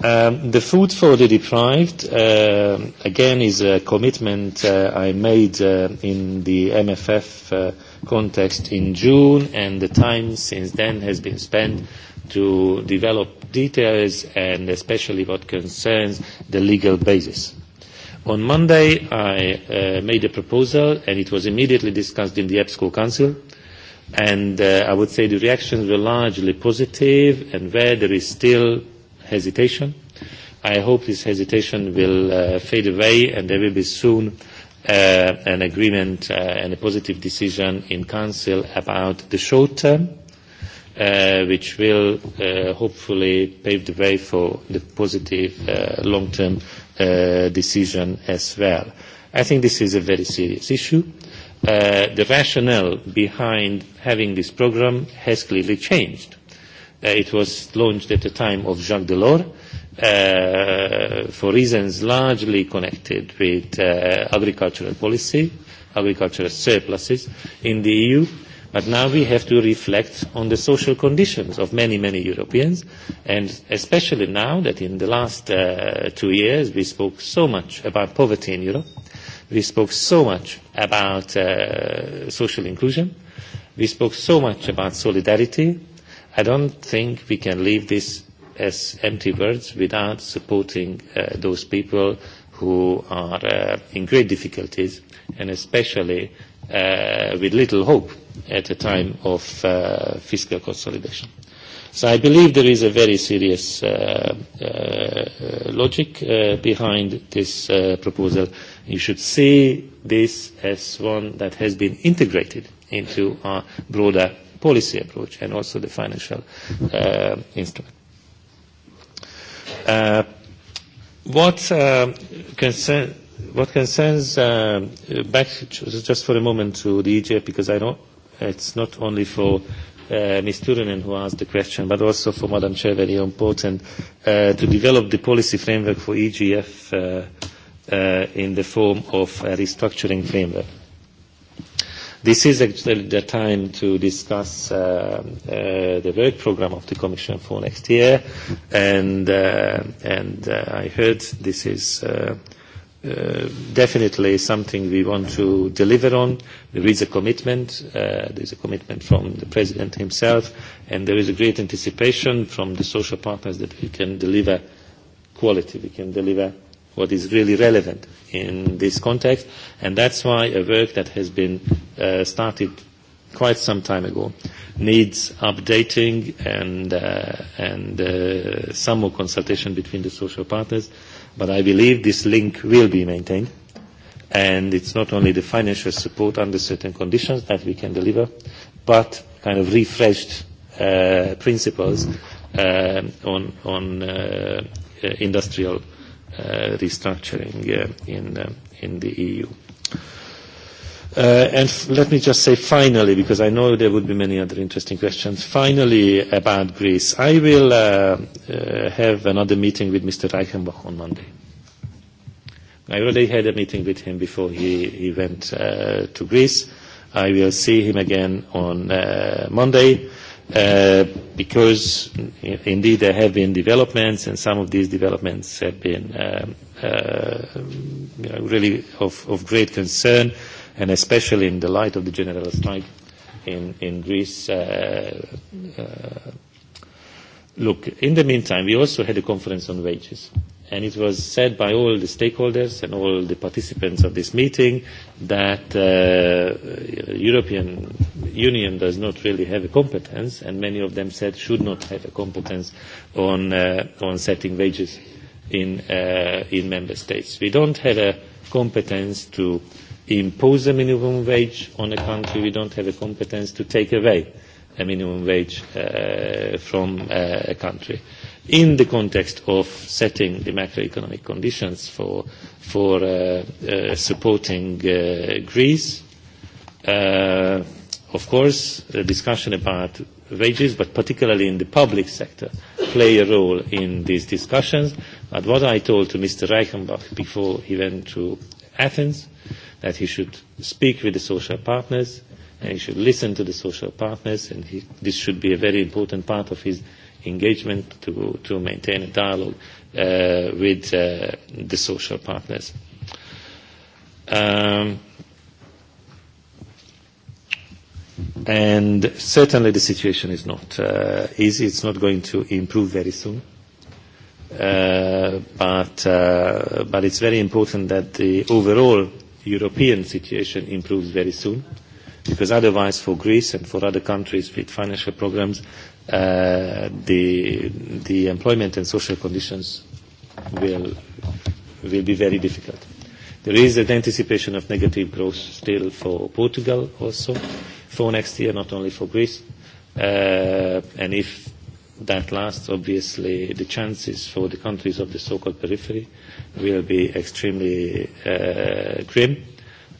Um, the food for the deprived, uh, again, is a commitment uh, I made uh, in the MFF uh, context in June, and the time since then has been spent to develop details and especially what concerns the legal basis on Monday, I uh, made a proposal, and it was immediately discussed in the EPSCO Council. And uh, I would say the reactions were largely positive, and where there is still hesitation, I hope this hesitation will uh, fade away, and there will be soon uh, an agreement and a positive decision in Council about the short term, which will hopefully pave the way for the positive long-term Uh, decision as well. I think this is a very serious issue. Uh, the rationale behind having this program has clearly changed. Uh, it was launched at the time of Jacques Delors uh, for reasons largely connected with uh, agricultural policy, agricultural surpluses in the EU But now we have to reflect on the social conditions of many, many Europeans, and especially now that in the last uh, two years we spoke so much about poverty in Europe, we spoke so much about uh, social inclusion, we spoke so much about solidarity. I don't think we can leave this as empty words without supporting uh, those people who are uh, in great difficulties and especially uh, with little hope at a time of uh, fiscal consolidation. So I believe there is a very serious uh, uh, logic uh, behind this uh, proposal. You should see this as one that has been integrated into our broader policy approach and also the financial uh, instrument. Uh, what, uh, concern, what concerns uh, back just for a moment to the EGF because I don't It's not only for uh, Ms. Turunen who asked the question, but also for Madam Chair, very important, uh, to develop the policy framework for EGF uh, uh, in the form of a restructuring framework. This is actually the time to discuss uh, uh, the work program of the Commission for next year, and, uh, and uh, I heard this is uh, Uh, definitely something we want to deliver on. There is a commitment. Uh, there is a commitment from the president himself, and there is a great anticipation from the social partners that we can deliver quality, we can deliver what is really relevant in this context. And that's why a work that has been uh, started quite some time ago needs updating and, uh, and uh, some more consultation between the social partners But I believe this link will be maintained, and it's not only the financial support under certain conditions that we can deliver, but kind of refreshed uh, principles uh, on, on uh, uh industrial uh, restructuring uh, in, uh, in the EU. Uh, and let me just say finally, because I know there would be many other interesting questions, finally about Greece. I will uh, uh, have another meeting with Mr. Reichenbach on Monday. I already had a meeting with him before he, he went uh, to Greece. I will see him again on uh, Monday uh, because indeed there have been developments and some of these developments have been um, uh, you know, really of, of great concern. Uh, and especially in the light of the general strike in, in Greece. Uh, uh, look, in the meantime, we also had a conference on wages. And it was said by all the stakeholders and all the participants of this meeting that uh, European Union does not really have a competence, and many of them said should not have a competence on, uh, on setting wages in, uh, in member states. We don't have a competence to uh, impose a minimum wage on a country, we don't have the competence to take away a minimum wage uh, from uh, a country. In the context of setting the macroeconomic conditions for, for uh, uh, supporting uh, Greece, uh, of course, the discussion about wages, but particularly in the public sector, play a role in these discussions. But what I told to Mr. Reichenbach before he went to Athens, uh, that he should speak with the social partners and he should listen to the social partners and he, this should be a very important part of his engagement to, to maintain a dialogue uh, with uh, the social partners. Um, and certainly the situation is not uh, easy. It's not going to improve very soon. Uh, but, uh, but it's very important that the overall European situation improves very soon, because otherwise for Greece and for other countries with financial programs, uh, the, the employment and social conditions will, will be very difficult. There is an anticipation of negative growth still for Portugal also for next year, not only for Greece. Uh, and if that lasts, obviously the chances for the countries of the so-called periphery uh, will be extremely uh, grim,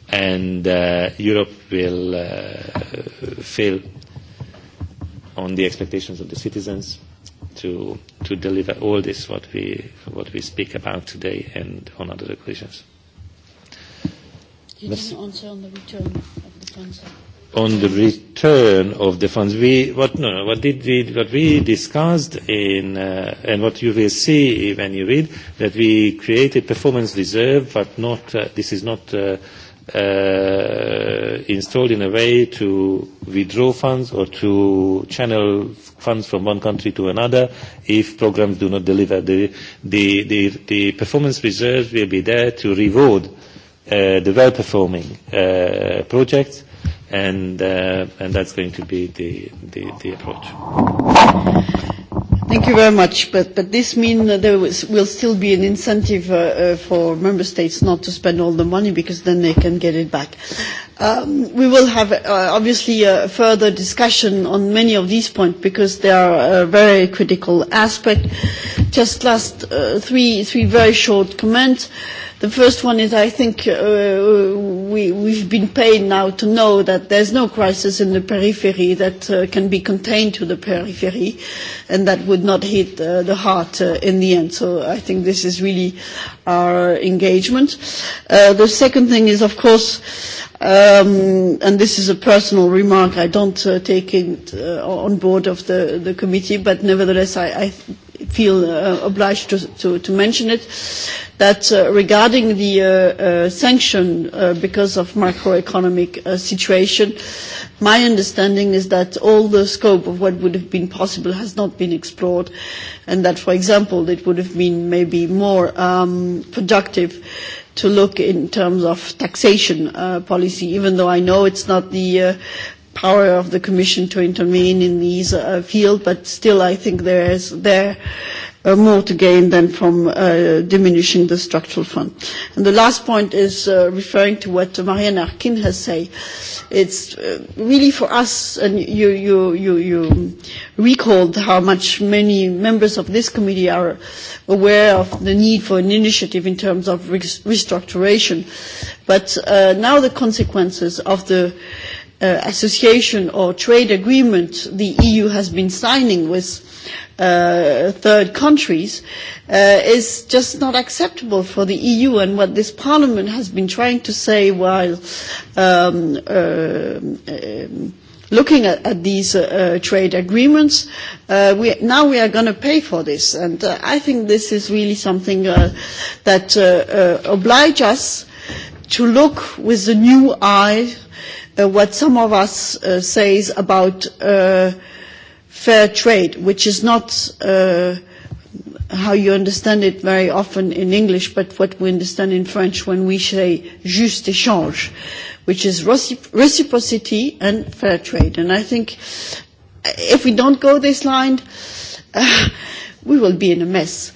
and uh, Europe will uh, fail on the expectations of the citizens to to deliver all this what we what we speak about today and on other occasions. You didn't answer on the return of the funds on the return of the funds. We, what, no, no, what did we, what we discussed in, uh, and what you will see when you read, that we created performance reserve, but not, uh, this is not uh, uh, installed in a way to withdraw funds or to channel funds from one country to another if programs do not deliver. The, the, the, the performance reserve will be there to reward uh, the well-performing uh, projects and uh, and that's going to be the, the the approach. Thank you very much. But but this means that there was, will still be an incentive uh, uh, for member states not to spend all the money because then they can get it back. Um, we will have uh, obviously a uh, further discussion on many of these points because they are a very critical aspect. Just last uh, three three very short comments. Uh, The first one is I think uh, uh, we, we've been paid now to know that there's no crisis in the periphery that uh, can be contained to the periphery and that would not hit uh, the heart uh, in the end. So I think this is really our engagement. Uh, the second thing is, of course, um, and this is a personal remark, I don't uh, take it uh, on board of the, the committee, but nevertheless I, I feel uh, obliged to, mention it, that uh, regarding the uh, sanction because of macroeconomic situation, my understanding is that all the scope of what would have been possible has not been explored, and that, for example, it would have been maybe more um, productive to look in terms of taxation policy, even though I know it's not the power of the Commission to intervene in these uh, field, but still I think there is there uh, more to gain than from uh, diminishing the structural fund. And the last point is uh, referring to what Marianne Arkin has said. It's uh, really for us, and you, you, you, you recalled how much many members of this committee are aware of the need for an initiative in terms of restructuration. But uh, now the consequences of the uh, uh, association or trade agreement the EU has been signing with uh, third countries uh, is just not acceptable for the EU. And what this Parliament has been trying to say while um, uh, um, looking at, at these uh, trade agreements, uh, we, now we are going to pay for this. And uh, I think this is really something uh, that uh, uh, obliges us to look with a new eye uh, Uh, what some of us uh, says about uh, fair trade, which is not uh, how you understand it very often in English, but what we understand in French when we say juste échange, which is reciprocity and fair trade. And I think uh, if we don't go this line, uh, we will be in a mess. Uh,